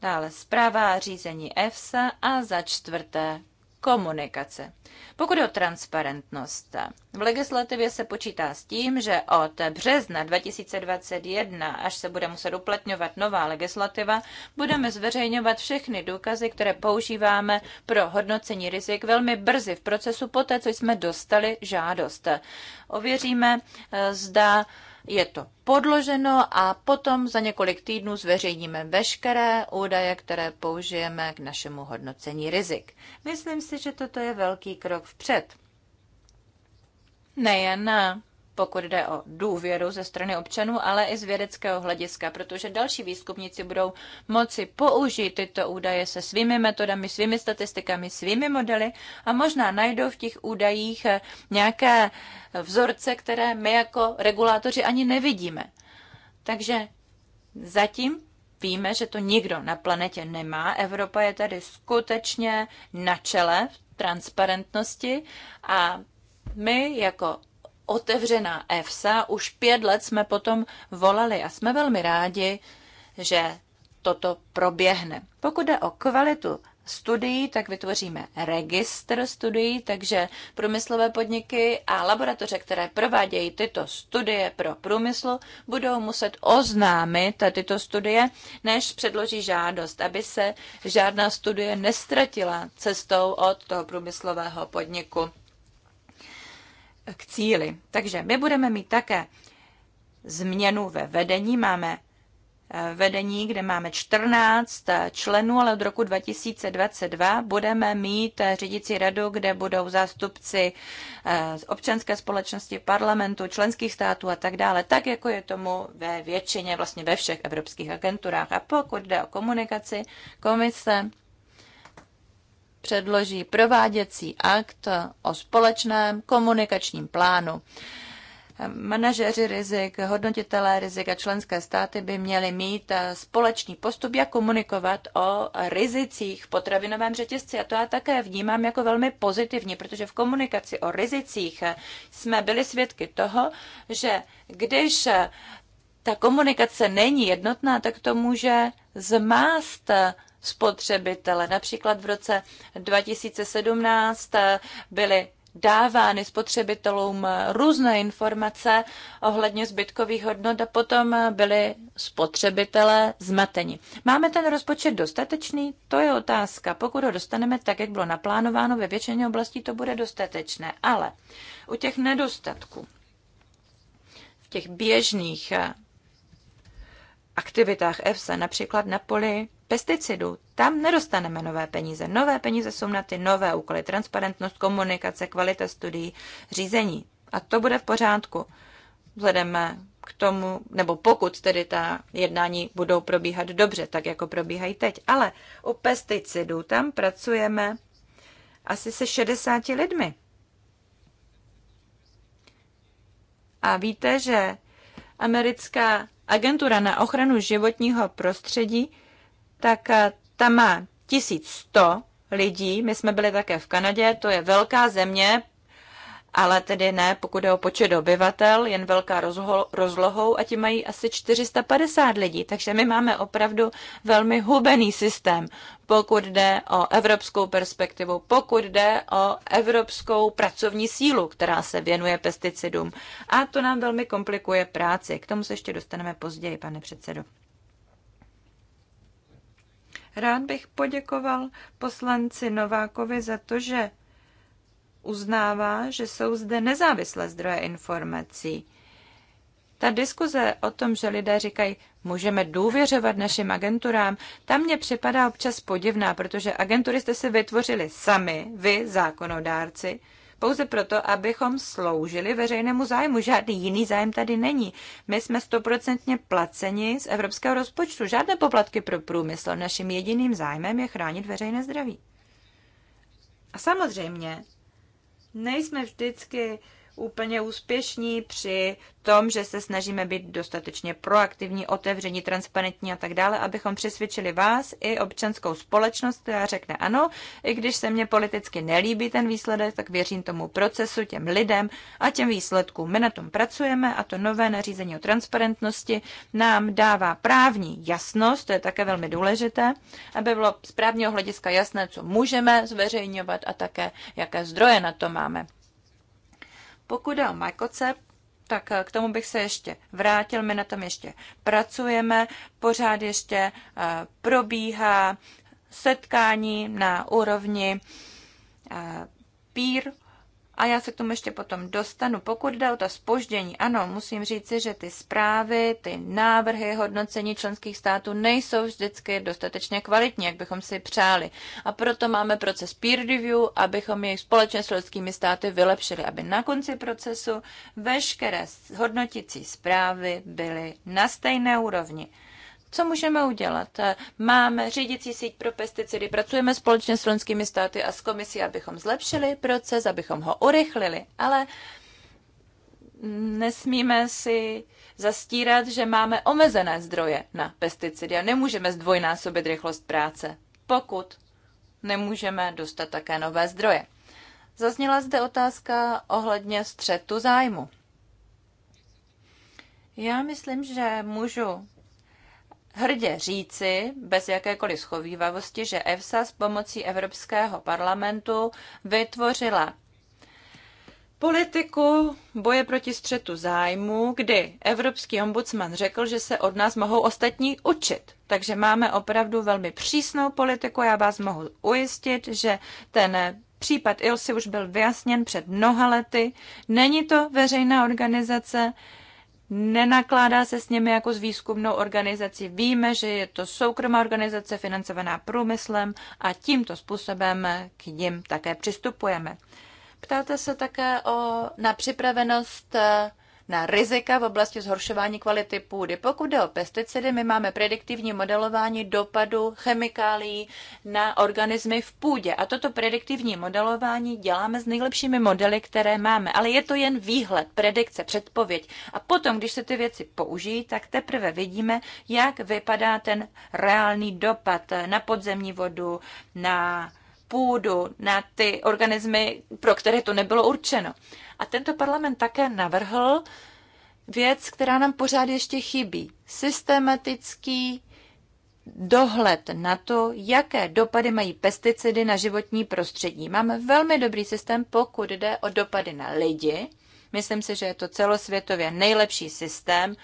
dále zpráva a řízení EFSA a za čtvrté komunikace. Pokud o transparentnost, v legislativě se počítá s tím, že od března 2021, až se bude muset uplatňovat nová legislativa, budeme zveřejňovat všechny důkazy, které používáme pro hodnocení rizik velmi brzy v procesu poté, co jsme dostali žádost. Ověříme, eh, zda je to podloženo a potom za několik týdnů zveřejníme veškeré údaje, které použijeme k našemu hodnocení rizik. Myslím si, že toto je velký krok vpřed. Nejen eh, pokud jde o důvěru ze strany občanů, ale i z vědeckého hlediska, protože další výzkumníci budou moci použít tyto údaje se svými metodami, svými statistikami, svými modely a možná najdou v těch údajích eh, nějaké vzorce, které my jako regulátoři ani nevidíme. Takže zatím víme, že to nikdo na planetě nemá. Evropa je tady skutečně na čele v transparentnosti a my jako otevřená EFSA. Už pět let jsme potom volali a jsme velmi rádi, že toto proběhne. Pokud jde o kvalitu studií, tak vytvoříme registr studií, takže průmyslové podniky a laboratoře, které provádějí tyto studie pro průmysl, budou muset oznámit tyto studie, než předloží žádost, aby se žádná studie nestratila cestou od toho průmyslového podniku k cíli. Takže my budeme mít také změnu ve vedení. Máme eh, vedení, kde máme 14 eh, členů, ale od roku 2022 budeme mít eh, řídící radu, kde budou zástupci z občanské společnosti, parlamentu, členských států a tak dále, tak jako je tomu ve většině, vlastně ve všech evropských agenturách. A pokud jde o komunikaci, komise předloží prováděcí akt o společném komunikačním plánu. Manažeři rizik, hodnotitelé rizik a členské státy by měli mít společný postup, jak komunikovat o rizicích v potravinovém řetězci. A to já také vnímám jako velmi pozitivní, protože v komunikaci o rizicích jsme byli svědky toho, že když ta komunikace není jednotná, tak to může zmást spotřebitele. Například v roce 2017 eh, byly dávány spotřebitelům různé informace ohledně zbytkových hodnot a potom eh, byli spotřebitelé zmateni. Máme ten rozpočet dostatečný? To je otázka. Pokud ho dostaneme tak, jak bylo naplánováno, ve většině oblastí to bude dostatečné. Ale u těch nedostatků, v těch běžných eh, aktivitách EFSA, například na poli pesticidů, tam nedostaneme nové peníze. Nové peníze jsou na ty nové úkoly. Transparentnost, komunikace, kvalita studií, řízení. A to bude v pořádku. Vzhledem k tomu, nebo pokud tedy ta jednání budou probíhat dobře, tak jako probíhají teď. Ale u pesticidů tam pracujeme asi se 60 lidmi. A víte, že americká agentura na ochranu životního prostředí tak eh, tam má 1100 lidí. My jsme byli také v Kanadě, to je velká země, ale tedy ne, pokud je o počet obyvatel, jen velká rozho- rozlohou a ti mají asi 450 lidí. Takže my máme opravdu velmi hubený systém, pokud jde o evropskou perspektivu, pokud jde o evropskou pracovní sílu, která se věnuje pesticidům. A to nám velmi komplikuje práci. K tomu se ještě dostaneme později, pane předsedo. Rád bych poděkoval poslanci Novákovi za to, že uznává, že jsou zde nezávislé zdroje informací. Ta diskuze o tom, že lidé říkají, můžeme důvěřovat našim agenturám, tam mě připadá občas podivná, protože agentury jste si vytvořili sami, vy, zákonodárci, pouze proto, abychom sloužili veřejnému zájmu. Žádný jiný zájem tady není. My jsme stoprocentně placeni z evropského rozpočtu. Žádné poplatky pro průmysl. Naším jediným zájmem je chránit veřejné zdraví. A samozřejmě nejsme vždycky úplně úspěšní při tom, že se snažíme být dostatečně proaktivní, otevření, transparentní a tak dále, abychom přesvědčili vás i občanskou společnost, která řekne ano, i když se mně politicky nelíbí ten výsledek, tak věřím tomu procesu, těm lidem a těm výsledkům. My na tom pracujeme a to nové nařízení o transparentnosti nám dává právní jasnost, to je také velmi důležité, aby bylo z právního hlediska jasné, co můžeme zveřejňovat a také jaké zdroje na to máme. Pokud je o Mycocep, tak eh, k tomu bych se ještě vrátil. My na tom ještě pracujeme, pořád ještě eh, probíhá setkání na úrovni eh, peer a já se k tomu ještě potom dostanu. Pokud jde o ta spoždění, ano, musím říci, že ty zprávy, ty návrhy hodnocení členských států nejsou vždycky dostatečně kvalitní, jak bychom si přáli. A proto máme proces peer review, abychom jej společně s členskými státy vylepšili, aby na konci procesu veškeré hodnotící zprávy byly na stejné úrovni. Co můžeme udělat? Máme řídící síť pro pesticidy, pracujeme společně s členskými státy a s komisí, abychom zlepšili proces, abychom ho urychlili, ale nesmíme si zastírat, že máme omezené zdroje na pesticidy a nemůžeme zdvojnásobit rychlost práce, pokud nemůžeme dostat také nové zdroje. Zazněla zde otázka ohledně střetu zájmu. Já myslím, že můžu hrdě říci, bez jakékoliv schovývavosti, že EFSA s pomocí Evropského parlamentu vytvořila politiku boje proti střetu zájmu, kdy evropský ombudsman řekl, že se od nás mohou ostatní učit. Takže máme opravdu velmi přísnou politiku. Já vás mohu ujistit, že ten případ Ilsi už byl vyjasněn před mnoha lety. Není to veřejná organizace, nenakládá se s nimi jako s výzkumnou organizací. Víme, že je to soukromá organizace financovaná průmyslem a tímto způsobem k nim také přistupujeme. Ptáte se také o, na připravenost eh, na rizika v oblasti zhoršování kvality půdy. Pokud jde o pesticidy, my máme prediktivní modelování dopadu chemikálií na organismy v půdě. A toto prediktivní modelování děláme s nejlepšími modely, které máme. Ale je to jen výhled, predikce, předpověď. A potom, když se ty věci použijí, tak teprve vidíme, jak vypadá ten reálný dopad na podzemní vodu, na půdu na ty organismy, pro které to nebylo určeno. A tento parlament také navrhl věc, která nám pořád ještě chybí. Systematický dohled na to, jaké dopady mají pesticidy na životní prostředí. Máme velmi dobrý systém, pokud jde o dopady na lidi. Myslím si, že je to celosvětově nejlepší systém.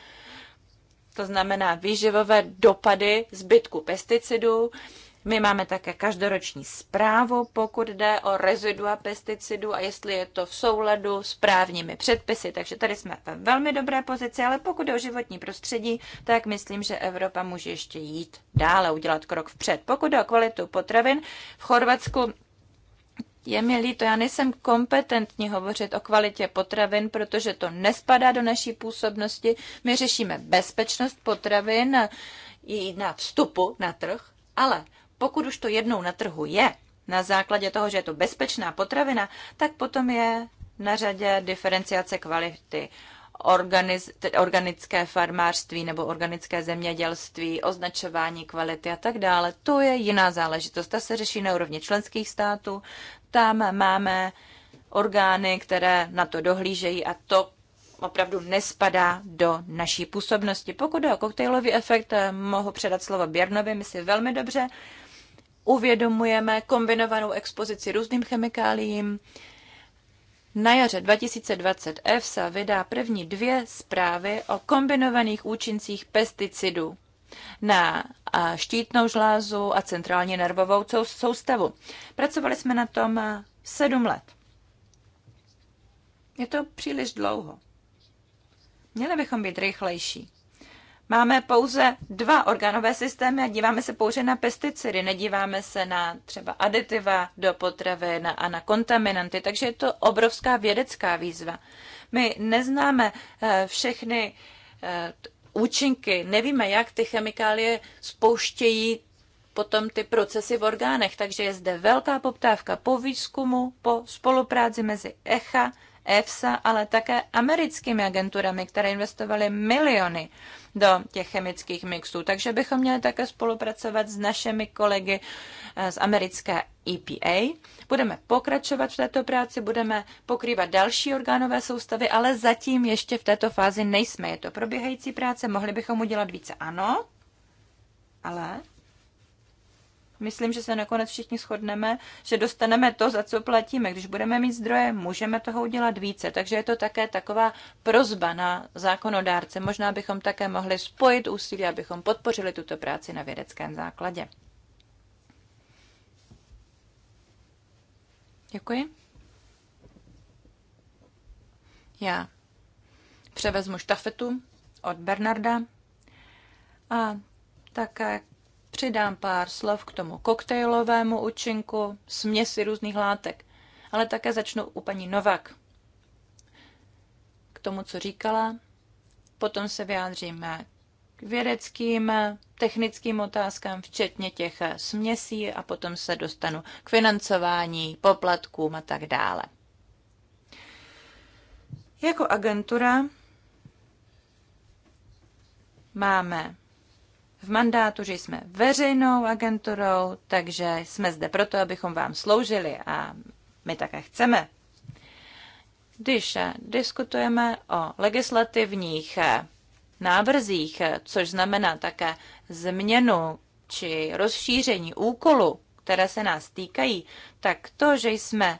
To znamená výživové dopady zbytku pesticidů my máme také každoroční zprávu, pokud jde o rezidua pesticidů a jestli je to v souladu s právními předpisy. Takže tady jsme ve velmi dobré pozici, ale pokud jde o životní prostředí, tak myslím, že Evropa může ještě jít dále, udělat krok vpřed. Pokud jde o kvalitu potravin, v Chorvatsku je mi líto, já nejsem kompetentní hovořit o kvalitě potravin, protože to nespadá do naší působnosti. My řešíme bezpečnost potravin i na vstupu na trh, ale pokud už to jednou na trhu je, na základě toho, že je to bezpečná potravina, tak potom je na řadě diferenciace kvality. Organiz, organické farmářství nebo organické zemědělství, označování kvality a tak dále. To je jiná záležitost. Ta se řeší na úrovni členských států. Tam máme orgány, které na to dohlížejí a to opravdu nespadá do naší působnosti. Pokud je o koktejlový efekt, eh, mohu předat slovo Běrnovi, my si velmi dobře uvědomujeme kombinovanou expozici různým chemikáliím. Na jaře 2020 EFSA vydá první dvě zprávy o kombinovaných účincích pesticidů na štítnou žlázu a centrální nervovou soustavu. Pracovali jsme na tom sedm let. Je to příliš dlouho. Měli bychom být rychlejší. Máme pouze dva organové systémy a díváme se pouze na pesticidy, nedíváme se na třeba aditiva do potravin a na kontaminanty, takže je to obrovská vědecká výzva. My neznáme eh, všechny eh, účinky, nevíme, jak ty chemikálie spouštějí potom ty procesy v orgánech, takže je zde velká poptávka po výzkumu, po spolupráci mezi ECHA, EFSA, ale také americkými agenturami, které investovaly miliony do těch chemických mixů. Takže bychom měli také spolupracovat s našimi kolegy eh, z americké EPA. Budeme pokračovat v této práci, budeme pokrývat další orgánové soustavy, ale zatím ještě v této fázi nejsme. Je to probíhající práce, mohli bychom udělat více, ano, ale Myslím, že se nakonec všichni shodneme, že dostaneme to, za co platíme. Když budeme mít zdroje, můžeme toho udělat více. Takže je to také taková prozba na zákonodárce. Možná bychom také mohli spojit úsilí, abychom podpořili tuto práci na vědeckém základě. Děkuji. Já převezmu štafetu od Bernarda a také přidám pár slov k tomu koktejlovému účinku, směsi různých látek, ale také začnu u paní Novak. K tomu, co říkala, potom se vyjádříme k vědeckým, technickým otázkám, včetně těch směsí a potom se dostanu k financování, poplatkům a tak dále. Jako agentura máme v mandátu, že jsme veřejnou agenturou, takže jsme zde proto, abychom vám sloužili a my také chceme. Když diskutujeme o legislativních návrzích, což znamená také změnu či rozšíření úkolu, které se nás týkají, tak to, že jsme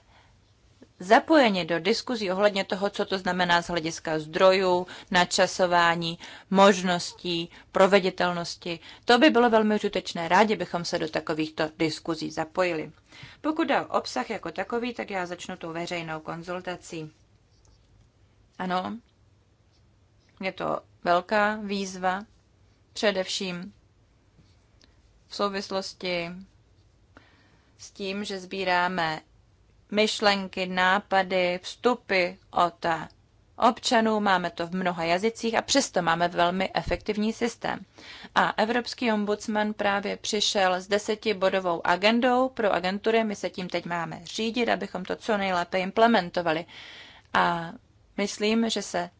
zapojeni do diskuzí ohledně toho, co to znamená z hlediska zdrojů, načasování, možností, proveditelnosti. To by bylo velmi užitečné. Rádi bychom se do takovýchto diskuzí zapojili. Pokud jde o obsah jako takový, tak já začnu tou veřejnou konzultací. Ano, je to velká výzva, především v souvislosti s tím, že sbíráme myšlenky, nápady, vstupy od občanů, máme to v mnoha jazycích a přesto máme velmi efektivní systém. A Evropský ombudsman právě přišel s desetibodovou agendou pro agentury, my se tím teď máme řídit, abychom to co nejlépe implementovali. A myslím, že se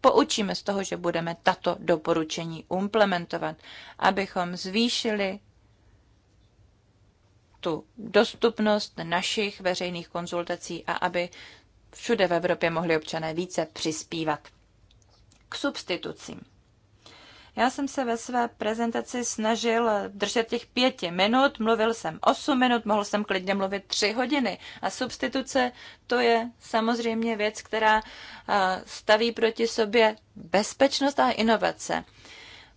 poučíme z toho, že budeme tato doporučení implementovat, abychom zvýšili tu dostupnost našich veřejných konzultací a aby všude v Evropě mohli občané více přispívat. K substitucím. Já jsem se ve své prezentaci snažil držet těch pěti minut, mluvil jsem osm minut, mohl jsem klidně mluvit tři hodiny. A substituce to je samozřejmě věc, která staví proti sobě bezpečnost a inovace.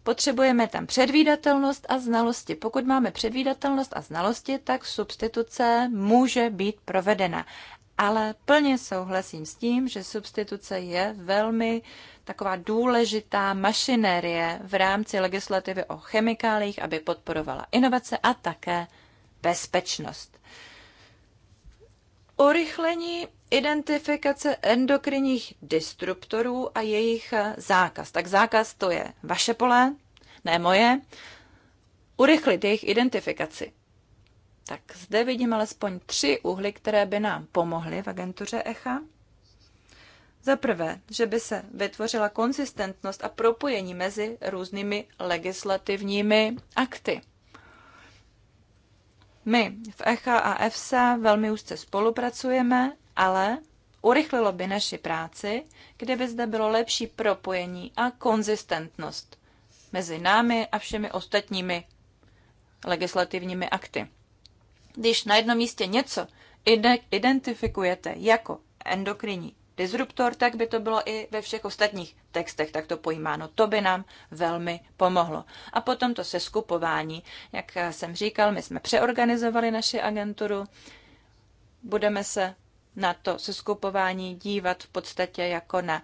Potřebujeme tam předvídatelnost a znalosti. Pokud máme předvídatelnost a znalosti, tak substituce může být provedena. Ale plně souhlasím s tím, že substituce je velmi taková důležitá mašinérie v rámci legislativy o chemikáliích, aby podporovala inovace a také bezpečnost. Urychlení identifikace endokrinních disruptorů a jejich zákaz. Tak zákaz to je vaše pole, ne moje. Urychlit jejich identifikaci. Tak zde vidím alespoň tři úhly, které by nám pomohly v agentuře ECHA. Za prvé, že by se vytvořila konzistentnost a propojení mezi různými legislativními akty my v ECHA a EFSA velmi úzce spolupracujeme, ale urychlilo by naši práci, kdyby zde bylo lepší propojení a konzistentnost mezi námi a všemi ostatními legislativními akty. Když na jednom místě něco identifikujete jako endokrinní disruptor, tak by to bylo i ve všech ostatních textech takto pojímáno. To by nám velmi pomohlo. A potom to seskupování. Jak jsem říkal, my jsme přeorganizovali naši agenturu. Budeme se na to seskupování dívat v podstatě jako na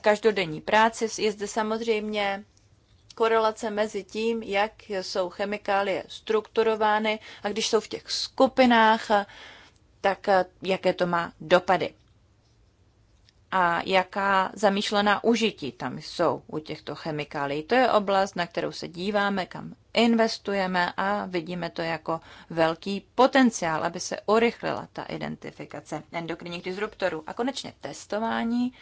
každodenní práci. Je zde samozřejmě korelace mezi tím, jak jsou chemikálie strukturovány a když jsou v těch skupinách, tak eh, jaké to má dopady a jaká zamýšlená užití tam jsou u těchto chemikálií. To je oblast, na kterou se díváme, kam investujeme a vidíme to jako velký potenciál, aby se urychlila ta identifikace endokrinních disruptorů. A konečně testování.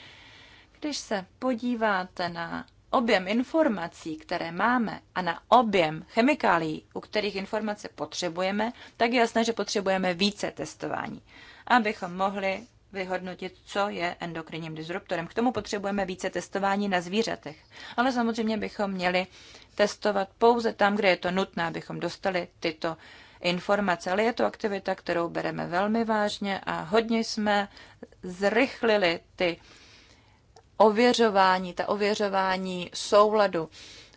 Když se podíváte na objem informací, které máme a na objem chemikálií, u kterých informace potřebujeme, tak je jasné, že potřebujeme více testování, abychom mohli vyhodnotit, co je endokrinním disruptorem. K tomu potřebujeme více testování na zvířatech. Ale samozřejmě bychom měli testovat pouze tam, kde je to nutné, abychom dostali tyto informace. Ale je to aktivita, kterou bereme velmi vážně a hodně jsme zrychlili ty ověřování, ta ověřování souladu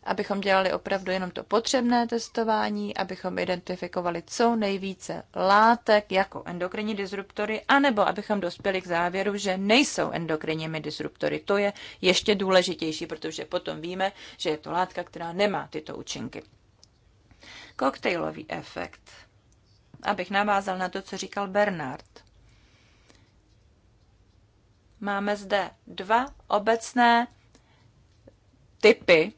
abychom dělali opravdu jenom to potřebné testování, abychom identifikovali co nejvíce látek jako endokrinní disruptory, anebo abychom dospěli k závěru, že nejsou endokrinními disruptory. To je ještě důležitější, protože potom víme, že je to látka, která nemá tyto účinky. Koktejlový efekt. Abych navázal na to, co říkal Bernard. Máme zde dva obecné typy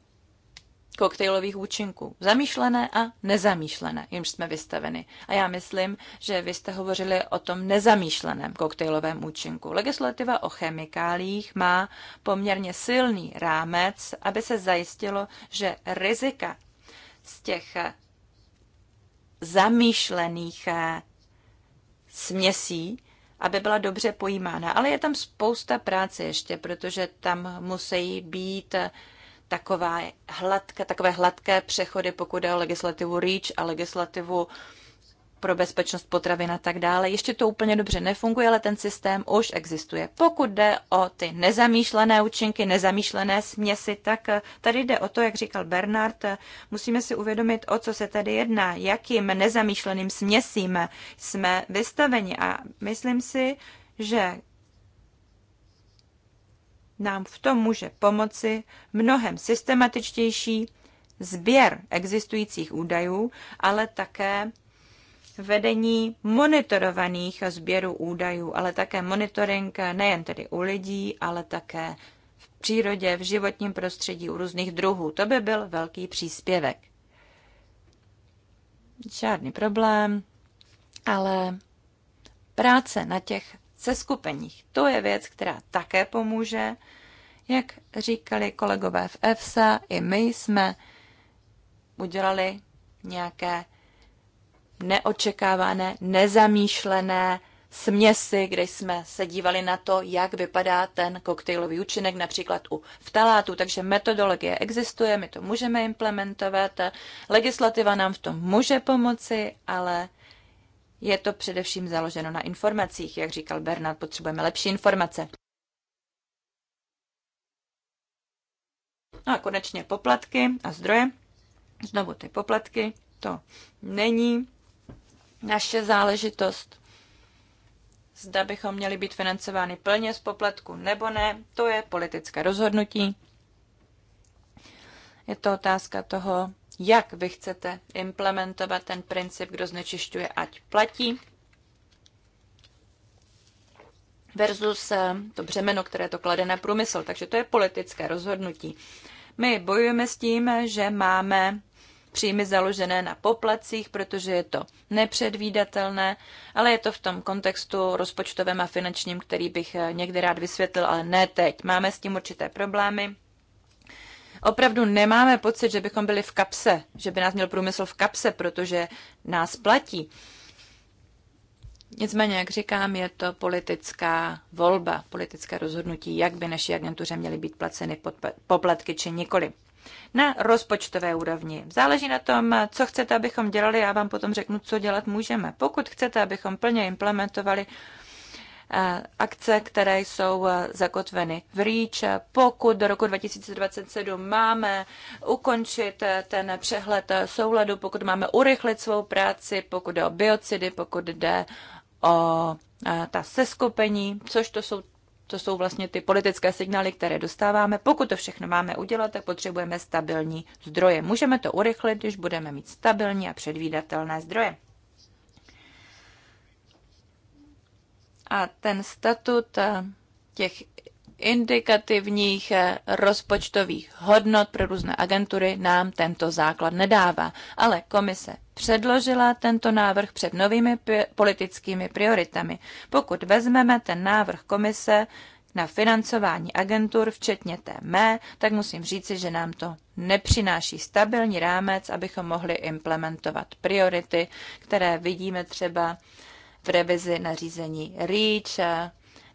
koktejlových účinků, zamýšlené a nezamýšlené, jimž jsme vystaveni. A já myslím, že vy jste hovořili o tom nezamýšleném koktejlovém účinku. Legislativa o chemikáliích má poměrně silný rámec, aby se zajistilo, že rizika z těch eh, zamýšlených eh, směsí aby byla dobře pojímána. Ale je tam spousta práce ještě, protože tam musí být eh, taková hladka, takové hladké přechody, pokud je o legislativu REACH a legislativu pro bezpečnost potravin a tak dále. Ještě to úplně dobře nefunguje, ale ten systém už existuje. Pokud jde o ty nezamýšlené účinky, nezamýšlené směsi, tak eh, tady jde o to, jak říkal Bernard, eh, musíme si uvědomit, o co se tady jedná, jakým nezamýšleným směsím jsme vystaveni. A myslím si, že nám v tom může pomoci mnohem systematičtější sběr existujících údajů, ale také vedení monitorovaných sběrů údajů, ale také monitoring nejen tedy u lidí, ale také v přírodě, v životním prostředí, u různých druhů. To by byl velký příspěvek. Žádný problém, ale práce na těch se skupeních. To je věc, která také pomůže. Jak říkali kolegové v EFSA, i my jsme udělali nějaké neočekávané, nezamýšlené směsi, kde jsme se dívali na to, jak vypadá ten koktejlový účinek, například u vtalátů. Takže metodologie existuje, my to můžeme implementovat, legislativa nám v tom může pomoci, ale je to především založeno na informacích, jak říkal Bernard, potřebujeme lepší informace. No a konečně poplatky a zdroje. Znovu ty poplatky, to není naše záležitost. Zda bychom měli být financovány plně z poplatku nebo ne, to je politické rozhodnutí. Je to otázka toho, jak vy chcete implementovat ten princip, kdo znečišťuje, ať platí, versus eh, to břemeno, které to klade na průmysl. Takže to je politické rozhodnutí. My bojujeme s tím, že máme příjmy založené na poplacích, protože je to nepředvídatelné, ale je to v tom kontextu rozpočtovém a finančním, který bych eh, někdy rád vysvětlil, ale ne teď. Máme s tím určité problémy opravdu nemáme pocit, že bychom byli v kapse, že by nás měl průmysl v kapse, protože nás platí. Nicméně, jak říkám, je to politická volba, politické rozhodnutí, jak by naši agentuře měly být placeny poplatky či nikoli. Na rozpočtové úrovni. Záleží na tom, co chcete, abychom dělali, já vám potom řeknu, co dělat můžeme. Pokud chcete, abychom plně implementovali Eh, akce, které jsou eh, zakotveny v REACH. Pokud do roku 2027 máme ukončit eh, ten přehled souladu, pokud máme urychlit svou práci, pokud jde o biocidy, pokud jde o ta seskupení, což to jsou to jsou vlastně ty politické signály, které dostáváme. Pokud to všechno máme udělat, tak potřebujeme stabilní zdroje. Můžeme to urychlit, když budeme mít stabilní a předvídatelné zdroje. a ten statut eh, těch indikativních eh, rozpočtových hodnot pro různé agentury nám tento základ nedává. Ale komise předložila tento návrh před novými politickými prioritami. Pokud vezmeme ten návrh komise na financování agentur, včetně té mé, tak musím říci, že nám to nepřináší stabilní rámec, abychom mohli implementovat priority, které vidíme třeba v revizi nařízení REACH.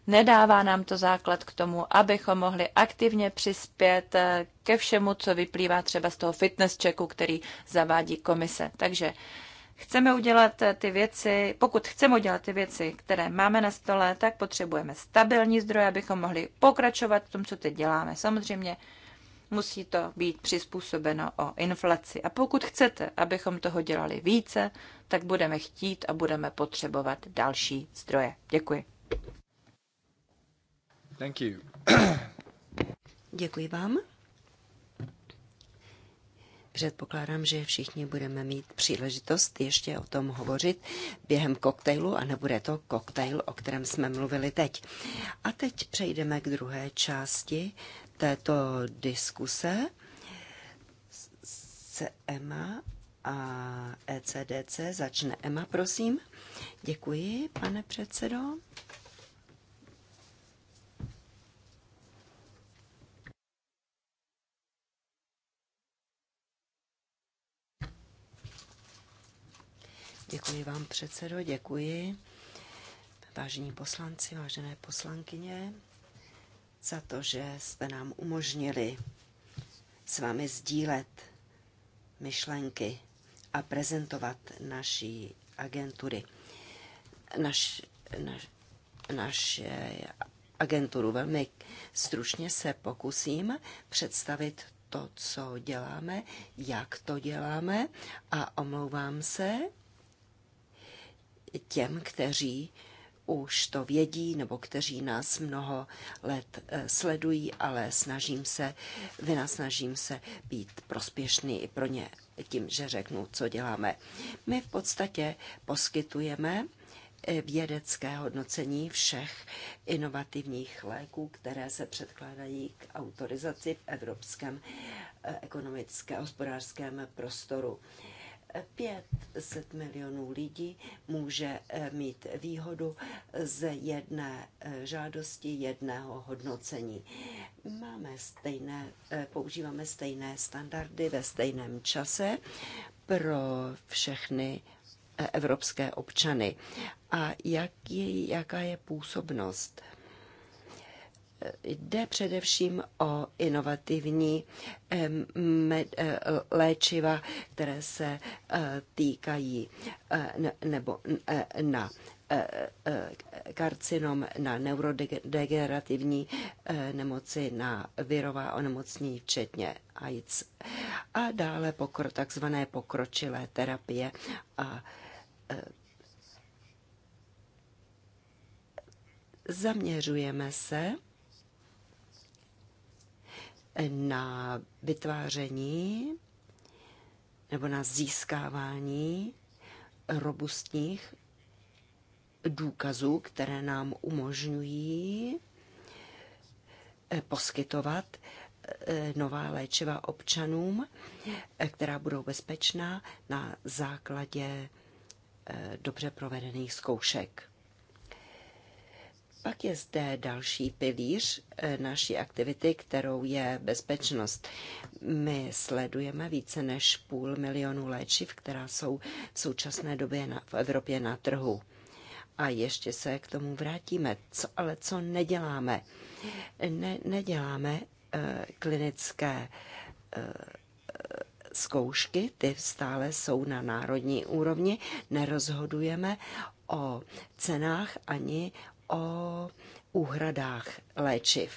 Nedává nám to základ k tomu, abychom mohli aktivně přispět ke všemu, co vyplývá třeba z toho fitness checku, který zavádí komise. Takže chceme udělat ty věci, pokud chceme udělat ty věci, které máme na stole, tak potřebujeme stabilní zdroje, abychom mohli pokračovat v tom, co teď děláme. Samozřejmě musí to být přizpůsobeno o inflaci. A pokud chcete, abychom toho dělali více, tak budeme chtít a budeme potřebovat další zdroje. Děkuji. Thank you. Děkuji vám. Předpokládám, že všichni budeme mít příležitost ještě o tom hovořit během koktejlu a nebude to koktejl, o kterém jsme mluvili teď. A teď přejdeme k druhé části této diskuse se EMA a ECDC. Začne EMA, prosím. Děkuji, pane předsedo. Děkuji vám, předsedo, děkuji. Vážení poslanci, vážené poslankyně, za to, že jste nám umožnili s vámi sdílet myšlenky a prezentovat naší agentury. Naš, naš, eh, agenturu velmi stručně se pokusím představit to, co děláme, jak to děláme a omlouvám se těm, kteří už to vědí nebo kteří nás mnoho let eh, sledují, ale snažím se, vynasnažím se být prospěšný i pro ně tím, že řeknu, co děláme. My v podstatě poskytujeme eh, vědecké hodnocení všech inovativních léků, které se předkládají k autorizaci v Evropském eh, ekonomickém a hospodářském prostoru. 500 milionů lidí může eh, mít výhodu z jedné eh, žádosti, jedného hodnocení. Máme stejné, eh, používáme stejné standardy ve stejném čase pro všechny evropské občany. A jak je, jaká je působnost? Jde především o inovativní e, léčiva, které se e, týkají e, nebo na karcinom, na neurodegenerativní nemoci, na virová onemocnění, včetně AIDS. A dále pokro, takzvané pokročilé terapie a zaměřujeme se na vytváření nebo na získávání robustních důkazů, které nám umožňují eh, poskytovat eh, nová léčiva občanům, eh, která budou bezpečná na základě dobře provedených zkoušek. Pak je zde další pilíř eh, naší aktivity, kterou je bezpečnost. My sledujeme více než půl milionu léčiv, která jsou v současné době na, v Evropě na trhu. A ještě se k tomu vrátíme. Co, ale co neděláme? Ne, neděláme e, klinické e, zkoušky, ty stále jsou na národní úrovni, nerozhodujeme o cenách ani o úhradách léčiv.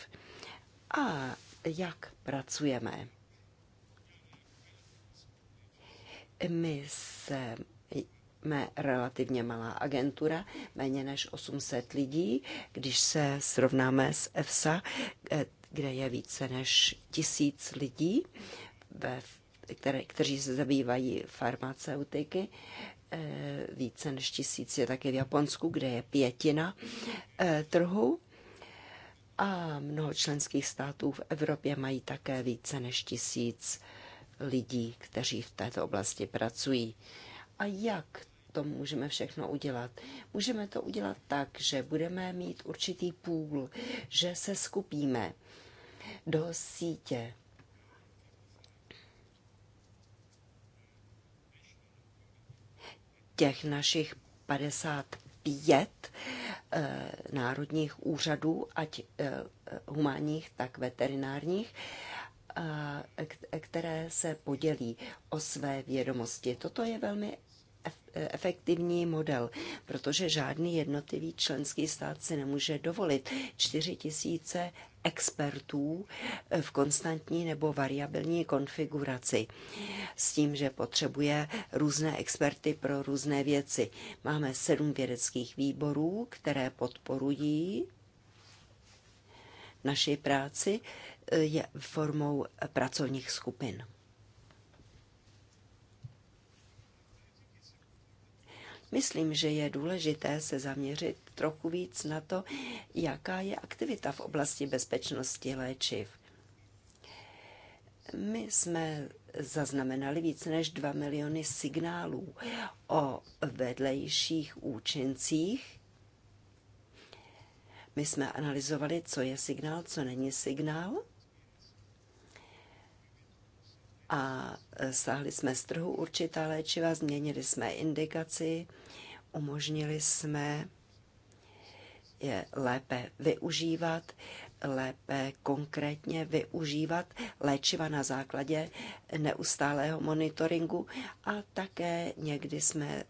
A jak pracujeme? My jsme relativně malá agentura, méně než 800 lidí, když se srovnáme s EFSA, eh, kde je více než tisíc lidí, ve, které, kteří se zabývají farmaceutiky. Eh, více než tisíc je taky v Japonsku, kde je pětina eh, trhu. A mnoho členských států v Evropě mají také více než tisíc lidí, kteří v této oblasti pracují. A jak to můžeme všechno udělat? Můžeme to udělat tak, že budeme mít určitý půl, že se skupíme do sítě těch našich 55 eh, národních úřadů, ať eh, humánních, tak veterinárních, eh, které se podělí o své vědomosti. Toto je velmi efektivní model, protože žádný jednotlivý členský stát si nemůže dovolit 4 tisíce expertů eh, v konstantní nebo variabilní konfiguraci. S tím, že potřebuje různé experty pro různé věci. Máme sedm vědeckých výborů, které podporují naši práci eh, formou pracovních skupin. Myslím, že je důležité se zaměřit trochu víc na to, jaká je aktivita v oblasti bezpečnosti léčiv. My jsme zaznamenali víc než 2 miliony signálů o vedlejších účincích. My jsme analyzovali, co je signál, co není signál. A sáhli jsme z trhu určitá léčiva, změnili jsme indikaci Umožnili jsme je lépe využívat, lépe konkrétně využívat léčiva na základě neustálého monitoringu a také někdy jsme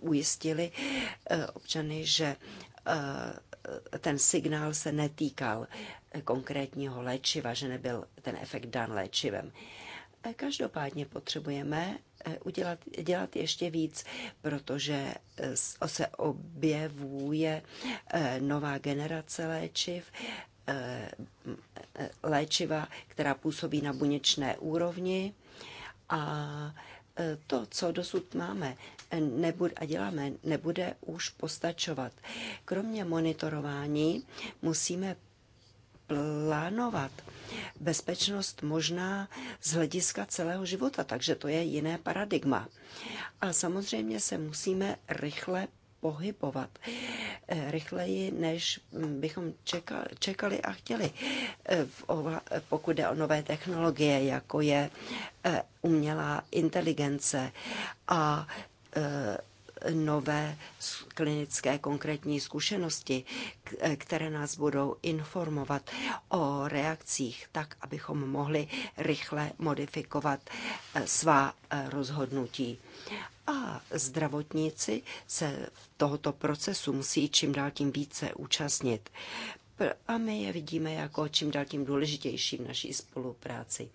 ujistili eh, občany, že eh, ten signál se netýkal konkrétního léčiva, že nebyl ten efekt dan léčivem. Eh, každopádně potřebujeme Eh, udělat, dělat ještě víc, protože eh, se objevuje eh, nová generace léčiv, léčiva, která působí na buněčné úrovni a to, co dosud máme nebude, a děláme, nebude už postačovat. Kromě monitorování musíme plánovat. Bezpečnost možná z hlediska celého života, takže to je jiné paradigma. A samozřejmě se musíme rychle pohybovat eh, rychleji, než mm, bychom čekali, a chtěli, eh, pokud jde o nové technologie, jako je eh, umělá inteligence a nové klinické konkrétní zkušenosti, které nás budou informovat o reakcích tak, abychom mohli rychle modifikovat eh, svá eh, rozhodnutí. A zdravotníci se tohoto procesu musí čím dál tím více účastnit a my je vidíme jako čím dál tím důležitější v naší spolupráci.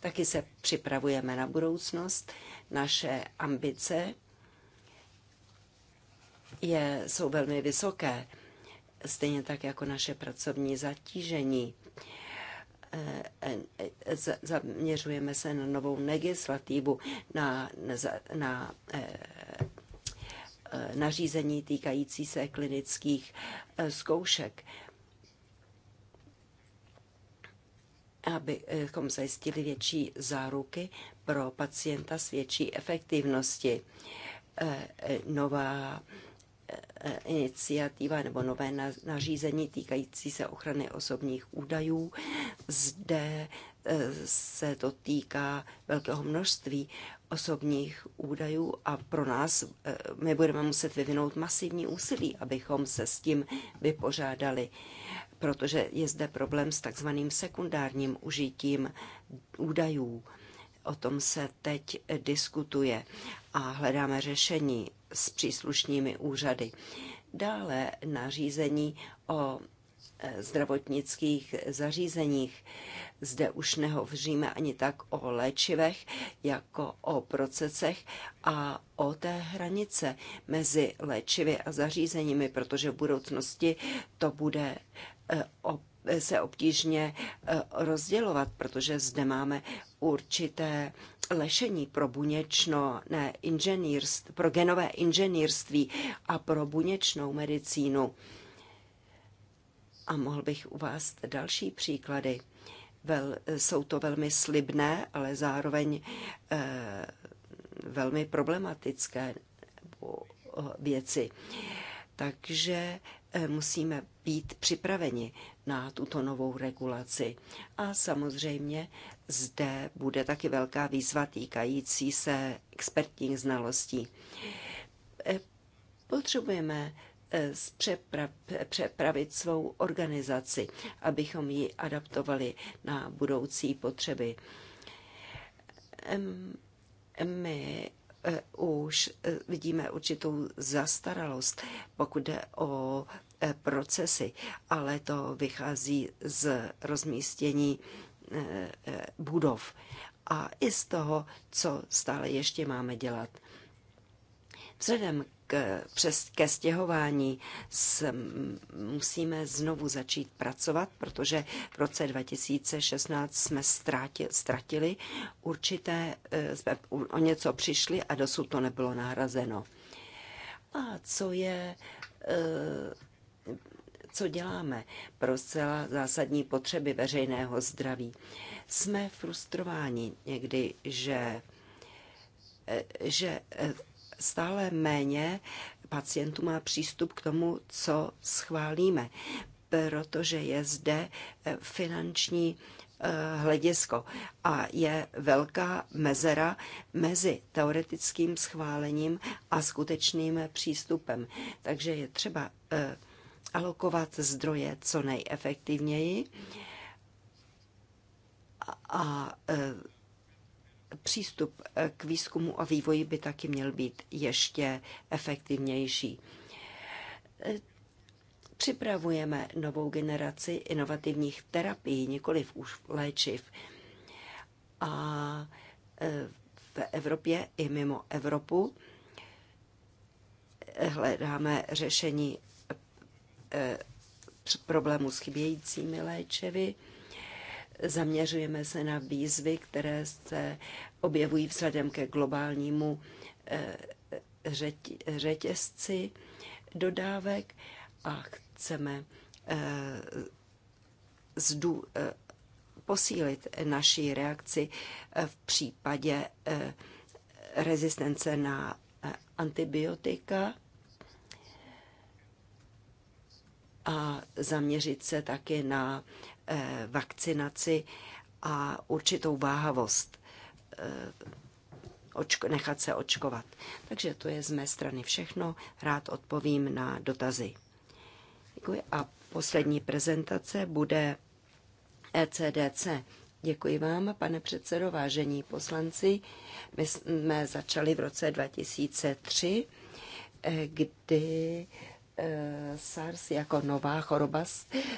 Taky se připravujeme na budoucnost, naše ambice je, jsou velmi vysoké, stejně tak jako naše pracovní zatížení. Eh, eh, zaměřujeme se na novou legislativu, na, na eh, nařízení týkající se klinických zkoušek, abychom zajistili větší záruky pro pacienta s větší efektivnosti. Nová E, e, iniciativa nebo nové nařízení týkající se ochrany osobních údajů. Zde e, se to týká velkého množství osobních údajů a pro nás my budeme muset vyvinout masivní úsilí, abychom se s tím vypořádali, protože je zde problém s takzvaným sekundárním užitím údajů. O tom se teď diskutuje a hledáme řešení s příslušnými úřady. Dále nařízení o e, zdravotnických zařízeních. Zde už nehovříme ani tak o léčivech, jako o procesech a o té hranice mezi léčivy a zařízeními, protože v budoucnosti to bude e, se obtížně e, rozdělovat, protože zde máme určité lešení pro buněčno, ne, inženýrst, pro genové inženýrství a pro buněčnou medicínu. A mohl bych uvést další příklady. Vel, jsou to velmi slibné, ale zároveň eh, velmi problematické eh, věci. Takže Eh, musíme být připraveni na tuto novou regulaci. A samozřejmě zde bude taky velká výzva týkající se expertních znalostí. Eh, potřebujeme eh, přepravit svou organizaci, abychom ji adaptovali na budoucí potřeby. My už vidíme určitou zastaralost, pokud jde o Eh, procesy, ale to vychází z rozmístění eh, eh, budov a i z toho, co stále ještě máme dělat. Vzhledem k, přes, ke stěhování s, musíme znovu začít pracovat, protože v roce 2016 jsme ztráti, ztratili určité, jsme o něco přišli a dosud to nebylo nahrazeno. A co je co děláme pro zcela zásadní potřeby veřejného zdraví. Jsme frustrováni někdy, že, eh, že eh, stále méně pacientů má přístup k tomu, co schválíme, protože je zde eh, finanční hledisko a je velká mezera mezi teoretickým schválením a skutečným přístupem. Takže je třeba alokovat zdroje co nejefektivněji a e, přístup k výzkumu a vývoji by taky měl být ještě efektivnější. E, připravujeme novou generaci inovativních terapií, nikoli už léčiv. A e, v Evropě i mimo Evropu hledáme řešení Eh, problémů s chybějícími léčivy. Zaměřujeme se na výzvy, které se objevují vzhledem ke globálnímu eh, řetězci dodávek a chceme eh, zdů, posílit naši reakci v případě rezistence na antibiotika a zaměřit se taky na eh, vakcinaci a určitou váhavost eh, nechat se očkovat. Takže to je z mé strany všechno. Rád odpovím na dotazy. Děkuji. A poslední prezentace bude ECDC. Děkuji vám, pane předsedo, vážení poslanci. My jsme začali v roce 2003, eh, kdy E, SARS jako nová choroba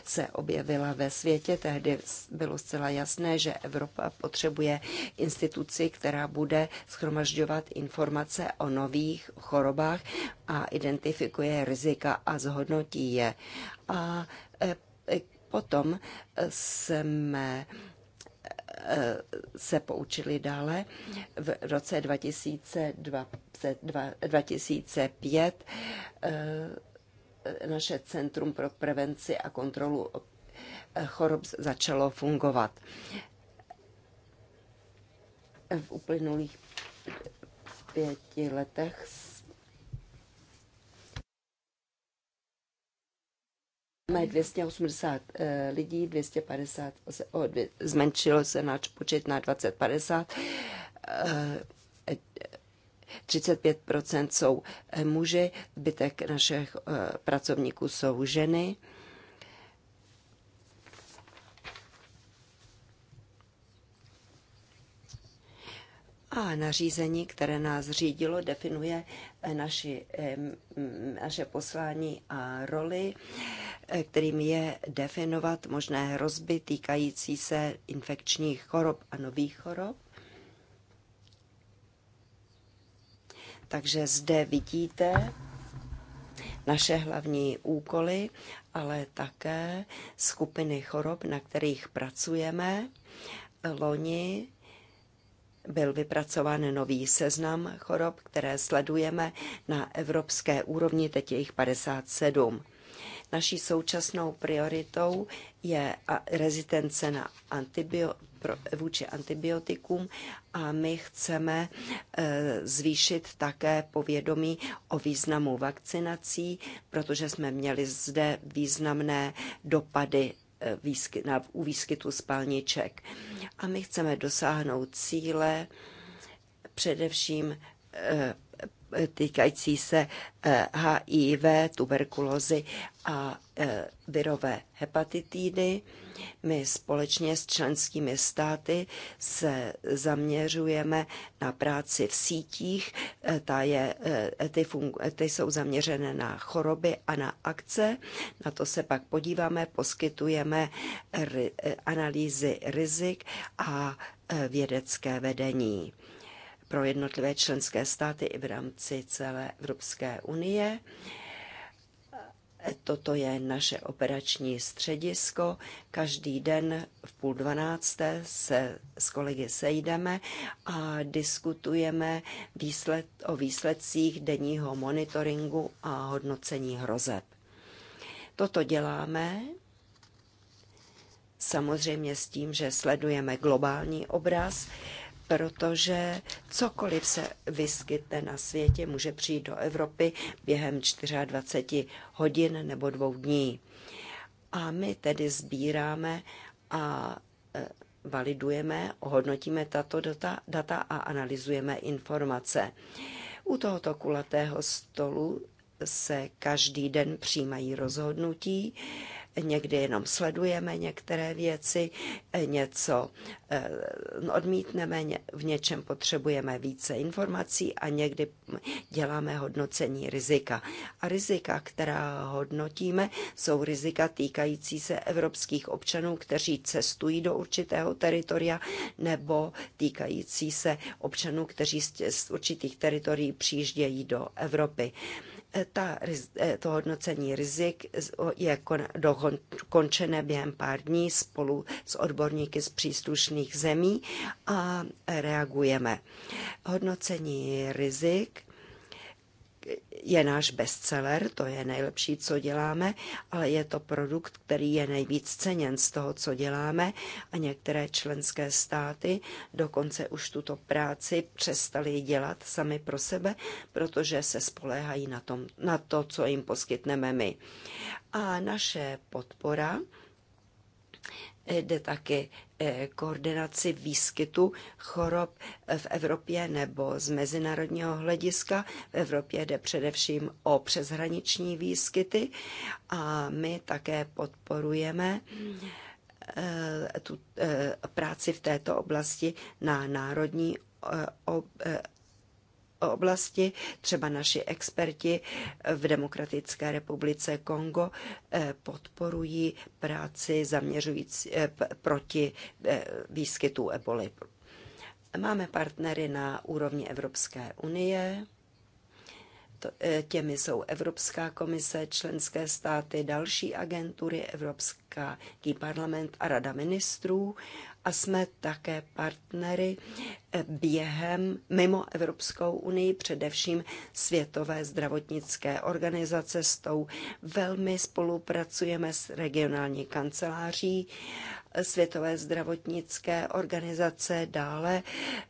se objevila ve světě. Tehdy bylo zcela jasné, že Evropa potřebuje instituci, která bude schromažďovat informace o nových chorobách a identifikuje rizika a zhodnotí je. A e, e, potom jsme se poučili dále. V roce 2002, 2005 naše Centrum pro prevenci a kontrolu chorob začalo fungovat. V uplynulých pěti letech Máme 280 eh, lidí, 250, zmenšilo se náš počet na 2050. 35 jsou eh, muži, zbytek našich eh, pracovníků jsou ženy. A nařízení, které nás řídilo, definuje eh, naši, naše poslání a roli, kterým je definovat možné hrozby týkající se infekčních chorob a nových chorob. Takže zde vidíte naše hlavní úkoly, ale také skupiny chorob, na kterých pracujeme. Loni byl vypracován nový seznam chorob, které sledujeme na evropské úrovni, teď je jich 57. Naší současnou prioritou je rezistence na antibio, pro, vůči antibiotikům a my chceme e, zvýšit také povědomí o významu vakcinací, protože jsme měli zde významné dopady e, výsky, na, u výskytu spalniček. A my chceme dosáhnout cíle především e, týkající se HIV, eh, tuberkulózy a eh, virové hepatitidy. My společně s členskými státy se zaměřujeme na práci v sítích. Eh, ta je, ty, fun, ty jsou zaměřené na choroby a na akce. Na to se pak podíváme, poskytujeme analýzy rizik a vědecké vedení pro jednotlivé členské státy i v rámci celé Evropské unie. Toto je naše operační středisko. Každý den v půl dvanácté se s kolegy sejdeme a diskutujeme výsled, o výsledcích denního monitoringu a hodnocení hrozeb. Toto děláme samozřejmě s tím, že sledujeme globální obraz, protože cokoliv se vyskytne na světě, může přijít do Evropy během 24 hodin nebo dvou dní. A my tedy sbíráme a e, validujeme, ohodnotíme tato data, data a analyzujeme informace. U tohoto kulatého stolu se každý den přijímají rozhodnutí, Někdy jenom sledujeme některé věci, eh, něco eh, odmítneme, v něčem potřebujeme více informací a někdy děláme hodnocení rizika. A rizika, která hodnotíme, jsou rizika týkající se evropských občanů, kteří cestují do určitého teritoria, nebo týkající se občanů, kteří z určitých teritorií přijíždějí do Evropy ta, eh, to hodnocení rizik je kon, dokončené během pár dní spolu s odborníky z příslušných zemí a reagujeme. Hodnocení rizik je náš bestseller, to je nejlepší, co děláme, ale je to produkt, který je nejvíc ceněn z toho, co děláme a některé členské státy dokonce už tuto práci přestali dělat sami pro sebe, protože se spoléhají na, tom, na to, co jim poskytneme my. A naše podpora eh, jde taky Eh, koordinaci výskytu chorob v Evropě nebo z mezinárodního hlediska. V Evropě jde především o přeshraniční výskyty a my také podporujeme eh, tu eh, práci v této oblasti na národní oblasti. Třeba naši experti v Demokratické republice Kongo eh, podporují práci zaměřující eh, proti eh, výskytu eboli. Máme partnery na úrovni Evropské unie, těmi jsou Evropská komise, členské státy, další agentury, Evropský parlament a Rada ministrů a jsme také partnery eh, během mimo Evropskou unii, především Světové zdravotnické organizace s tou velmi spolupracujeme s regionální kanceláří eh, Světové zdravotnické organizace. Dále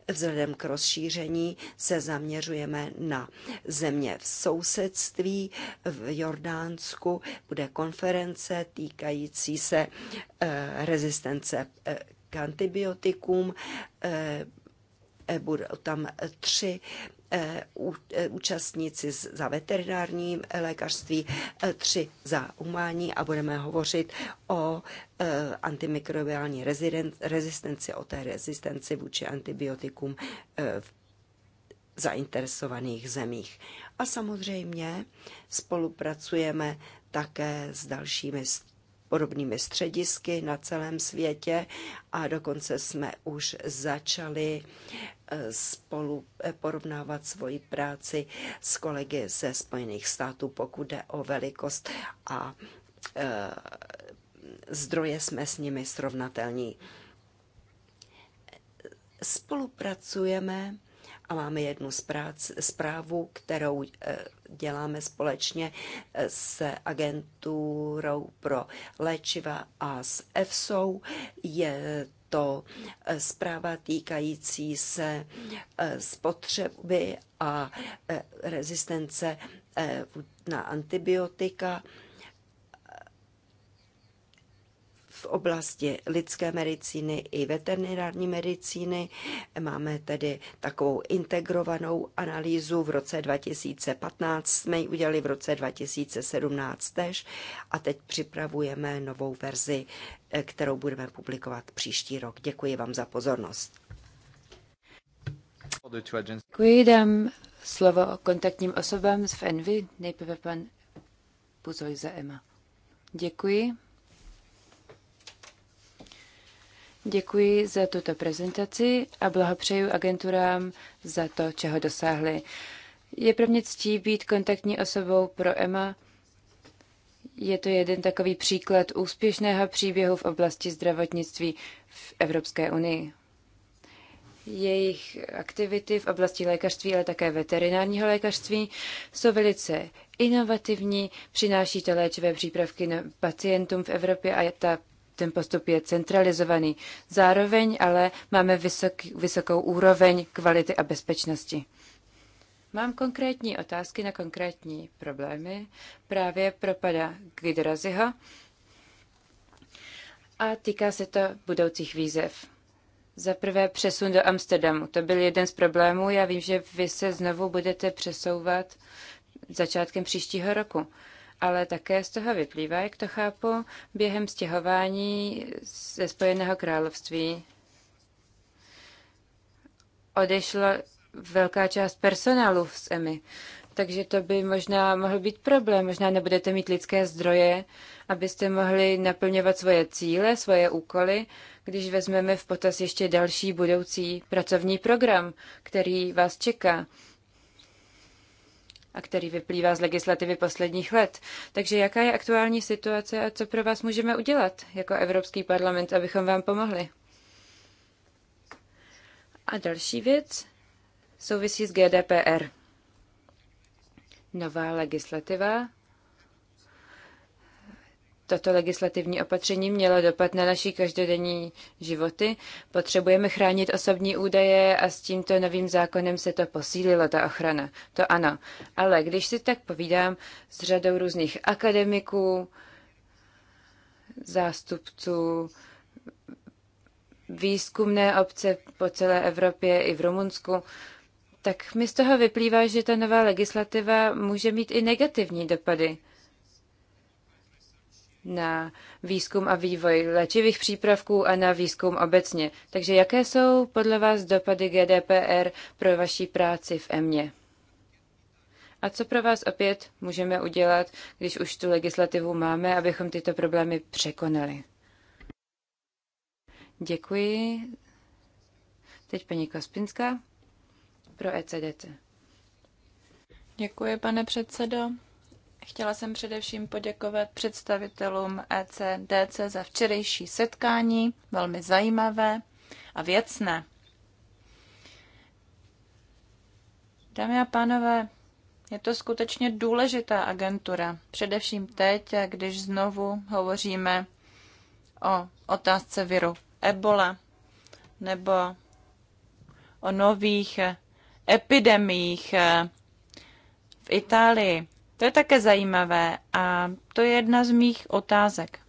eh, vzhledem k rozšíření se zaměřujeme na země v sousedství. V Jordánsku bude konference týkající se rezistence k antibiotikům. Eh, eh, budou tam tři eh, účastníci za veterinární lékařství, tři za umání a budeme hovořit o antimikrobiální rezistenci, o té rezistenci vůči antibiotikům v zainteresovaných zemích. A samozřejmě spolupracujeme také s dalšími podobnými středisky na celém světě a dokonce jsme už začali eh, spolu eh, porovnávat svoji práci s kolegy ze Spojených států, pokud jde o velikost a eh, zdroje jsme s nimi srovnatelní. Spolupracujeme a máme jednu zprávu, kterou děláme společně eh, s agenturou pro léčiva a s EFSOU. Je to eh, zpráva týkající se eh, spotřeby a rezistence na antibiotika v oblasti lidské medicíny i veterinární medicíny. Máme tedy takovou integrovanou analýzu v roce 2015, jsme ji udělali v roce 2017 tež a teď připravujeme novou verzi, eh, kterou budeme publikovat příští rok. Děkuji vám za pozornost. Děkuji, dám slovo kontaktním osobám z FNV, nejprve pan Puzoj za EMA. Děkuji. Děkuji za tuto prezentaci a blahopřeju agenturám za to, čeho dosáhly. Je pro mě ctí být kontaktní osobou pro EMA. Je to jeden takový příklad úspěšného příběhu v oblasti zdravotnictví v Evropské unii. Jejich aktivity v oblasti lékařství, ale také veterinárního lékařství jsou velice inovativní, přináší to léčivé přípravky na pacientům v Evropě a ta ten postup je centralizovaný. Zároveň ale máme vysok, vysokou úroveň kvality a bezpečnosti. Mám konkrétní otázky na konkrétní problémy právě pro pana Gidraziho a týká se to budoucích výzev. Za prvé přesun do Amsterdamu. To byl jeden z problémů. Já vím, že vy se znovu budete přesouvat začátkem příštího roku ale také z toho vyplývá, jak to chápu, během stěhování ze Spojeného království odešla velká část personálu z EMI. Takže to by možná mohl být problém. Možná nebudete mít lidské zdroje, abyste mohli naplňovat svoje cíle, svoje úkoly, když vezmeme v potaz ještě další budoucí pracovní program, který vás čeká a který vyplývá z legislativy posledních let. Takže jaká je aktuální situace a co pro vás můžeme udělat jako Evropský parlament, abychom vám pomohli? A další věc souvisí s GDPR. Nová legislativa toto legislativní opatření mělo dopad na naší každodenní životy. Potřebujeme chránit osobní údaje a s tímto novým zákonem se to posílilo, ta ochrana. To ano. Ale když si tak povídám s řadou různých akademiků, zástupců výzkumné obce po celé Evropě i v Rumunsku, tak mi z toho vyplývá, že ta nová legislativa může mít i negativní dopady na výzkum a vývoj léčivých přípravků a na výzkum obecně. Takže jaké jsou podle vás dopady GDPR pro vaší práci v EMě? A co pro vás opět můžeme udělat, když už tu legislativu máme, abychom tyto problémy překonali? Děkuji. Teď paní Kospinská pro ECDC. Děkuji, pane předsedo. Chtěla jsem především poděkovat představitelům ECDC za včerejší setkání, velmi zajímavé a věcné. Dámy a pánové, je to skutečně důležitá agentura, především teď, když znovu hovoříme o otázce viru Ebola nebo o nových epidemiích v Itálii. To je také zajímavé a to je jedna z mých otázek.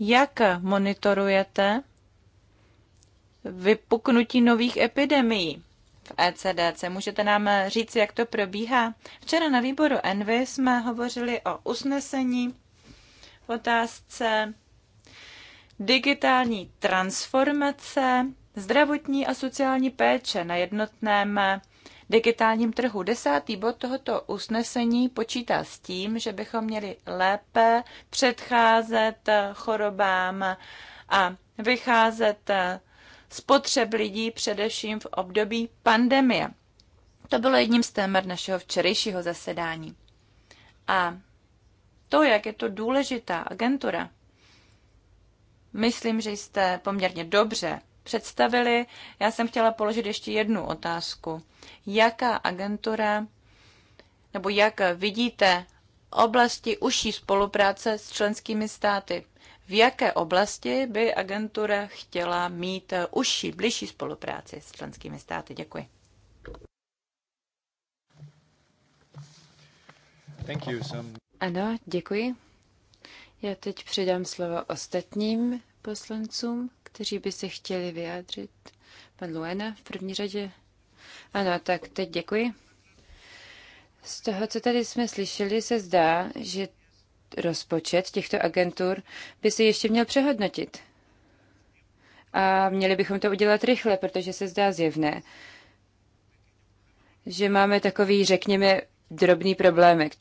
Jak monitorujete vypuknutí nových epidemií v ECDC? Můžete nám říct, jak to probíhá? Včera na výboru Envy jsme hovořili o usnesení v otázce digitální transformace zdravotní a sociální péče na jednotném digitálním trhu. Desátý bod tohoto usnesení počítá s tím, že bychom měli lépe předcházet chorobám a vycházet z potřeb lidí především v období pandemie. To bylo jedním z témat našeho včerejšího zasedání. A to, jak je to důležitá agentura, myslím, že jste poměrně dobře představili. Já jsem chtěla položit ještě jednu otázku. Jaká agentura nebo jak vidíte oblasti užší spolupráce s členskými státy? V jaké oblasti by agentura chtěla mít užší, blížší spolupráci s členskými státy? Děkuji. Thank you, Ano, děkuji. Já teď předám slovo ostatním poslancům kteří by se chtěli vyjádřit? Pan Luena v první řadě. Ano, tak teď děkuji. Z toho, co tady jsme slyšeli, se zdá, že rozpočet těchto agentur by se ještě měl přehodnotit. A měli bychom to udělat rychle, protože se zdá zjevné, že máme takový, řekněme, drobný problémek.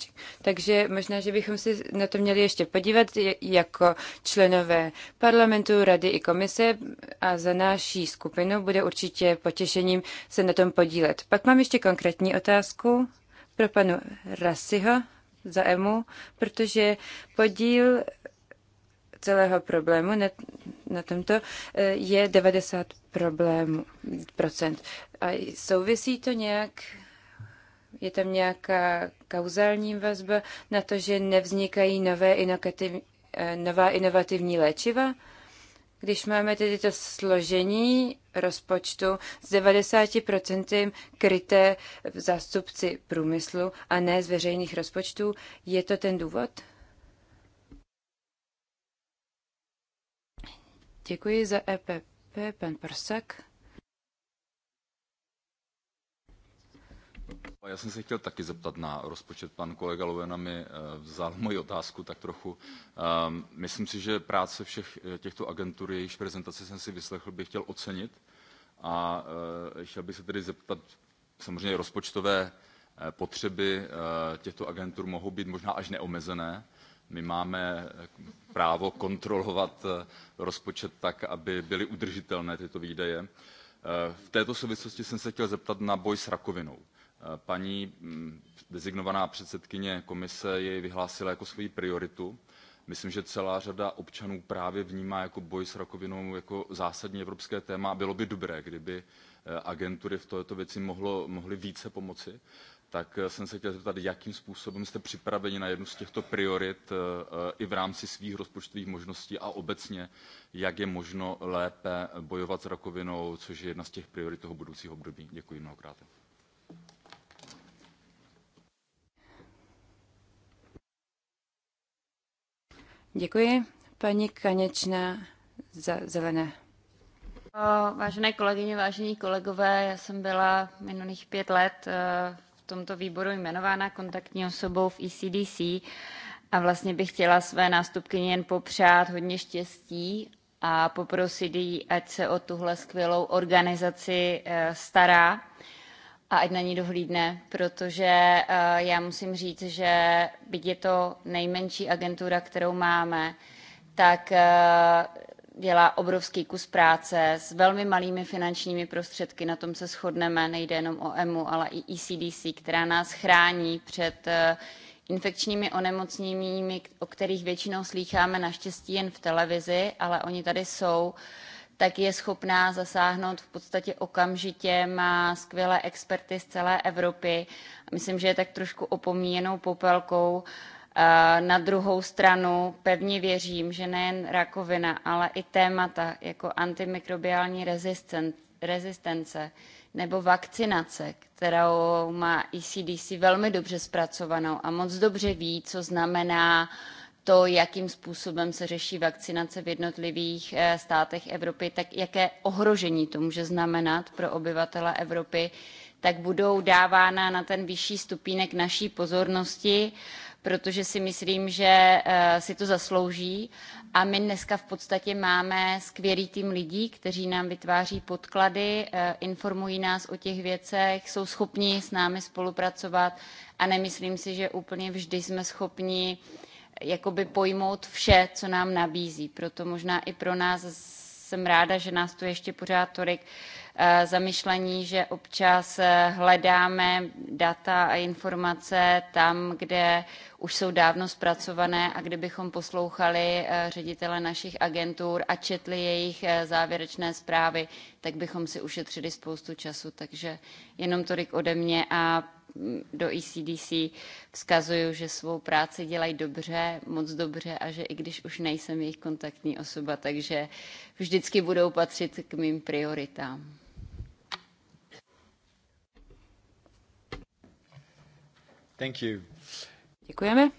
Takže možná, že bychom si na to měli ještě podívat jako členové parlamentu, rady i komise a za naší skupinu bude určitě potěšením se na tom podílet. Pak mám ještě konkrétní otázku pro panu Rasiho za EMU, protože podíl celého problému na, na tomto e, je 90 problémů, procent. A souvisí to nějak je tam nějaká kauzální vazba na to, že nevznikají nové inokativ, eh, nová inovativní léčiva? Když máme tedy to složení rozpočtu z 90% kryté zástupci průmyslu a ne z veřejných rozpočtů, je to ten důvod? Děkuji za EPP, pan Prsak. Já jsem se chtěl taky zeptat na rozpočet. Pan kolega Lovena mi eh, vzal moji otázku tak trochu. Ehm, myslím si, že práce všech eh, těchto agentur, jejichž prezentaci jsem si vyslechl, bych chtěl ocenit. A eh, chtěl bych se tedy zeptat, samozřejmě rozpočtové potřeby těchto agentur mohou být možná až neomezené. My máme právo kontrolovat rozpočet tak, aby byly udržitelné tyto výdaje. V této souvislosti jsem se chtěl zeptat na boj s rakovinou paní mm, designovaná předsedkyně komise jej vyhlásila jako svoji prioritu. myslím že celá řada občanů právě vnímá jako boj s rakovinou jako zásadní evropské téma a bylo by dobré kdyby eh, agentury v této věci mohly více pomoci tak eh, jsem se chtěl zeptat jakým způsobem jste připraveni na jednu z těchto priorit eh, i v rámci svých rozpočtových možností a obecně jak je možno lépe bojovat s rakovinou což je jedna z těch priorit toho budoucího období. děkuji mnohokrát. Děkuji. Paní Kaněčná za zelené. Vážené kolegyně, vážení kolegové, já jsem byla minulých pět let eh, v tomto výboru jmenována kontaktní osobou v ECDC a vlastně bych chtěla své nástupkyni jen popřát hodně štěstí a poprosit ji, ať se o tuhle skvělou organizaci eh, stará a ať na ní dohlídne, protože eh, já musím říct, že byť je to nejmenší agentura, kterou máme, tak eh, dělá obrovský kus práce s velmi malými finančními prostředky, na tom se shodneme, nejde jenom o EMU, ale i ECDC, která nás chrání před eh, infekčními onemocněními, o kterých většinou slýcháme naštěstí jen v televizi, ale oni tady jsou. Uh, tak je schopná zasáhnout v podstatě okamžitě, má skvělé experty z celé Evropy. Myslím, že je tak trošku opomíjenou popelkou. Eh, na druhou stranu pevně věřím, že nejen rakovina, ale i témata jako antimikrobiální rezistence nebo vakcinace, kterou má ECDC velmi dobře zpracovanou a moc dobře ví, co znamená uh, to, jakým způsobem se řeší vakcinace v jednotlivých eh, státech Evropy, tak jaké ohrožení to může znamenat pro obyvatele Evropy, tak budou dávána na ten vyšší stupínek naší pozornosti, protože si myslím, že eh, si to zaslouží. A my dneska v podstatě máme skvělý tým lidí, kteří nám vytváří podklady, eh, informují nás o těch věcech, jsou schopni s námi spolupracovat a nemyslím si, že úplně vždy jsme schopni jakoby pojmout vše, co nám nabízí. Proto možná i pro nás jsem ráda, že nás tu ještě pořád tolik eh, zamyšlení, že občas eh, hledáme data a informace tam, kde už jsou dávno zpracované a kdybychom poslouchali eh, ředitele našich agentur a četli jejich závěrečné zprávy, tak bychom si ušetřili spoustu času. Takže jenom tolik ode mě a do ECDC vzkazuju, že svou práci dělají dobře, moc dobře a že i když už nejsem jejich kontaktní osoba, takže vždycky budou patřit k mým prioritám. Thank you. Děkujeme.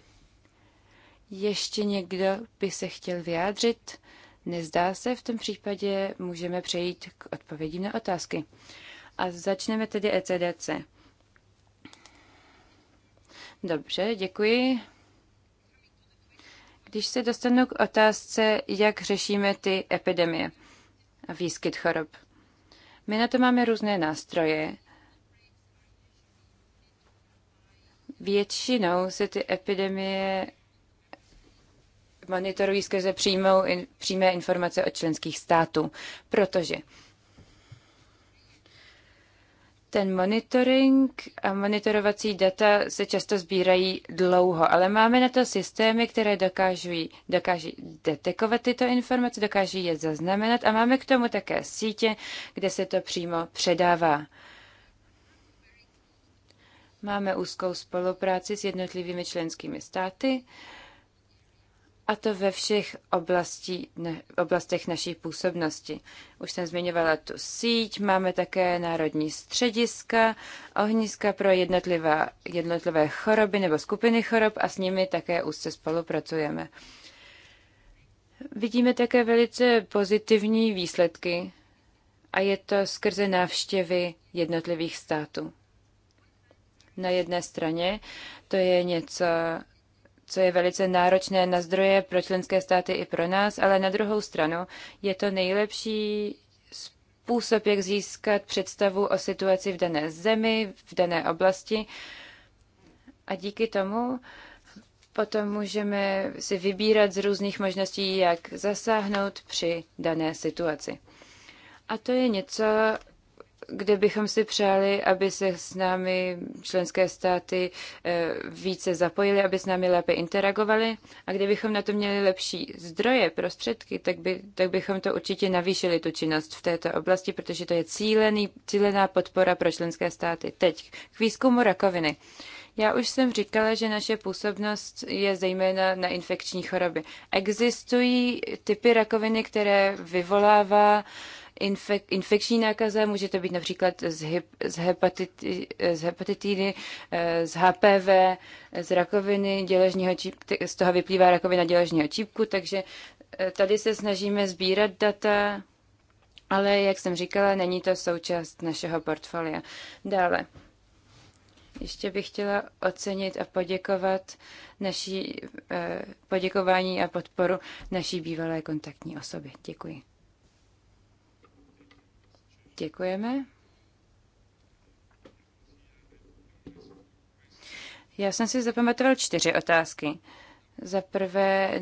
Ještě někdo by se chtěl vyjádřit? Nezdá se, v tom případě můžeme přejít k odpovědím na otázky. A začneme tedy ECDC. Dobře, děkuji. Když se dostanu k otázce, jak řešíme ty epidemie a výskyt chorob. My na to máme různé nástroje. Většinou se ty epidemie monitorují skrze přímé informace od členských států, protože ten monitoring a monitorovací data se často sbírají dlouho, ale máme na to systémy, které dokážují, dokáží detekovat tyto informace, dokáží je zaznamenat a máme k tomu také sítě, kde se to přímo předává. Máme úzkou spolupráci s jednotlivými členskými státy a to ve všech oblastí, ne, oblastech naší působnosti. Už jsem zmiňovala tu síť, máme také národní střediska, ohniska pro jednotlivá, jednotlivé choroby nebo skupiny chorob a s nimi také úzce spolupracujeme. Vidíme také velice pozitivní výsledky a je to skrze návštěvy jednotlivých států. Na jedné straně to je něco, co je velice náročné na zdroje pro členské státy i pro nás, ale na druhou stranu je to nejlepší způsob, jak získat představu o situaci v dané zemi, v dané oblasti. A díky tomu potom můžeme si vybírat z různých možností, jak zasáhnout při dané situaci. A to je něco, kde bychom si přáli, aby se s námi členské státy eh, více zapojily, aby s námi lépe interagovaly a kde bychom na to měli lepší zdroje, prostředky, tak, by, tak bychom to určitě navýšili, tu činnost v této oblasti, protože to je cílený, cílená podpora pro členské státy. Teď k výzkumu rakoviny. Já už jsem říkala, že naše působnost je zejména na infekční choroby. Existují typy rakoviny, které vyvolává uh, infek, infekční nákaze, může to být například z, hip, z, hepatity, z hepatitidy, eh, z HPV, z rakoviny děležního čípku, z toho vyplývá rakovina děležního čípku, takže eh, tady se snažíme sbírat data, ale jak jsem říkala, není to součást našeho portfolia. Dále. Ještě bych chtěla ocenit a poděkovat naší, eh, poděkování a podporu naší bývalé kontaktní osoby. Děkuji. Děkujeme. Já jsem si zapamatoval čtyři otázky. Za prvé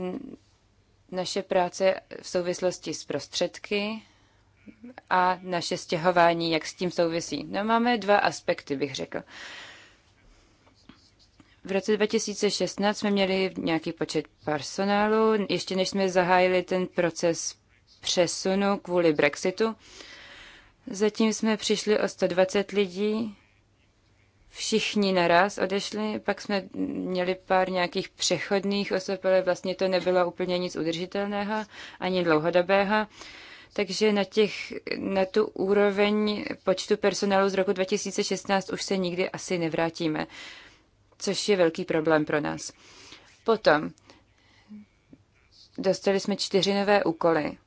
naše práce v souvislosti s prostředky a naše stěhování, jak s tím souvisí. No máme dva aspekty, bych řekl. V roce 2016 jsme měli nějaký počet personálu, ještě než jsme zahájili ten proces přesunu kvůli Brexitu. Zatím jsme přišli o 120 lidí, všichni naraz odešli, pak jsme měli pár nějakých přechodných osob, ale vlastně to nebylo úplně nic udržitelného, ani dlouhodobého. Takže na, těch, na tu úroveň počtu personálu z roku 2016 už se nikdy asi nevrátíme, což je velký problém pro nás. Potom dostali jsme čtyři nové úkoly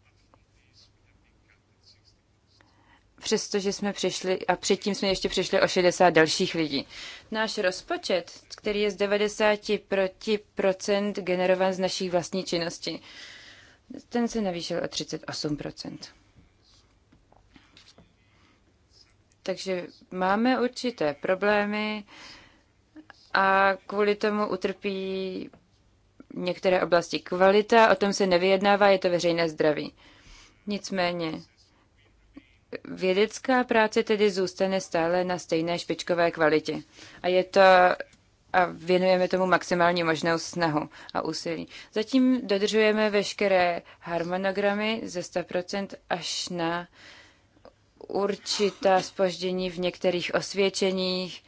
přestože jsme přišli, a předtím jsme ještě přišli o 60 dalších lidí. Náš rozpočet, který je z 90 proti procent generovan z naší vlastní činnosti, ten se navýšil o 38 Takže máme určité problémy a kvůli tomu utrpí některé oblasti kvalita, o tom se nevyjednává, je to veřejné zdraví. Nicméně vědecká práce tedy zůstane stále na stejné špičkové kvalitě. A je to a věnujeme tomu maximální možnou snahu a úsilí. Zatím dodržujeme veškeré harmonogramy ze 100% až na určitá spoždění v některých osvědčeních.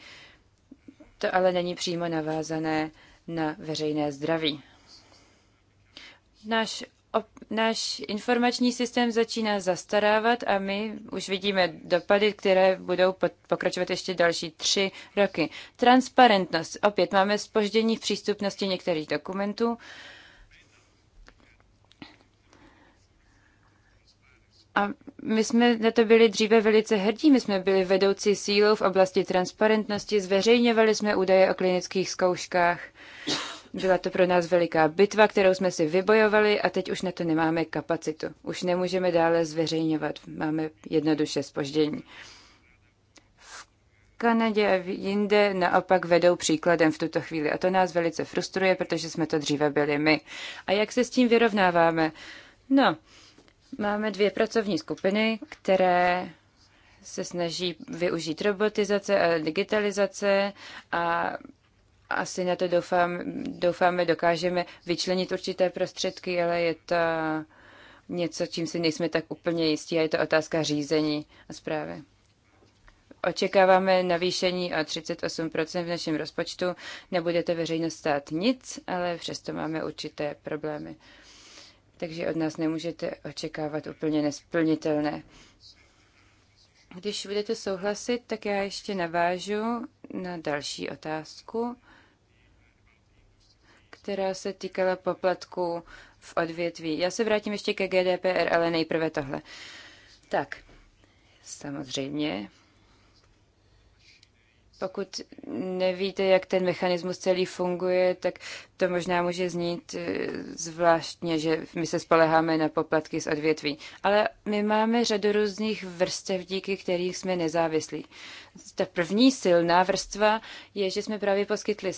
To ale není přímo navázané na veřejné zdraví. Náš náš informační systém začíná zastarávat a my už vidíme dopady, které budou pokračovat ještě další tři roky. Transparentnost. Opět máme spoždění v přístupnosti některých dokumentů. A my jsme na to byli dříve velice hrdí, my jsme byli vedoucí sílou v oblasti transparentnosti, zveřejňovali jsme údaje o klinických zkouškách byla to pro nás veliká bitva, kterou jsme si vybojovali a teď už na to nemáme kapacitu. Už nemůžeme dále zveřejňovat. Máme jednoduše spoždění. V Kanadě a jinde naopak vedou příkladem v tuto chvíli a to nás velice frustruje, protože jsme to dříve byli my. A jak se s tím vyrovnáváme? No, máme dvě pracovní skupiny, které se snaží využít robotizace a digitalizace a asi na to doufám, doufáme, dokážeme vyčlenit určité prostředky, ale je to něco, čím si nejsme tak úplně jistí a je to otázka řízení a zprávy. Očekáváme navýšení o 38% v našem rozpočtu. Nebude to veřejnost stát nic, ale přesto máme určité problémy. Takže od nás nemůžete očekávat úplně nesplnitelné. Když budete souhlasit, tak já ještě navážu na další otázku která se týkala poplatku v odvětví. Já se vrátím ještě ke GDPR, ale nejprve tohle. Tak, samozřejmě, pokud nevíte, jak ten mechanismus celý funguje, tak to možná může znít eh, zvláštně, že my se spoleháme na poplatky z odvětví. Ale my máme řadu různých vrstev, díky kterých jsme nezávislí. Ta první silná vrstva je, že jsme právě poskytli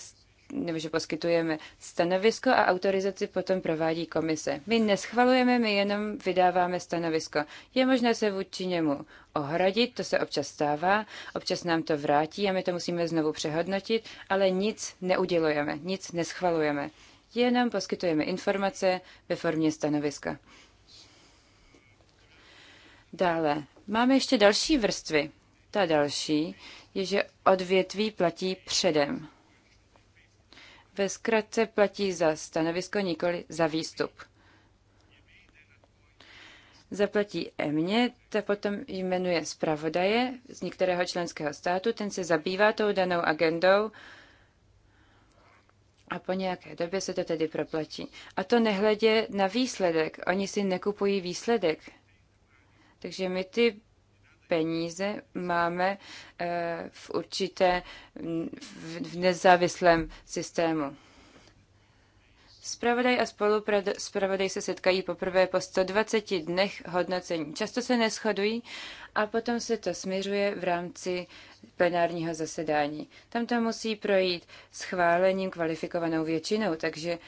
nebo že poskytujeme stanovisko a autorizaci potom provádí komise. My neschvalujeme, my jenom vydáváme stanovisko. Je možné se vůči němu ohradit, to se občas stává, občas nám to vrátí a my to musíme znovu přehodnotit, ale nic neudělujeme, nic neschvalujeme. Jenom poskytujeme informace ve formě stanoviska. Dále, máme ještě další vrstvy. Ta další je, že odvětví platí předem ve zkratce platí za stanovisko, nikoli za výstup. Zaplatí EMně, ta potom jmenuje zpravodaje z některého členského státu, ten se zabývá tou danou agendou a po nějaké době se to tedy proplatí. A to nehledě na výsledek. Oni si nekupují výsledek. Takže my ty peníze máme eh, v určité v nezávislém systému. Spravodaj a spolupravodaj se setkají poprvé po 120 dnech hodnocení. Často se neschodují a potom se to směřuje v rámci plenárního zasedání. Tam to musí projít schválením kvalifikovanou většinou, takže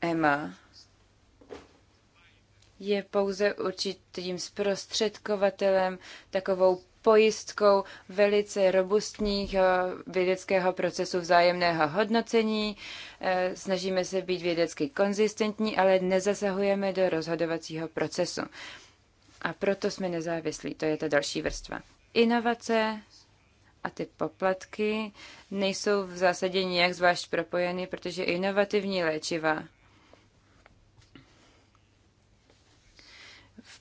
Emma je pouze určitým zprostředkovatelem, takovou pojistkou velice robustních eh, vědeckého procesu vzájemného hodnocení. Eh, snažíme se být vědecky konzistentní, ale nezasahujeme do rozhodovacího procesu. A proto jsme nezávislí. To je ta další vrstva. Inovace a ty poplatky nejsou v zásadě nijak zvlášť propojeny, protože inovativní léčiva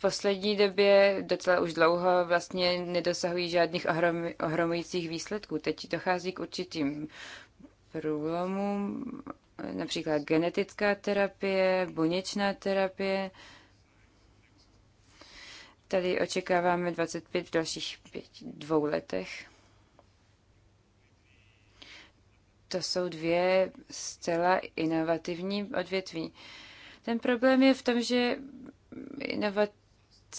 poslední době, docela už dlouho, vlastně nedosahují žádných ohrom, ohromujících výsledků. Teď dochází k určitým průlomům, například genetická terapie, buněčná terapie. Tady očekáváme 25 v dalších pět, dvou letech. To jsou dvě zcela inovativní odvětví. Ten problém je v tom, že inovat,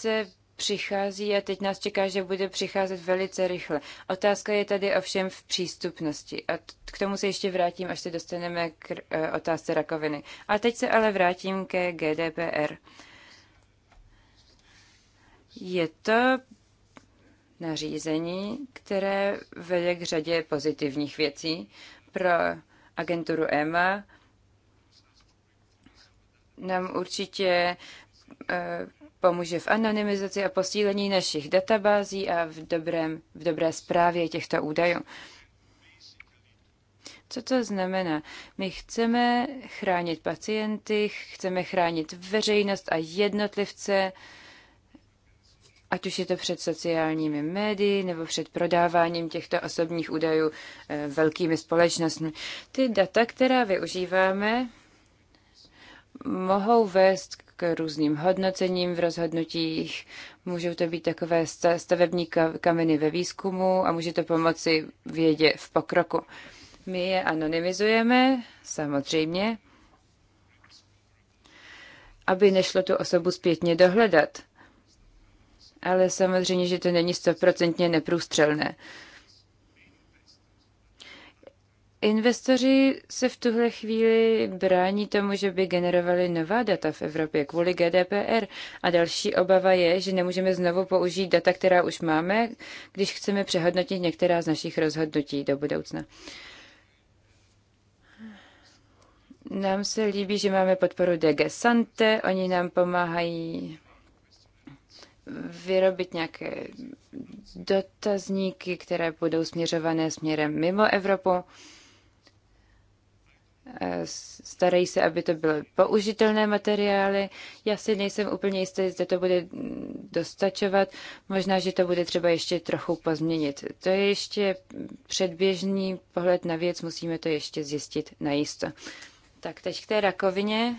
migrace přichází a teď nás čeká, že bude přicházet velice rychle. Otázka je tady ovšem v přístupnosti. A k tomu se ještě vrátím, až se dostaneme k eh, otázce rakoviny. A teď se ale vrátím ke GDPR. Je to nařízení, které vede k řadě pozitivních věcí pro agenturu EMA. Nám určitě eh, pomůže v anonymizaci a posílení našich databází a v, dobrém, v dobré zprávě těchto údajů. Co to znamená? My chceme chránit pacienty, chceme chránit veřejnost a jednotlivce, ať už je to před sociálními médii nebo před prodáváním těchto osobních údajů eh, velkými společnostmi. Ty data, která využíváme, mohou vést k různým hodnocením v rozhodnutích. Můžou to být takové stavební kameny ve výzkumu a může to pomoci vědě v pokroku. My je anonymizujeme, samozřejmě, aby nešlo tu osobu zpětně dohledat. Ale samozřejmě, že to není stoprocentně neprůstřelné. Investoři se v tuhle chvíli brání tomu, že by generovali nová data v Evropě kvůli GDPR. A další obava je, že nemůžeme znovu použít data, která už máme, když chceme přehodnotit některá z našich rozhodnutí do budoucna. Nám se líbí, že máme podporu DG Sante, oni nám pomáhají vyrobit nějaké dotazníky, které budou směřované směrem mimo Evropu. Eh, starají se, aby to byly použitelné materiály. Já si nejsem úplně jistý, zda to bude dostačovat. Možná, že to bude třeba ještě trochu pozměnit. To je ještě předběžný pohled na věc, musíme to ještě zjistit najisto. Tak teď k té rakovině.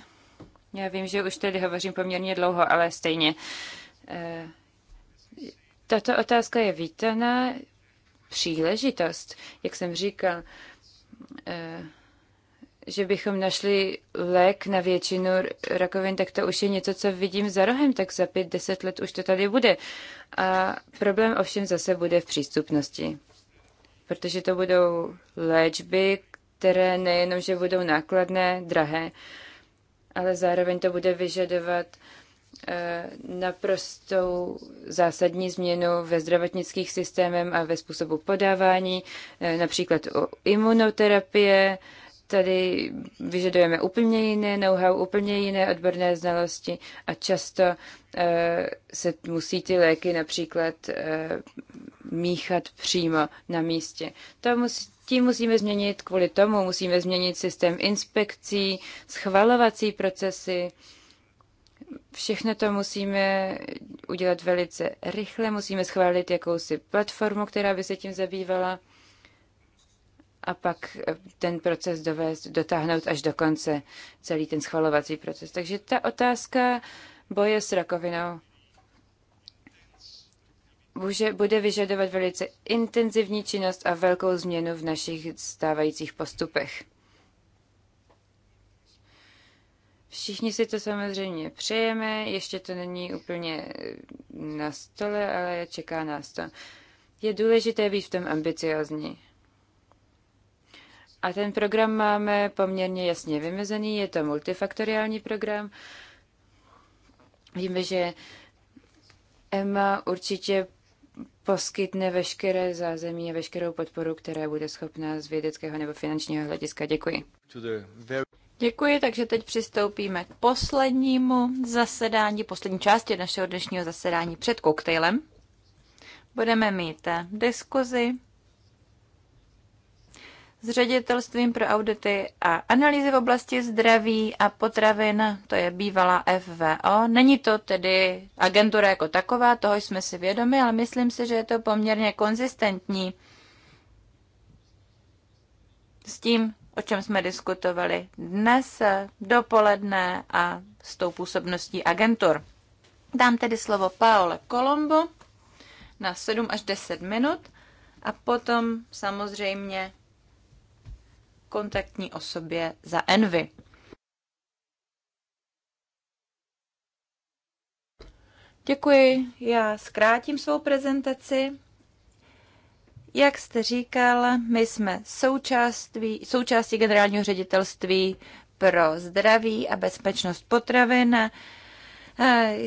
Já vím, že už tady hovořím poměrně dlouho, ale stejně. Eh, tato otázka je vítaná příležitost, jak jsem říkal eh, že bychom našli lék na většinu rakovin, tak to už je něco, co vidím za rohem, tak za pět, deset let už to tady bude. A problém ovšem zase bude v přístupnosti, protože to budou léčby, které nejenom, že budou nákladné, drahé, ale zároveň to bude vyžadovat eh, naprostou zásadní změnu ve zdravotnických systémem a ve způsobu podávání, eh, například o imunoterapie, tady vyžadujeme úplně jiné know-how, úplně jiné odborné znalosti a často eh, se musí ty léky například eh, míchat přímo na místě. To musí, tím musíme změnit kvůli tomu, musíme změnit systém inspekcí, schvalovací procesy. Všechno to musíme udělat velice rychle, musíme schválit jakousi platformu, která by se tím zabývala a pak eh, ten proces dovést, dotáhnout až do konce, celý ten schvalovací proces. Takže ta otázka boje s rakovinou může, bude vyžadovat velice intenzivní činnost a velkou změnu v našich stávajících postupech. Všichni si to samozřejmě přejeme, ještě to není úplně eh, na stole, ale čeká nás to. Je důležité být v tom ambiciozní. A ten program máme poměrně jasně vymezený, je to multifaktoriální program. Víme, že EMA určitě poskytne veškeré zázemí a veškerou podporu, která bude schopná z vědeckého nebo finančního hlediska. Děkuji. Děkuji, takže teď přistoupíme k poslednímu zasedání, poslední části našeho dnešního zasedání před koktejlem. Budeme mít diskuzi s ředitelstvím pro audity a analýzy v oblasti zdraví a potravin, to je bývalá FVO. Není to tedy agentura jako taková, toho jsme si vědomi, ale myslím si, že je to poměrně konzistentní s tím, o čem jsme diskutovali dnes, dopoledne a s tou působností agentur. Dám tedy slovo Paole Colombo na 7 až 10 minut a potom samozřejmě kontaktní osobě za Envy. Děkuji, já zkrátím svou prezentaci. Jak jste říkal, my jsme součástí, součástí generálního ředitelství pro zdraví a bezpečnost potravin. Eh,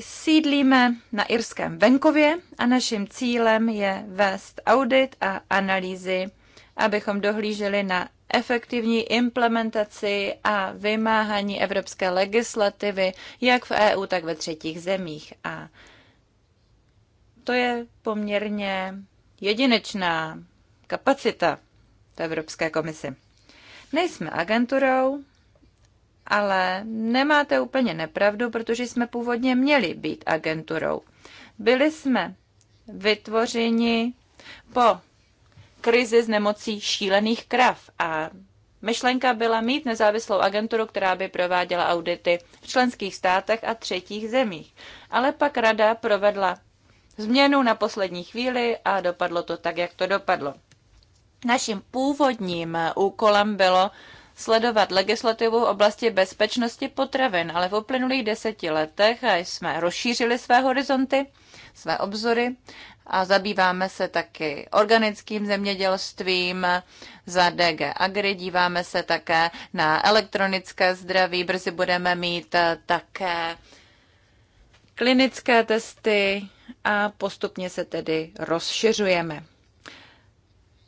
sídlíme na irském venkově a naším cílem je vést audit a analýzy abychom dohlíželi na efektivní implementaci a vymáhání evropské legislativy, jak v EU, tak ve třetích zemích. A to je poměrně jedinečná kapacita v Evropské komisi. Nejsme agenturou, ale nemáte úplně nepravdu, protože jsme původně měli být agenturou. Byli jsme vytvořeni po krizi z nemocí šílených krav a Myšlenka byla mít nezávislou agenturu, která by prováděla audity v členských státech a třetích zemích. Ale pak rada provedla změnu na poslední chvíli a dopadlo to tak, jak to dopadlo. Naším původním úkolem bylo sledovat legislativu v oblasti bezpečnosti potravin, ale v uplynulých deseti letech jsme rozšířili své horizonty, své obzory a zabýváme se taky organickým zemědělstvím za DG Agri. Díváme se také na elektronické zdraví. Brzy budeme mít eh, také klinické testy a postupně se tedy rozšiřujeme.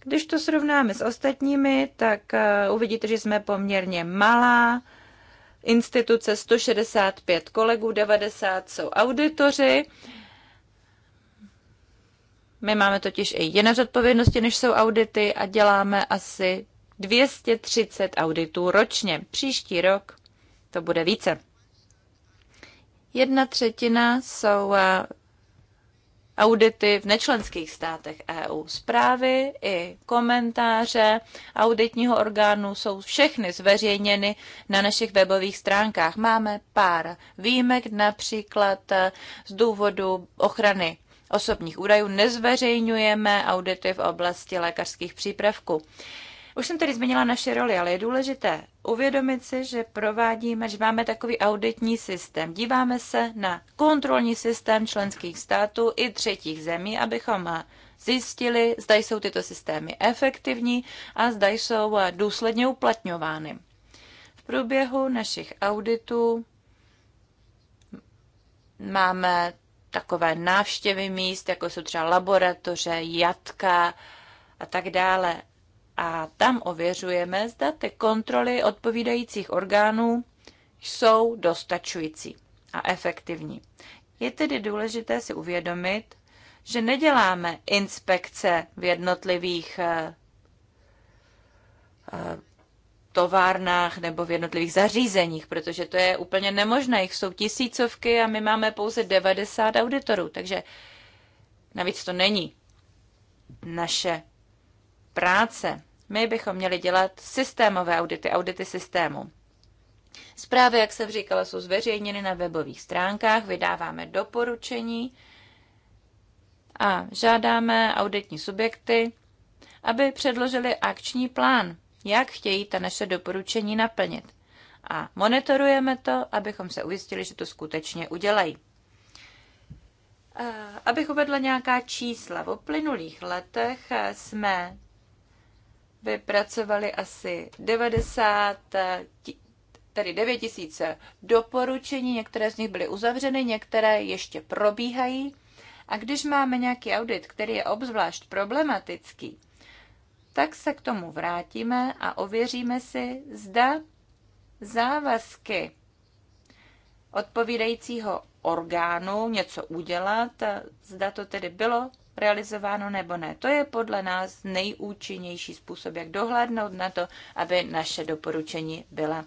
Když to srovnáme s ostatními, tak eh, uvidíte, že jsme poměrně malá instituce, 165 kolegů, 90 jsou auditoři my máme totiž i jiné zodpovědnosti, než jsou audity a děláme asi 230 auditů ročně. Příští rok to bude více. Jedna třetina jsou eh, audity v nečlenských státech EU. Zprávy i komentáře auditního orgánu jsou všechny zveřejněny na našich webových stránkách. Máme pár výjimek, například eh, z důvodu ochrany osobních údajů nezveřejňujeme audity v oblasti lékařských přípravků. Už jsem tedy změnila naše roli, ale je důležité uvědomit si, že provádíme, že máme takový auditní systém. Díváme se na kontrolní systém členských států i třetích zemí, abychom zjistili, zda jsou tyto systémy efektivní a zda jsou důsledně uplatňovány. V průběhu našich auditů máme takové návštěvy míst, jako jsou třeba laboratoře, jatka a tak dále. A tam ověřujeme, zda ty kontroly odpovídajících orgánů jsou dostačující a efektivní. Je tedy důležité si uvědomit, že neděláme inspekce v jednotlivých eh, eh, továrnách nebo v jednotlivých zařízeních, protože to je úplně nemožné. Jich jsou tisícovky a my máme pouze 90 auditorů, takže navíc to není naše práce. My bychom měli dělat systémové audity, audity systému. Zprávy, jak jsem říkala, jsou zveřejněny na webových stránkách, vydáváme doporučení a žádáme auditní subjekty, aby předložili akční plán jak chtějí ta naše doporučení naplnit. A monitorujeme to, abychom se ujistili, že to skutečně udělají. Abych uvedla nějaká čísla, v uplynulých letech jsme vypracovali asi 90, tedy 9 tisíc doporučení, některé z nich byly uzavřeny, některé ještě probíhají. A když máme nějaký audit, který je obzvlášť problematický, tak se k tomu vrátíme a ověříme si, zda závazky odpovídajícího orgánu něco udělat, zda to tedy bylo realizováno nebo ne. To je podle nás nejúčinnější způsob, jak dohlédnout na to, aby naše doporučení byla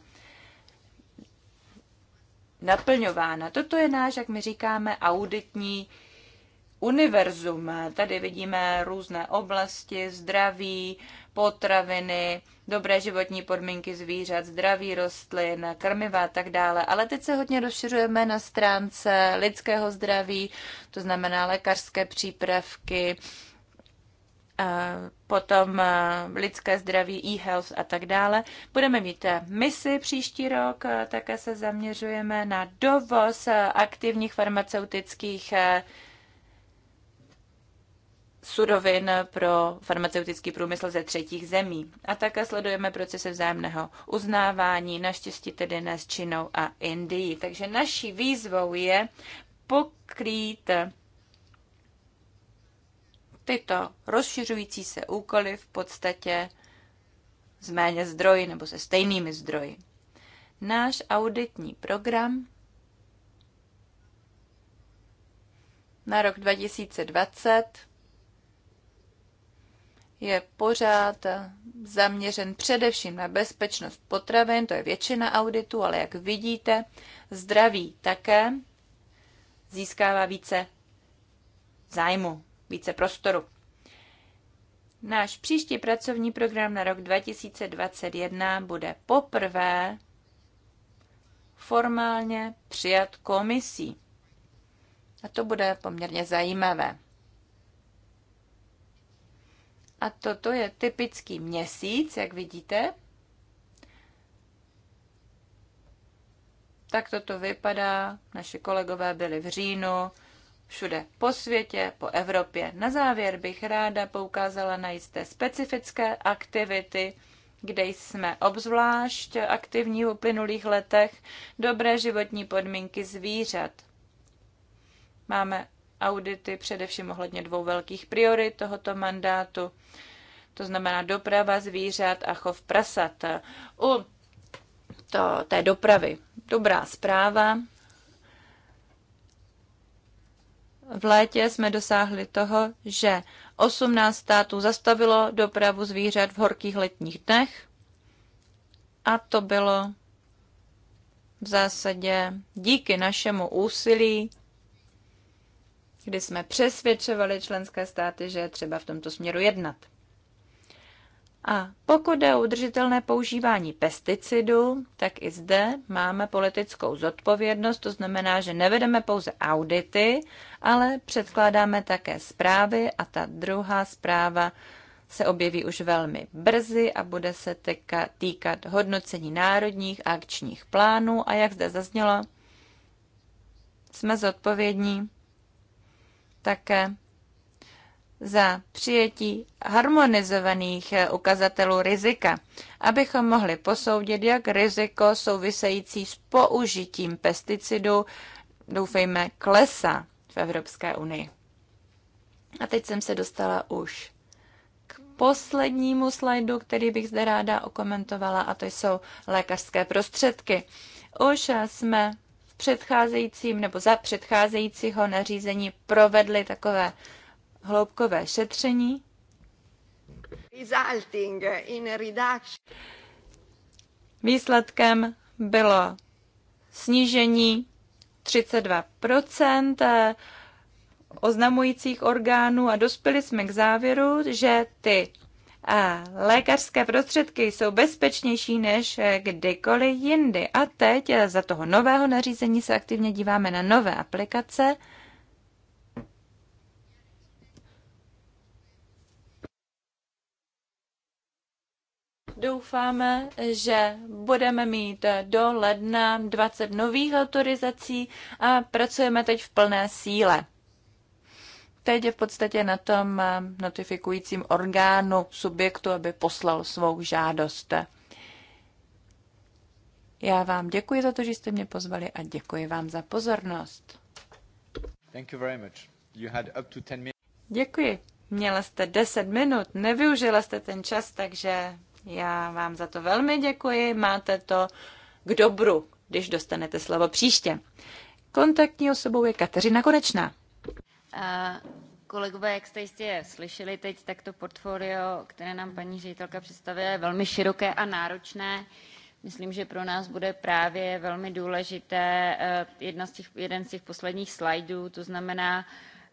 naplňována. Toto je náš, jak my říkáme, auditní univerzum. Tady vidíme různé oblasti, zdraví, potraviny, dobré životní podmínky zvířat, zdraví rostlin, krmiva a tak dále. Ale teď se hodně rozšiřujeme na stránce lidského zdraví, to znamená lékařské přípravky, potom lidské zdraví, e-health a tak dále. Budeme mít misi příští rok, také se zaměřujeme na dovoz aktivních farmaceutických surovin pro farmaceutický průmysl ze třetích zemí. A také sledujeme procesy vzájemného uznávání, naštěstí tedy ne s Čínou a Indií. Takže naší výzvou je pokrýt tyto rozšiřující se úkoly v podstatě z méně zdroji nebo se stejnými zdroji. Náš auditní program na rok 2020 je pořád zaměřen především na bezpečnost potravin, to je většina auditu, ale jak vidíte, zdraví také získává více zájmu, více prostoru. Náš příští pracovní program na rok 2021 bude poprvé formálně přijat komisí. A to bude poměrně zajímavé. A toto je typický měsíc, jak vidíte. Tak toto vypadá. Naši kolegové byli v říjnu, všude po světě, po Evropě. Na závěr bych ráda poukázala na jisté specifické aktivity, kde jsme obzvlášť aktivní v uplynulých letech, dobré životní podmínky zvířat. Máme audity, především ohledně dvou velkých priorit tohoto mandátu, to znamená doprava zvířat a chov prasat. U to, té dopravy dobrá zpráva. V létě jsme dosáhli toho, že 18 států zastavilo dopravu zvířat v horkých letních dnech a to bylo v zásadě díky našemu úsilí kdy jsme přesvědčovali členské státy, že je třeba v tomto směru jednat. A pokud je o udržitelné používání pesticidů, tak i zde máme politickou zodpovědnost, to znamená, že nevedeme pouze audity, ale předkládáme také zprávy a ta druhá zpráva se objeví už velmi brzy a bude se teka, týkat hodnocení národních akčních plánů a jak zde zaznělo, jsme zodpovědní také za přijetí harmonizovaných eh, ukazatelů rizika, abychom mohli posoudit, jak riziko související s použitím pesticidů, doufejme, klesá v Evropské unii. A teď jsem se dostala už k poslednímu slajdu, který bych zde ráda okomentovala, a to jsou lékařské prostředky. Už jsme předcházejícím nebo za předcházejícího nařízení provedli takové hloubkové šetření. Výsledkem bylo snížení 32 eh, oznamujících orgánů a dospěli jsme k závěru, že ty a lékařské prostředky jsou bezpečnější než kdykoliv jindy. A teď za toho nového nařízení se aktivně díváme na nové aplikace. Doufáme, že budeme mít do ledna 20 nových autorizací a pracujeme teď v plné síle teď je v podstatě na tom eh, notifikujícím orgánu subjektu, aby poslal svou žádost. Já vám děkuji za to, že jste mě pozvali a děkuji vám za pozornost. Thank you very much. You had up to 10 minutes. Děkuji. Měla jste 10 minut, nevyužila jste ten čas, takže já vám za to velmi děkuji. Máte to k dobru, když dostanete slovo příště. Kontaktní osobou je Kateřina Konečná kolegové, jak jste jistě slyšeli teď, tak to portfolio, které nám paní ředitelka představila, je velmi široké a náročné. Myslím, že pro nás bude právě velmi důležité eh, jedna z těch, jeden z těch posledních slajdů, to znamená,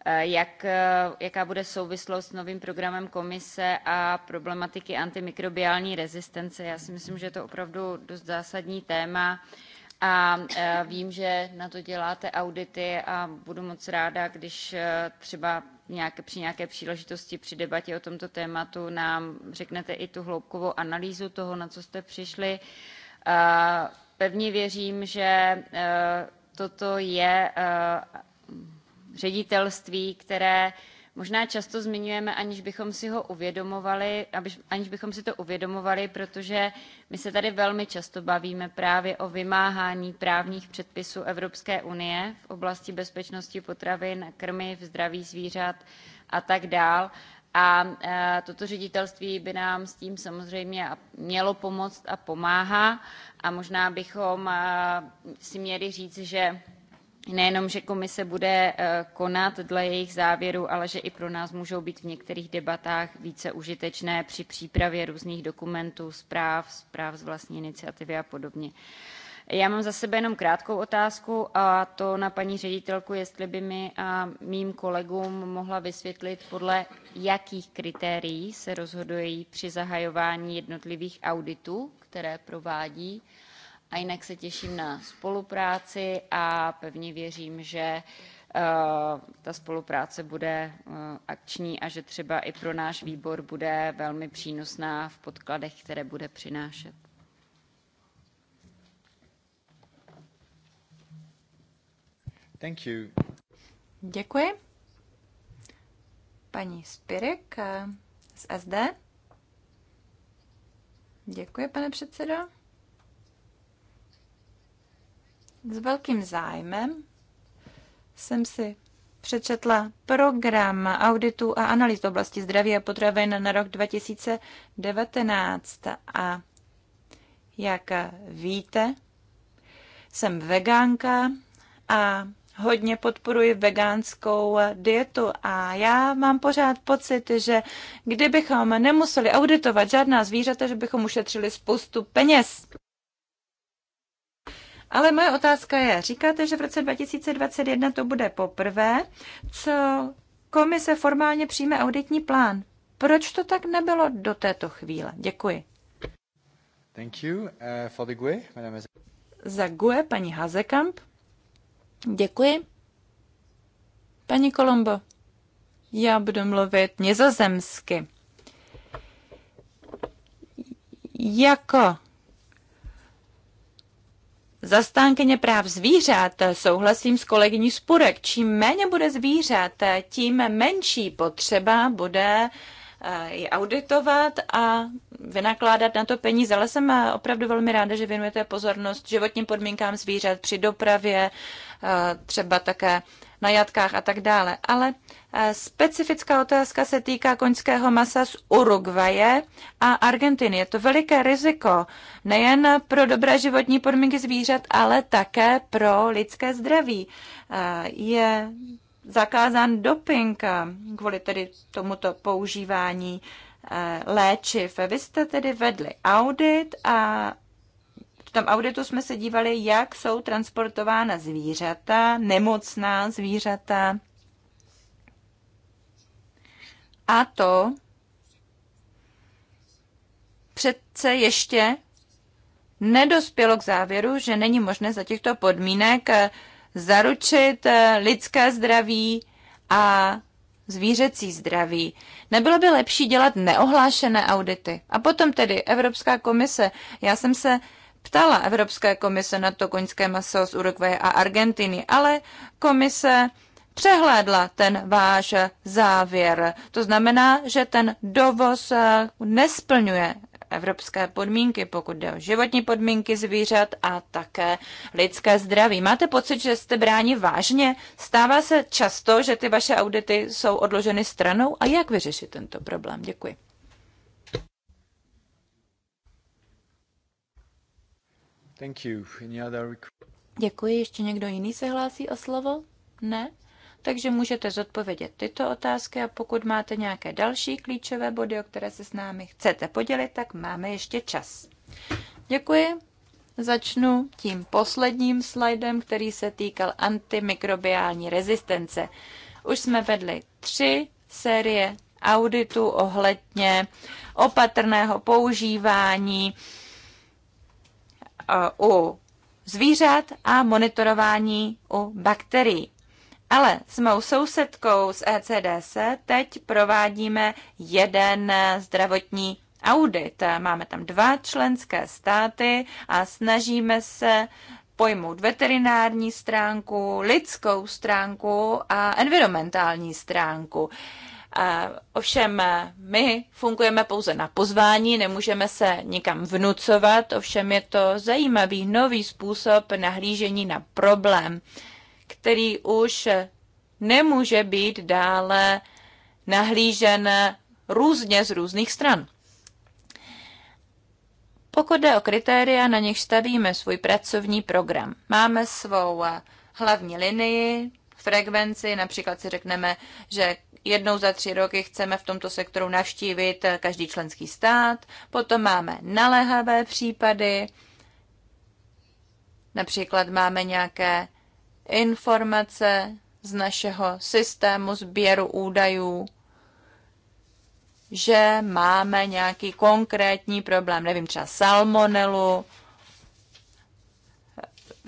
eh, jak, eh, jaká bude souvislost s novým programem komise a problematiky antimikrobiální rezistence. Já si myslím, že je to opravdu dost zásadní téma a e, vím, že na to děláte audity a budu moc ráda, když e, třeba nějaké, při nějaké příležitosti při debatě o tomto tématu nám řeknete i tu hloubkovou analýzu toho, na co jste přišli. E, pevně věřím, že toto je hm, ředitelství, které Možná často zmiňujeme, aniž bychom si ho uvědomovali, aniž bychom si to uvědomovali, protože my se tady velmi často bavíme právě o vymáhání právních předpisů Evropské unie v oblasti bezpečnosti potravin, krmiv, zdraví zvířat a tak dál. A e, toto ředitelství by nám s tím samozřejmě mělo pomoct a pomáhá. A možná bychom e, si měli říct, že nejenom, že komise bude eh, konat dle jejich závěru, ale že i pro nás můžou být v některých debatách více užitečné při přípravě různých dokumentů, zpráv, zpráv z vlastní iniciativy a podobně. Já mám za sebe jenom krátkou otázku a to na paní ředitelku, jestli by mi a mým kolegům mohla vysvětlit, podle jakých kritérií se rozhodují při zahajování jednotlivých auditů, které provádí uh, a jinak se těším na spolupráci a pevně věřím, že eh, ta spolupráce bude eh, akční a že třeba i pro náš výbor bude velmi přínosná v podkladech, které bude přinášet. Thank you. Děkuji. Paní Spirek eh, z SD. Děkuji, pane předsedo s velkým zájmem jsem si přečetla program auditu a analýz v oblasti zdraví a potravin na rok 2019 a jak víte, jsem vegánka a hodně podporuji vegánskou dietu a já mám pořád pocit, že kdybychom nemuseli auditovat žádná zvířata, že bychom ušetřili spoustu peněz. Ale moje otázka je, říkáte, že v roce 2021 to bude poprvé, co komise formálně přijme auditní plán. Proč to tak nebylo do této chvíle? Děkuji. Thank you, uh, for the GUE, madame... Za GUE paní Hazekamp. Děkuji. Paní Kolombo, já budu mluvit nizozemsky. Jako zastánkyně práv zvířat souhlasím s kolegyní Spurek. Čím méně bude zvířat, tím menší potřeba bude eh, je auditovat a vynakládat na to peníze. Ale jsem eh, opravdu velmi ráda, že věnujete pozornost životním podmínkám zvířat při dopravě, eh, třeba také na jatkách a tak dále. Ale eh, specifická otázka se týká koňského masa z Uruguaye a Argentiny. Je to veliké riziko nejen pro dobré životní podmínky zvířat, ale také pro lidské zdraví. Eh, je zakázán doping eh, kvůli tedy tomuto používání léčiv. Vy jste tedy vedli audit a v tom auditu jsme se dívali, jak jsou transportována zvířata, nemocná zvířata. A to přece ještě nedospělo k závěru, že není možné za těchto podmínek eh, zaručit eh, lidské zdraví a zvířecí zdraví. Nebylo by lepší dělat neohlášené audity? A potom tedy Evropská komise. Já jsem se ptala Evropské komise na to koňské maso z Urugvaje a Argentiny, ale komise přehlédla ten váš závěr. To znamená, že ten dovoz eh, nesplňuje evropské podmínky, pokud jde o životní podmínky zvířat a také lidské zdraví. Máte pocit, že jste bráni vážně? Stává se často, že ty vaše audity jsou odloženy stranou a jak vyřešit tento problém? Děkuji. Thank you. Any other... Děkuji. Ještě někdo jiný se hlásí o slovo? Ne? Takže můžete zodpovědět tyto otázky a pokud máte nějaké další klíčové body, o které se s námi chcete podělit, tak máme ještě čas. Děkuji. Začnu tím posledním slajdem, který se týkal antimikrobiální rezistence. Už jsme vedli tři série auditu ohledně opatrného používání u zvířat a monitorování u bakterií. Ale s mou sousedkou z ECDS teď provádíme jeden zdravotní audit. Máme tam dva členské státy a snažíme se pojmout veterinární stránku, lidskou stránku a environmentální stránku. Ovšem eh, my fungujeme pouze na pozvání, nemůžeme se nikam vnucovat, ovšem je to zajímavý nový způsob nahlížení na problém, který už nemůže být dále nahlížen různě z různých stran. Pokud jde o kritéria, na nich stavíme svůj pracovní program. Máme svou eh, hlavní linii, frekvenci, například si řekneme, že jednou za tři roky chceme v tomto sektoru navštívit každý členský stát. Potom máme naléhavé případy, například máme nějaké informace z našeho systému sběru údajů, že máme nějaký konkrétní problém, nevím, třeba salmonelu,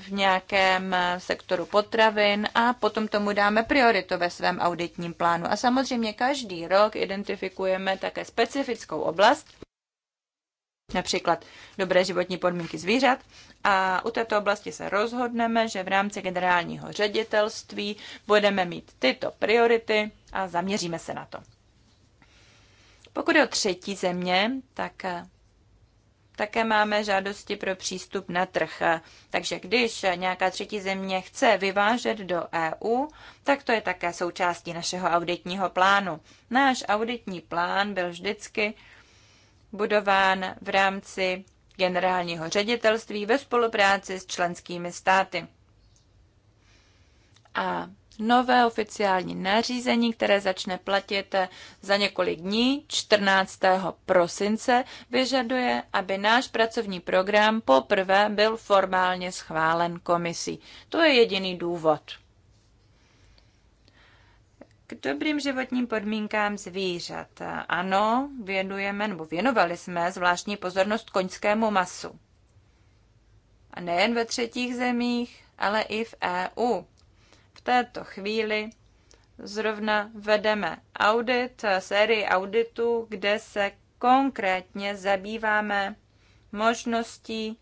v nějakém eh, sektoru potravin a potom tomu dáme prioritu ve svém auditním plánu. A samozřejmě každý rok identifikujeme také specifickou oblast, například dobré životní podmínky zvířat. A u této oblasti se rozhodneme, že v rámci generálního ředitelství budeme mít tyto priority a zaměříme se na to. Pokud je o třetí země, tak eh, také máme žádosti pro přístup na trh. Takže když nějaká třetí země chce vyvážet do EU, tak to je také součástí našeho auditního plánu. Náš auditní plán byl vždycky budován v rámci generálního ředitelství ve spolupráci s členskými státy. A nové oficiální nařízení, které začne platit eh, za několik dní, 14. prosince, vyžaduje, aby náš pracovní program poprvé byl formálně schválen komisí. To je jediný důvod. K dobrým životním podmínkám zvířat. Ano, věnujeme nebo věnovali jsme zvláštní pozornost koňskému masu. A nejen ve třetích zemích, ale i v EU této chvíli zrovna vedeme audit, sérii auditů, kde se konkrétně zabýváme možností,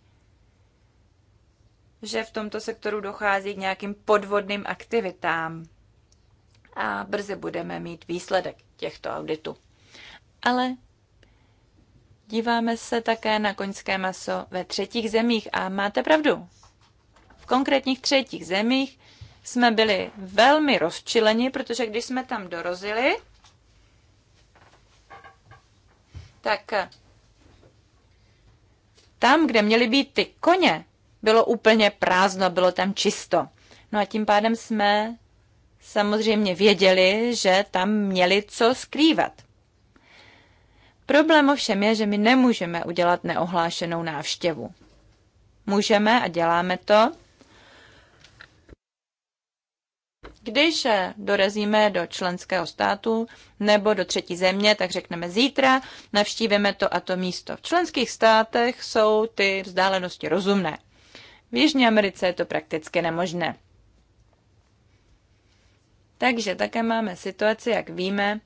že v tomto sektoru dochází k nějakým podvodným aktivitám. A brzy budeme mít výsledek těchto auditů. Ale díváme se také na koňské maso ve třetích zemích a máte pravdu. V konkrétních třetích zemích jsme byli velmi rozčileni, protože když jsme tam dorozili, tak tam, kde měly být ty koně, bylo úplně prázdno, bylo tam čisto. No a tím pádem jsme samozřejmě věděli, že tam měli co skrývat. Problém ovšem je, že my nemůžeme udělat neohlášenou návštěvu. Můžeme a děláme to Když dorazíme do členského státu nebo do třetí země, tak řekneme zítra, navštívíme to a to místo. V členských státech jsou ty vzdálenosti rozumné. V Jižní Americe je to prakticky nemožné. Takže také máme situaci, jak víme,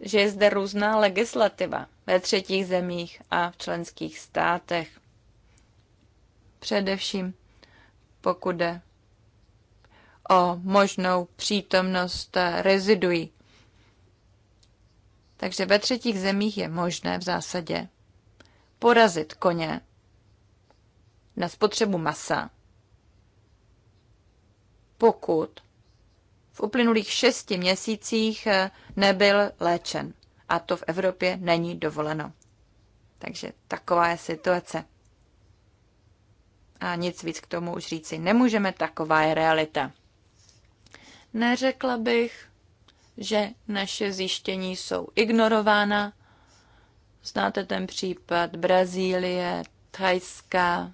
že je zde různá legislativa ve třetích zemích a v členských státech. Především pokud jde o možnou přítomnost eh, reziduí. Takže ve třetích zemích je možné v zásadě porazit koně na spotřebu masa, pokud v uplynulých šesti měsících eh, nebyl léčen. A to v Evropě není dovoleno. Takže taková je situace. A nic víc k tomu už říci nemůžeme, taková je realita. Neřekla bych, že naše zjištění jsou ignorována. Znáte ten případ Brazílie, Thajska.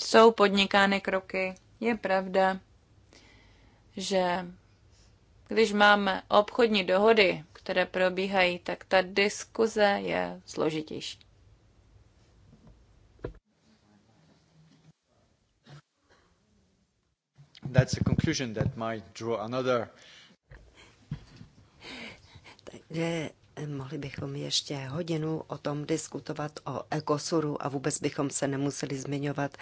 Jsou podnikány kroky. Je pravda, že když máme obchodní dohody, které probíhají, tak ta diskuze je složitější. that's a conclusion that might draw another. Takže eh, mohli bychom ještě hodinu o tom diskutovat, o ekosuru a vůbec bychom se nemuseli zmiňovat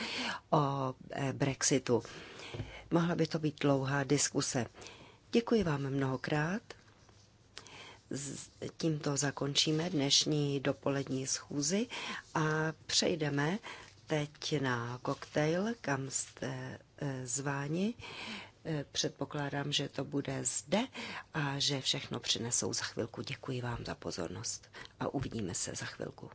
o eh, Brexitu. Mohla by to být dlouhá diskuse. Děkuji vám mnohokrát. S tímto zakončíme dnešní dopolední schůzi a přejdeme teď na koktejl, kam jste e, zváni. E, předpokládám, že to bude zde a že všechno přinesou za chvilku. Děkuji vám za pozornost a uvidíme se za chvilku.